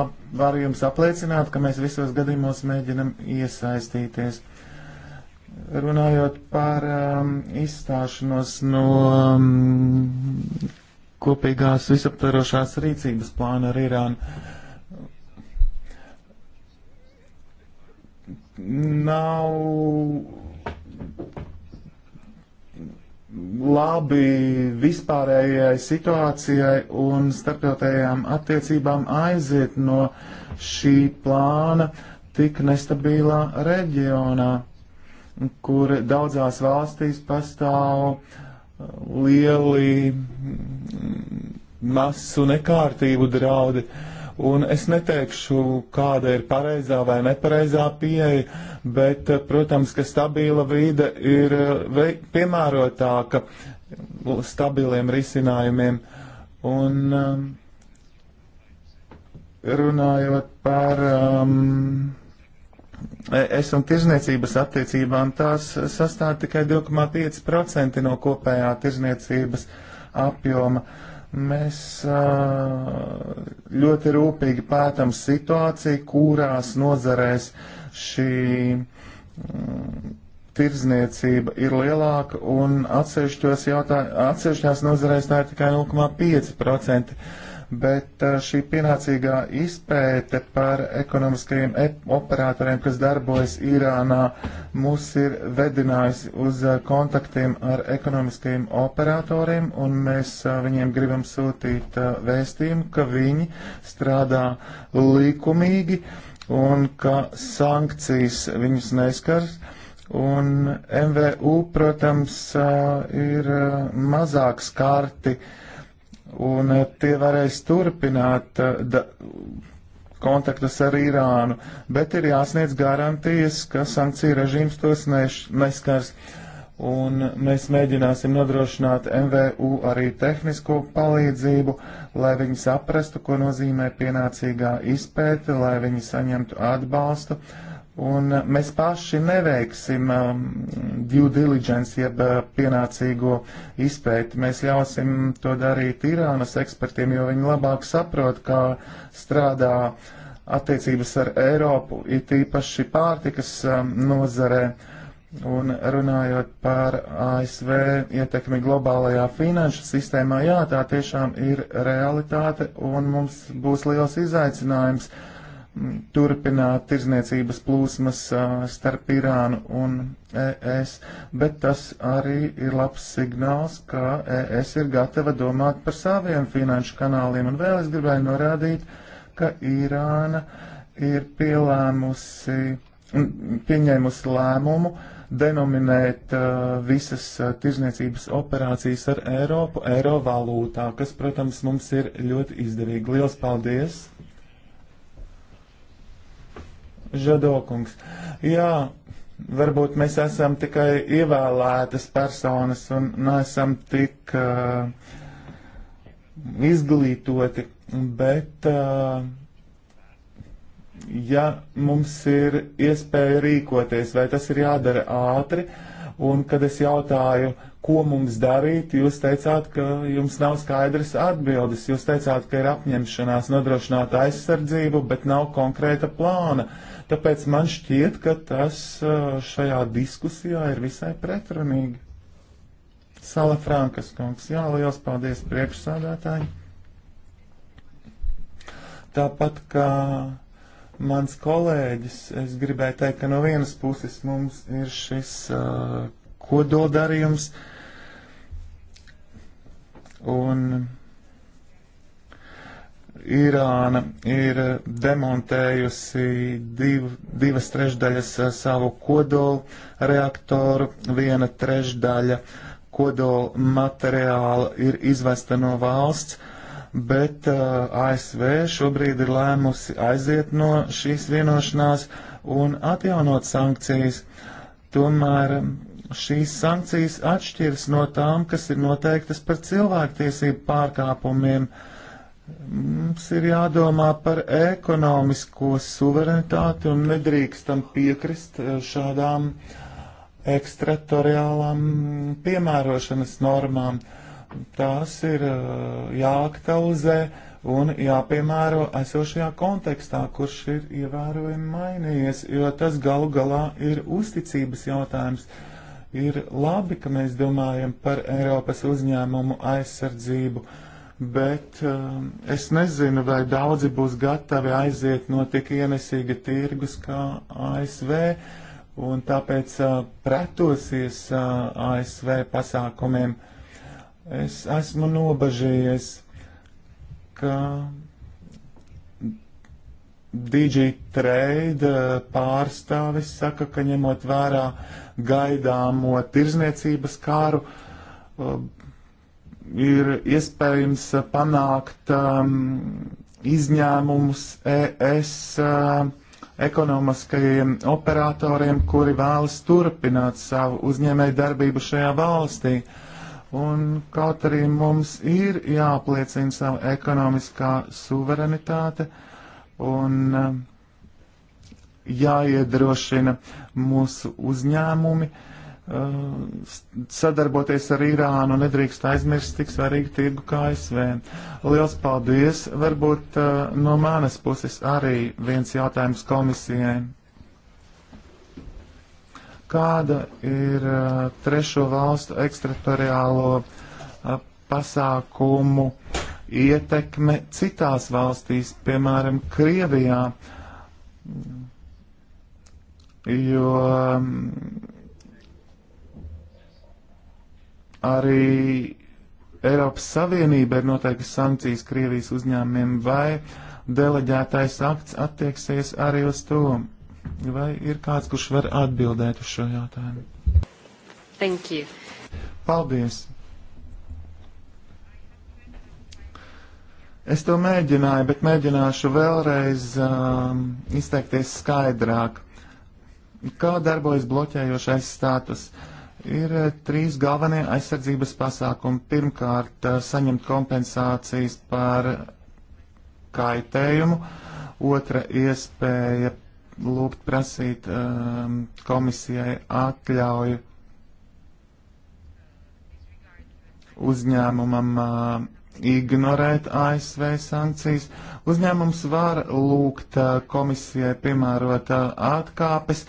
ap, varu jums apliecināt, ka mēs visos gadījumos mēģinam iesaistīties. Runājot par um, izstāšanos no um, kopīgās visaptverošās rīcības plānu ar Irānu. Nav labi vispārējai situācijai un starptautējām attiecībām aiziet no šī plāna tik nestabilā reģionā, kur daudzās valstīs pastāv uh, lieli masu nekārtību draudi. Un es neteikšu, kāda ir pareizā vai nepareizā pieeja, bet, protams, ka stabila vīde ir piemērotāka stabiliem risinājumiem. Un um, runājot par um, es un tirzniecības attiecībām tās sastāv tikai 2,5% no kopējā tirzniecības apjoma. Mēs ļoti rūpīgi pētam situāciju, kurās nozarēs šī mm, tirzniecība ir lielāka un atsevišķās nozarēs tā ir tikai 0,5% bet eh, šī pienācīgā izpēte par ekonomiskajiem e- operatoriem, kas darbojas Irānā, mūs ir vedinājusi uz eh, kontaktiem ar ekonomiskajiem operatoriem, un mēs eh, viņiem gribam sūtīt vēstījumu, ka viņi strādā likumīgi un ka sankcijas viņus neskars. Un MVU, protams, ir mazāk skarti uh, un eh, tie varēs turpināt eh, da, kontaktus ar Irānu, bet ir jāsniedz garantijas, ka sankciju režīms tos neš, neskars. Un mēs mēģināsim nodrošināt MVU arī tehnisko palīdzību, lai viņi saprastu, ko nozīmē pienācīgā izpēte, lai viņi saņemtu atbalstu. Uh, Un eh, mēs paši neveiksim um, due diligence, jeb uh, pienācīgo izpēti. Mēs ļausim to darīt Irānas ekspertiem, jo viņi labāk saprot, kā strādā attiecības ar Eiropu, it īpaši pārtikas um, nozarē. Un runājot par ASV ietekmi globālajā finanšu sistēmā, jā, tā tiešām ir realitāte un mums būs liels izaicinājums turpināt tirzniecības plūsmas starp Irānu un ES, bet tas arī ir labs signāls, ka ES ir gatava domāt par saviem finanšu kanāliem. Un vēl es gribēju norādīt, ka Irāna ir pielēmusi, pieņēmusi lēmumu denominēt uh, visas uh, tirzniecības operācijas ar Eiropu eiro valūtā, kas, protams, mums ir ļoti izdevīgi. Lielas paldies! Žadokungs. Jā, varbūt mēs esam tikai ievēlētas personas un neesam tik uh, izglītoti, bet uh, ja mums ir iespēja rīkoties, vai tas ir jādara ātri, un kad es jautāju, uh, ko mums darīt, jūs teicāt, ka jums nav skaidras atbildes. Jūs teicāt, ka ir apņemšanās nodrošināt aizsardzību, bet nav konkrēta plāna. Tāpēc man šķiet, ka tas šajā diskusijā ir visai pretrunīgi. Sala Frankas kungs, jā, liels paldies priekšsādātāji. Tāpat kā mans kolēģis, es gribēju teikt, ka no vienas puses mums ir šis uh, kodoldarījums. Un Irāna ir demontējusi div, divas trešdaļas eh, savu kodolu reaktoru, viena trešdaļa kodola materiāla ir izvesta no valsts, bet uh, eh, ASV šobrīd ir lēmusi aiziet no šīs vienošanās un atjaunot sankcijas. Tomēr šīs sankcijas atšķiras no tām, kas ir noteiktas par cilvēktiesību pārkāpumiem. Mums ir jādomā par ekonomisko suverenitāti un nedrīkstam piekrist eh, šādām ekstratoriālām piemērošanas normām. Tās ir eh, jāaktualizē un jāpiemēro esošajā kontekstā, kurš ir ievērojami mainījies, jo tas galu galā ir uzticības jautājums Ir labi, ka mēs domājam par Eiropas uzņēmumu aizsardzību, bet um, es nezinu, vai daudzi būs gatavi aiziet no tik ienesīga tirgus kā ASV, un tāpēc uh, pretosies uh, ASV pasākumiem. Es esmu nobažījies, ka DigiTrade eh, pārstāvis saka, ka ņemot vērā gaidāmo tirzniecības kāru, eh, ir iespējams panākt um, izņēmumus ES uh, eh, ekonomiskajiem operatoriem, kuri vēlas turpināt savu uzņēmēju darbību šajā valstī. Un kaut arī mums ir jāpliecina sava ekonomiskā suverenitāte, uh, un um, jāiedrošina mūsu uzņēmumi um, sadarboties ar Irānu nedrīkst aizmirst tik svarīgu tirgu kā ASV. Liels paldies! Varbūt uh, no manas puses arī viens jautājums komisijai. Kāda ir uh, trešo valstu ekstrateriālo uh, pasākumu uh, ietekme citās valstīs, piemēram, Krievijā, jo mm, arī Eiropas Savienība ir noteikusi sankcijas Krievijas uzņēmumiem, vai deleģētais akts attieksies arī uz to? Vai ir kāds, kurš var atbildēt uz šo jautājumu? Thank you. Paldies! Es to mēģināju, bet mēģināšu vēlreiz um, izteikties skaidrāk. Kā darbojas bloķējošais status? Ir eh, trīs galvenie aizsardzības pasākumi. Pirmkārt, eh, saņemt kompensācijas par kaitējumu. Otra iespēja lūgt prasīt um, komisijai atļauju uzņēmumam uh, ignorēt ASV sankcijas. Uzņēmums var lūgt komisijai piemērot atkāpes,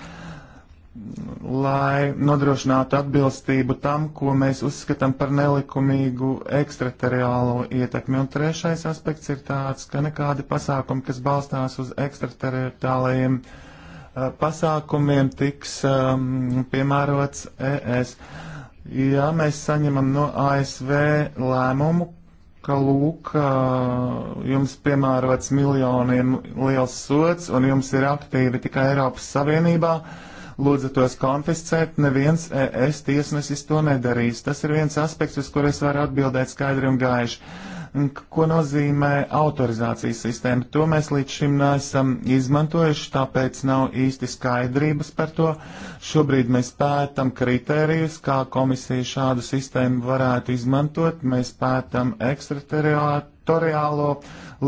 lai nodrošinātu atbilstību tam, ko mēs uzskatām par nelikumīgu ekstrateriālo ietekmi. Un trešais aspekts ir tāds, ka nekādi pasākumi, kas balstās uz ekstrateriālajiem pasākumiem, tiks um, piemērots ES. Ja mēs saņemam no ASV lēmumu, ka lūk, jums piemērots miljoniem liels sots un jums ir aktīvi tikai Eiropas Savienībā, lūdzu tos konfiscēt, neviens ES tiesnesis to nedarīs. Tas ir viens aspekts, uz kur es varu atbildēt skaidri un gaiši ko nozīmē autorizācijas sistēma. To mēs līdz šim neesam izmantojuši, tāpēc nav īsti skaidrības par to. Šobrīd mēs pētam kritērijus, kā komisija šādu sistēmu varētu izmantot. Mēs pētam ekstrateritoriālo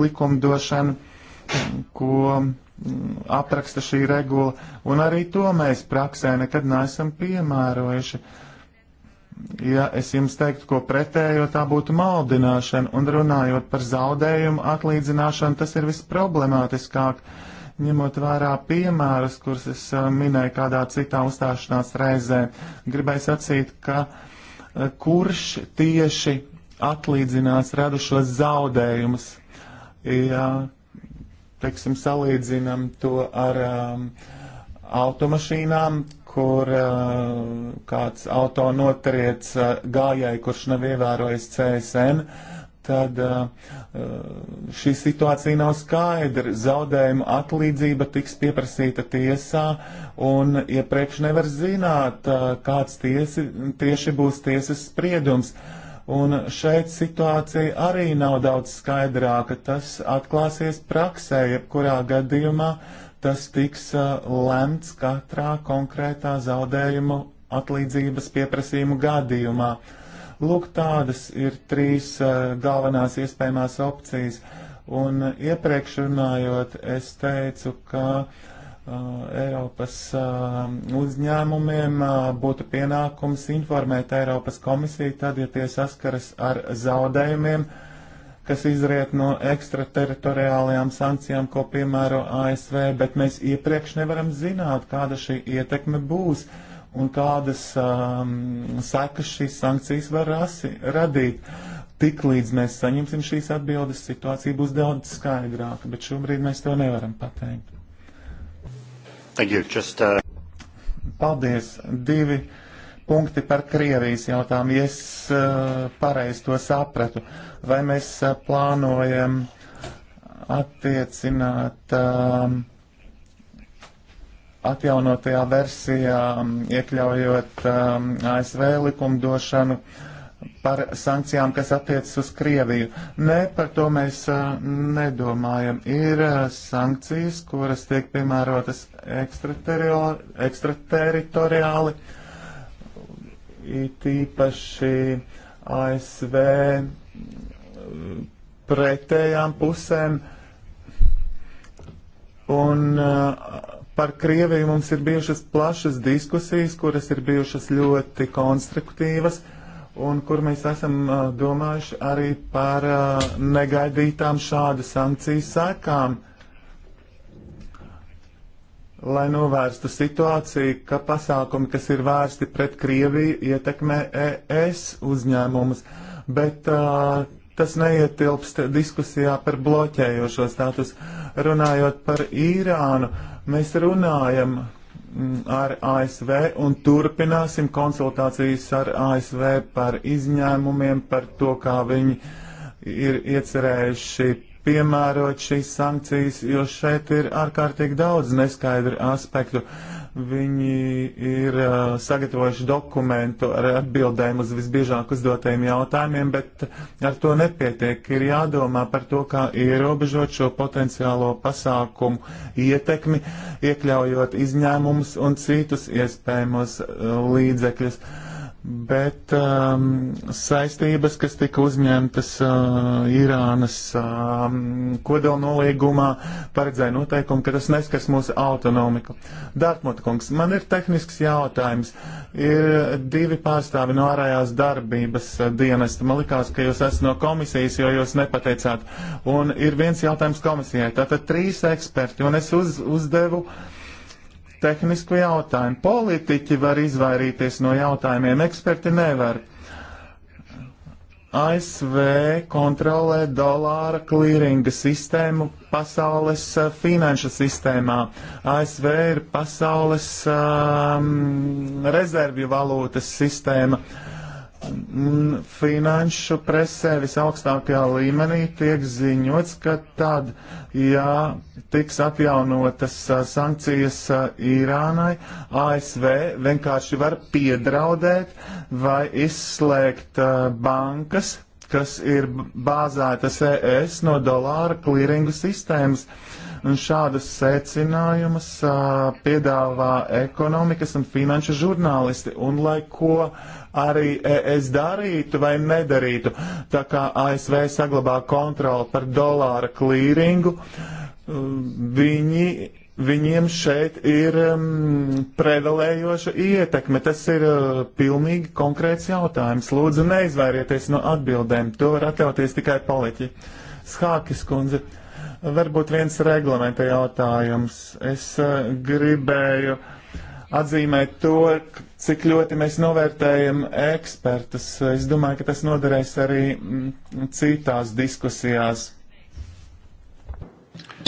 likumdošanu, ko mm, apraksta šī regula, un arī to mēs praksē nekad neesam piemērojuši. Uh, Ja es jums teiktu ko pretējo, tā būtu maldināšana, un runājot par zaudējumu atlīdzināšanu, tas ir visproblemātiskāk, ņemot vērā piemērus, kurus es eh, minēju kādā citā uzstāšanās reizē. Gribēju sacīt, ka eh, kurš tieši atlīdzinās radušos zaudējumus, ja, teiksim, salīdzinam to ar um, automašīnām, kur uh, kāds auto notriec uh, eh, gājai, kurš nav ievērojis CSN, tad uh, šī situācija nav skaidra. Zaudējuma atlīdzība tiks pieprasīta tiesā, un iepriekš ja nevar zināt, kāds tiesi, tieši būs tiesas spriedums. Un šeit situācija arī nav daudz skaidrāka. Tas atklāsies praksē, jebkurā gadījumā. Uh, tas tiks lemts katrā konkrētā zaudējumu atlīdzības pieprasījumu gadījumā. Lūk, tādas ir trīs galvenās iespējamās opcijas. Un iepriekš runājot, es teicu, ka uh, Eiropas uh, uzņēmumiem uh, būtu pienākums informēt Eiropas komisiju tad, ja tie saskaras ar zaudējumiem uh, kas izriet no ekstrateritoriālajām sankcijām, ko piemēro ASV, bet mēs iepriekš nevaram zināt, kāda šī ietekme būs un kādas um, sekas šīs sankcijas var rasi, radīt. Tik līdz mēs saņemsim šīs atbildes, situācija būs daudz skaidrāka, bet šobrīd mēs to nevaram pateikt. Thank you. Just, uh... Paldies. Divi punkti par Krievijas jautājumu, ja es uh, pareizi to sapratu. Vai mēs uh, plānojam attiecināt uh, atjaunotajā versijā, mm, iekļaujot uh, ASV likumdošanu par sankcijām, kas attiecas uz Krieviju? Nē, par to mēs uh, nedomājam. Ir uh, sankcijas, kuras tiek piemērotas ekstrateritoriāli. Ekstra it īpaši ASV pretējām pusēm. Un uh, par Krieviju mums ir bijušas plašas diskusijas, kuras ir bijušas ļoti konstruktīvas un kur mēs esam uh, domājuši arī par uh, negaidītām šādu sankciju sekām. Uh, lai novērstu situāciju, ka pasākumi, kas ir vērsti pret Krieviju, ietekmē ES uzņēmumus, bet uh, tas neietilpst diskusijā par bloķējošo status. Runājot par Īrānu, mēs runājam mm, ar ASV un turpināsim konsultācijas ar ASV par izņēmumiem, par to, kā viņi ir iecerējuši piemērot šīs sankcijas, jo šeit ir ārkārtīgi daudz neskaidru aspektu. Viņi ir uh, sagatavojuši dokumentu ar atbildēm uz visbiežāk uzdotajiem jautājumiem, bet ar to nepietiek. Ir jādomā par to, kā ierobežot šo potenciālo pasākumu ietekmi, iekļaujot izņēmumus un citus iespējamos uh, līdzekļus. Uh, bet um, saistības, kas tika uzņemtas uh, Irānas um, kodolnolīgumā, paredzēja noteikumu, ka tas neskars mūsu autonomiku. Dārtmut kungs, man ir tehnisks jautājums. Ir divi pārstāvi no ārējās darbības uh, dienesta. Man likās, ka jūs esat no komisijas, jo jūs nepateicāt. Un ir viens jautājums komisijai. Tātad trīs eksperti, un es uz, uzdevu. Uh, tehnisku jautājumu. Politiķi var izvairīties no jautājumiem, eksperti nevar. ASV kontrolē dolāra klīringa sistēmu pasaules uh, finanšu sistēmā. ASV ir pasaules um, rezervju valūtas sistēma. Uh, finanšu presē visaugstākajā līmenī tiek ziņots, ka tad, ja tiks atjaunotas sankcijas Irānai, ASV vienkārši var piedraudēt vai izslēgt bankas, kas ir bāzētas ES no dolāra klīringu sistēmas. Un šādas secinājumus piedāvā ekonomikas un finanšu žurnālisti. Un lai ko uh, arī es darītu vai nedarītu. Tā kā ASV saglabā kontroli par dolāra klīringu, viņi viņiem šeit ir um, prevalējoša ietekme. Tas ir uh, pilnīgi konkrēts jautājums. Lūdzu, neizvairieties no atbildēm. To var atļauties tikai paliķi. Skākis kundze, varbūt viens reglamenta jautājums. Es uh, gribēju uh, atzīmēt to, cik ļoti mēs novērtējam ekspertus. Es domāju, ka tas noderēs arī mm, citās diskusijās.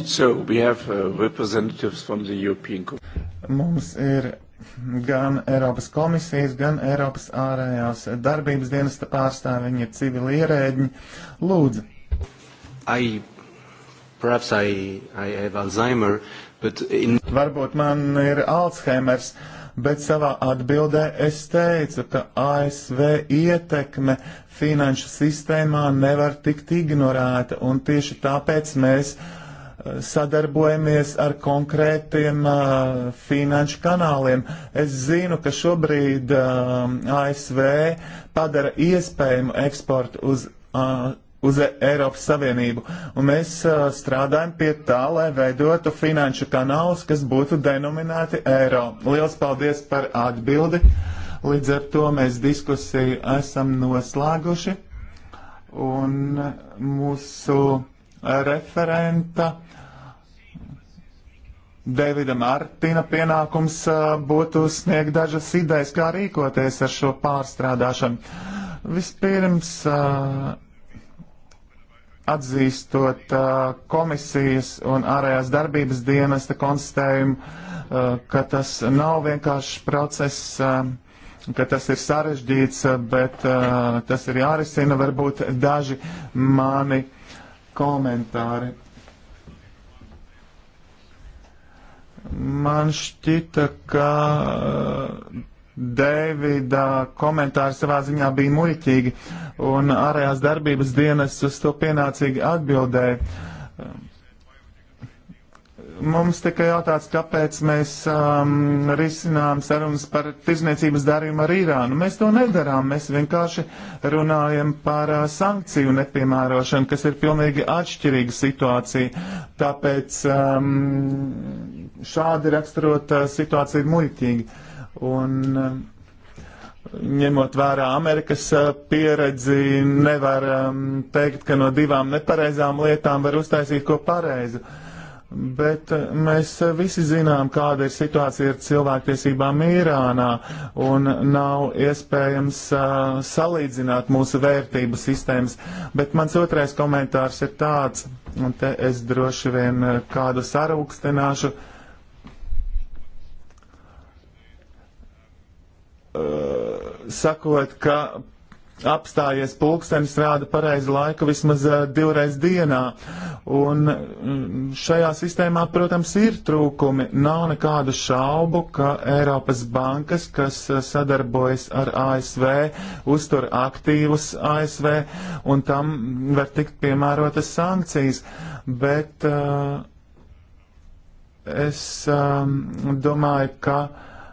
So we have uh, representatives from the European Commission. Mums ir gan Eiropas komisijas, gan Eiropas ārējās darbības dienesta pārstāvi, viņi ir civili ierēģi. Lūdzu. I, perhaps I, I have Alzheimer. Uh, in... Varbūt man ir Alzheimers, bet savā atbildē es teicu, ka ASV ietekme finanšu sistēmā nevar tikt ignorēta, un tieši tāpēc mēs eh, sadarbojamies ar konkrētiem uh, finanšu kanāliem. Es zinu, ka šobrīd uh, eh, ASV padara iespējumu eksportu uz uh, uz Eiropas Savienību. Un mēs uh, strādājam pie tā, lai veidotu finanšu kanālus, kas būtu denominēti eiro. Liels paldies par atbildi. Līdz ar to mēs diskusiju esam noslēguši. Un mūsu referenta Davida Mārtiņa pienākums būtu sniegt dažas idejas, kā rīkoties ar šo pārstrādāšanu. Vispirms atzīstot uh, komisijas un ārējās darbības dienesta konstatējumu, uh, ka tas nav vienkāršs process, uh, ka tas ir sarežģīts, uh, bet uh, tas ir jārisina varbūt daži mani komentāri. Man šķita, ka Dēvida komentāri savā ziņā bija muļķīgi, un ārējās darbības dienas uz to pienācīgi atbildēja. Mums tika jautāts, kāpēc mēs um, risinām sarunas par tirzniecības darījumu ar Irānu. Mēs to nedarām, mēs vienkārši runājam par uh, sankciju nepiemērošanu, kas ir pilnīgi atšķirīga situācija. Tāpēc um, šādi raksturot uh, situācija ir muļķīga. Uh, Un eh, ņemot vērā Amerikas eh, pieredzi, nevar eh, teikt, ka no divām nepareizām lietām var uztaisīt ko pareizu. Bet mēs visi zinām, kāda ir situācija ar cilvēktiesībām Irānā, un nav iespējams uh, salīdzināt mūsu vērtību sistēmas. Bet mans otrais komentārs ir tāds, un te es droši vien kādu sarūkstināšu. Uh, Uh, sakot, ka apstājies pulkstenis rāda pareizi laiku vismaz uh, divreiz dienā. Un mm, šajā sistēmā, protams, ir trūkumi. Nav nekādu šaubu, ka Eiropas bankas, kas uh, sadarbojas ar ASV, uztur aktīvus ASV, un tam var tikt piemērotas sankcijas. Bet uh, es um, domāju, ka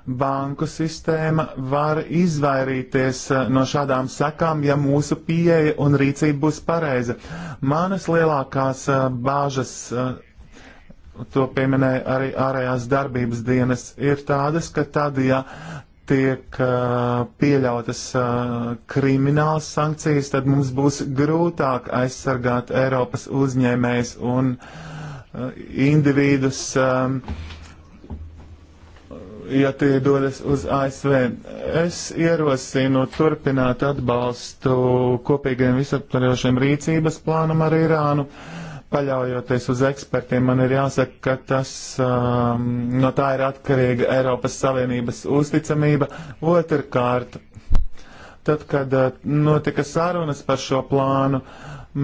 banku sistēma var izvairīties eh, no šādām sakām, ja mūsu pieeja un rīcība būs pareiza. Manas lielākās eh, bāžas, eh, to pieminēja arī ārējās darbības dienas, ir tādas, ka tad, ja tiek pieļautas kriminālas sankcijas, tad mums būs grūtāk aizsargāt Eiropas uzņēmējs un individus. Um, ja tie dodas uz ASV. Es ierosinu turpināt atbalstu kopīgiem visaptvarošiem rīcības plānam ar Irānu. Paļaujoties uz ekspertiem, man ir jāsaka, ka tas, um, no tā ir atkarīga Eiropas Savienības uzticamība. Otrkārt, tad, kad uh, notika sarunas par šo plānu,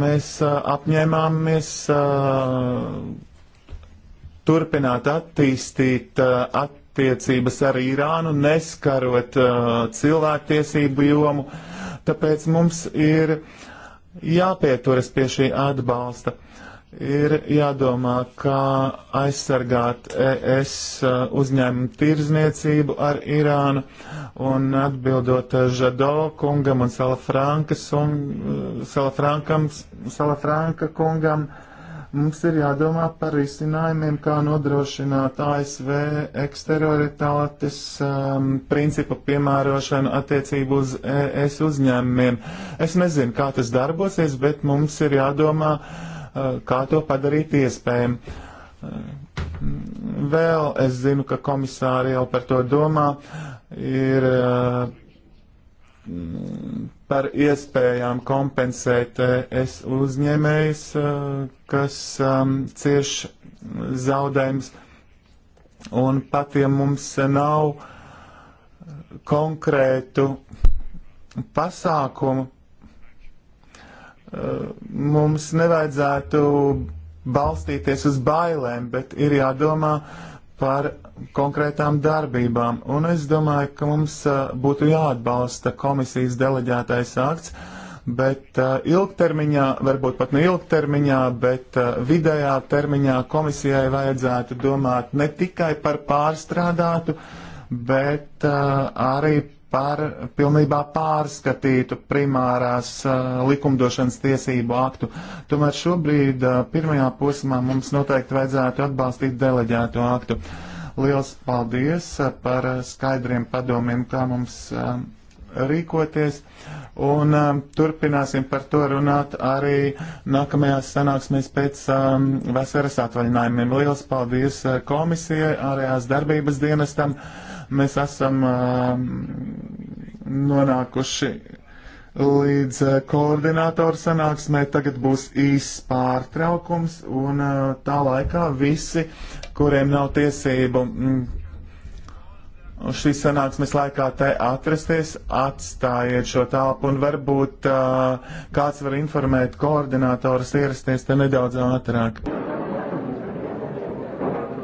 mēs uh, apņēmāmies. Uh, turpināt attīstīt, uh, at, attiecības ar Irānu, neskarot uh, cilvēktiesību jomu. Tāpēc mums ir jāpieturas pie šī atbalsta. Ir jādomā, kā aizsargāt ES uh, uzņēmumu tirzniecību ar Irānu un atbildot uh, Žado kungam un Salafrankas un uh, Salafrankam, Salafranka kungam. Uh, Mums ir jādomā par risinājumiem, kā nodrošināt ASV eksterioritātes um, principu piemērošanu attiecību uz ES uzņēmumiem. Es nezinu, kā tas darbosies, bet mums ir jādomā, uh, kā to padarīt iespējami. Uh, vēl es zinu, ka komisāri jau par to domā. Ir, uh, par iespējām kompensēt eh, es uzņēmējs, eh, kas um, cieš zaudējums, un pat ja mums nav konkrētu pasākumu, eh, mums nevajadzētu balstīties uz bailēm, bet ir jādomā par konkrētām darbībām. Un es domāju, ka mums būtu jāatbalsta komisijas deleģētais akts, bet ilgtermiņā, varbūt pat ne ilgtermiņā, bet vidējā termiņā komisijai vajadzētu domāt ne tikai par pārstrādātu, bet arī par pilnībā pārskatītu primārās uh, likumdošanas tiesību aktu. Tomēr šobrīd uh, pirmajā posmā mums noteikti vajadzētu atbalstīt deleģēto aktu. Uh, Liels paldies uh, par uh, skaidriem padomiem, kā mums um, rīkoties, un um, turpināsim par to runāt arī nākamajās sanāksmēs pēc um, vasaras atvaļinājumiem. Liels paldies uh, komisijai, ārējās darbības dienestam. Mēs esam nonākuši līdz koordinātoru sanāksmē. Tagad būs īsts pārtraukums, un tā laikā visi kuriem nav tiesību mm, šīs sanāksmes laikā te atrasties, atstājiet šo telpu un varbūt uh, kāds var informēt koordinātorus ierasties te nedaudz ātrāk.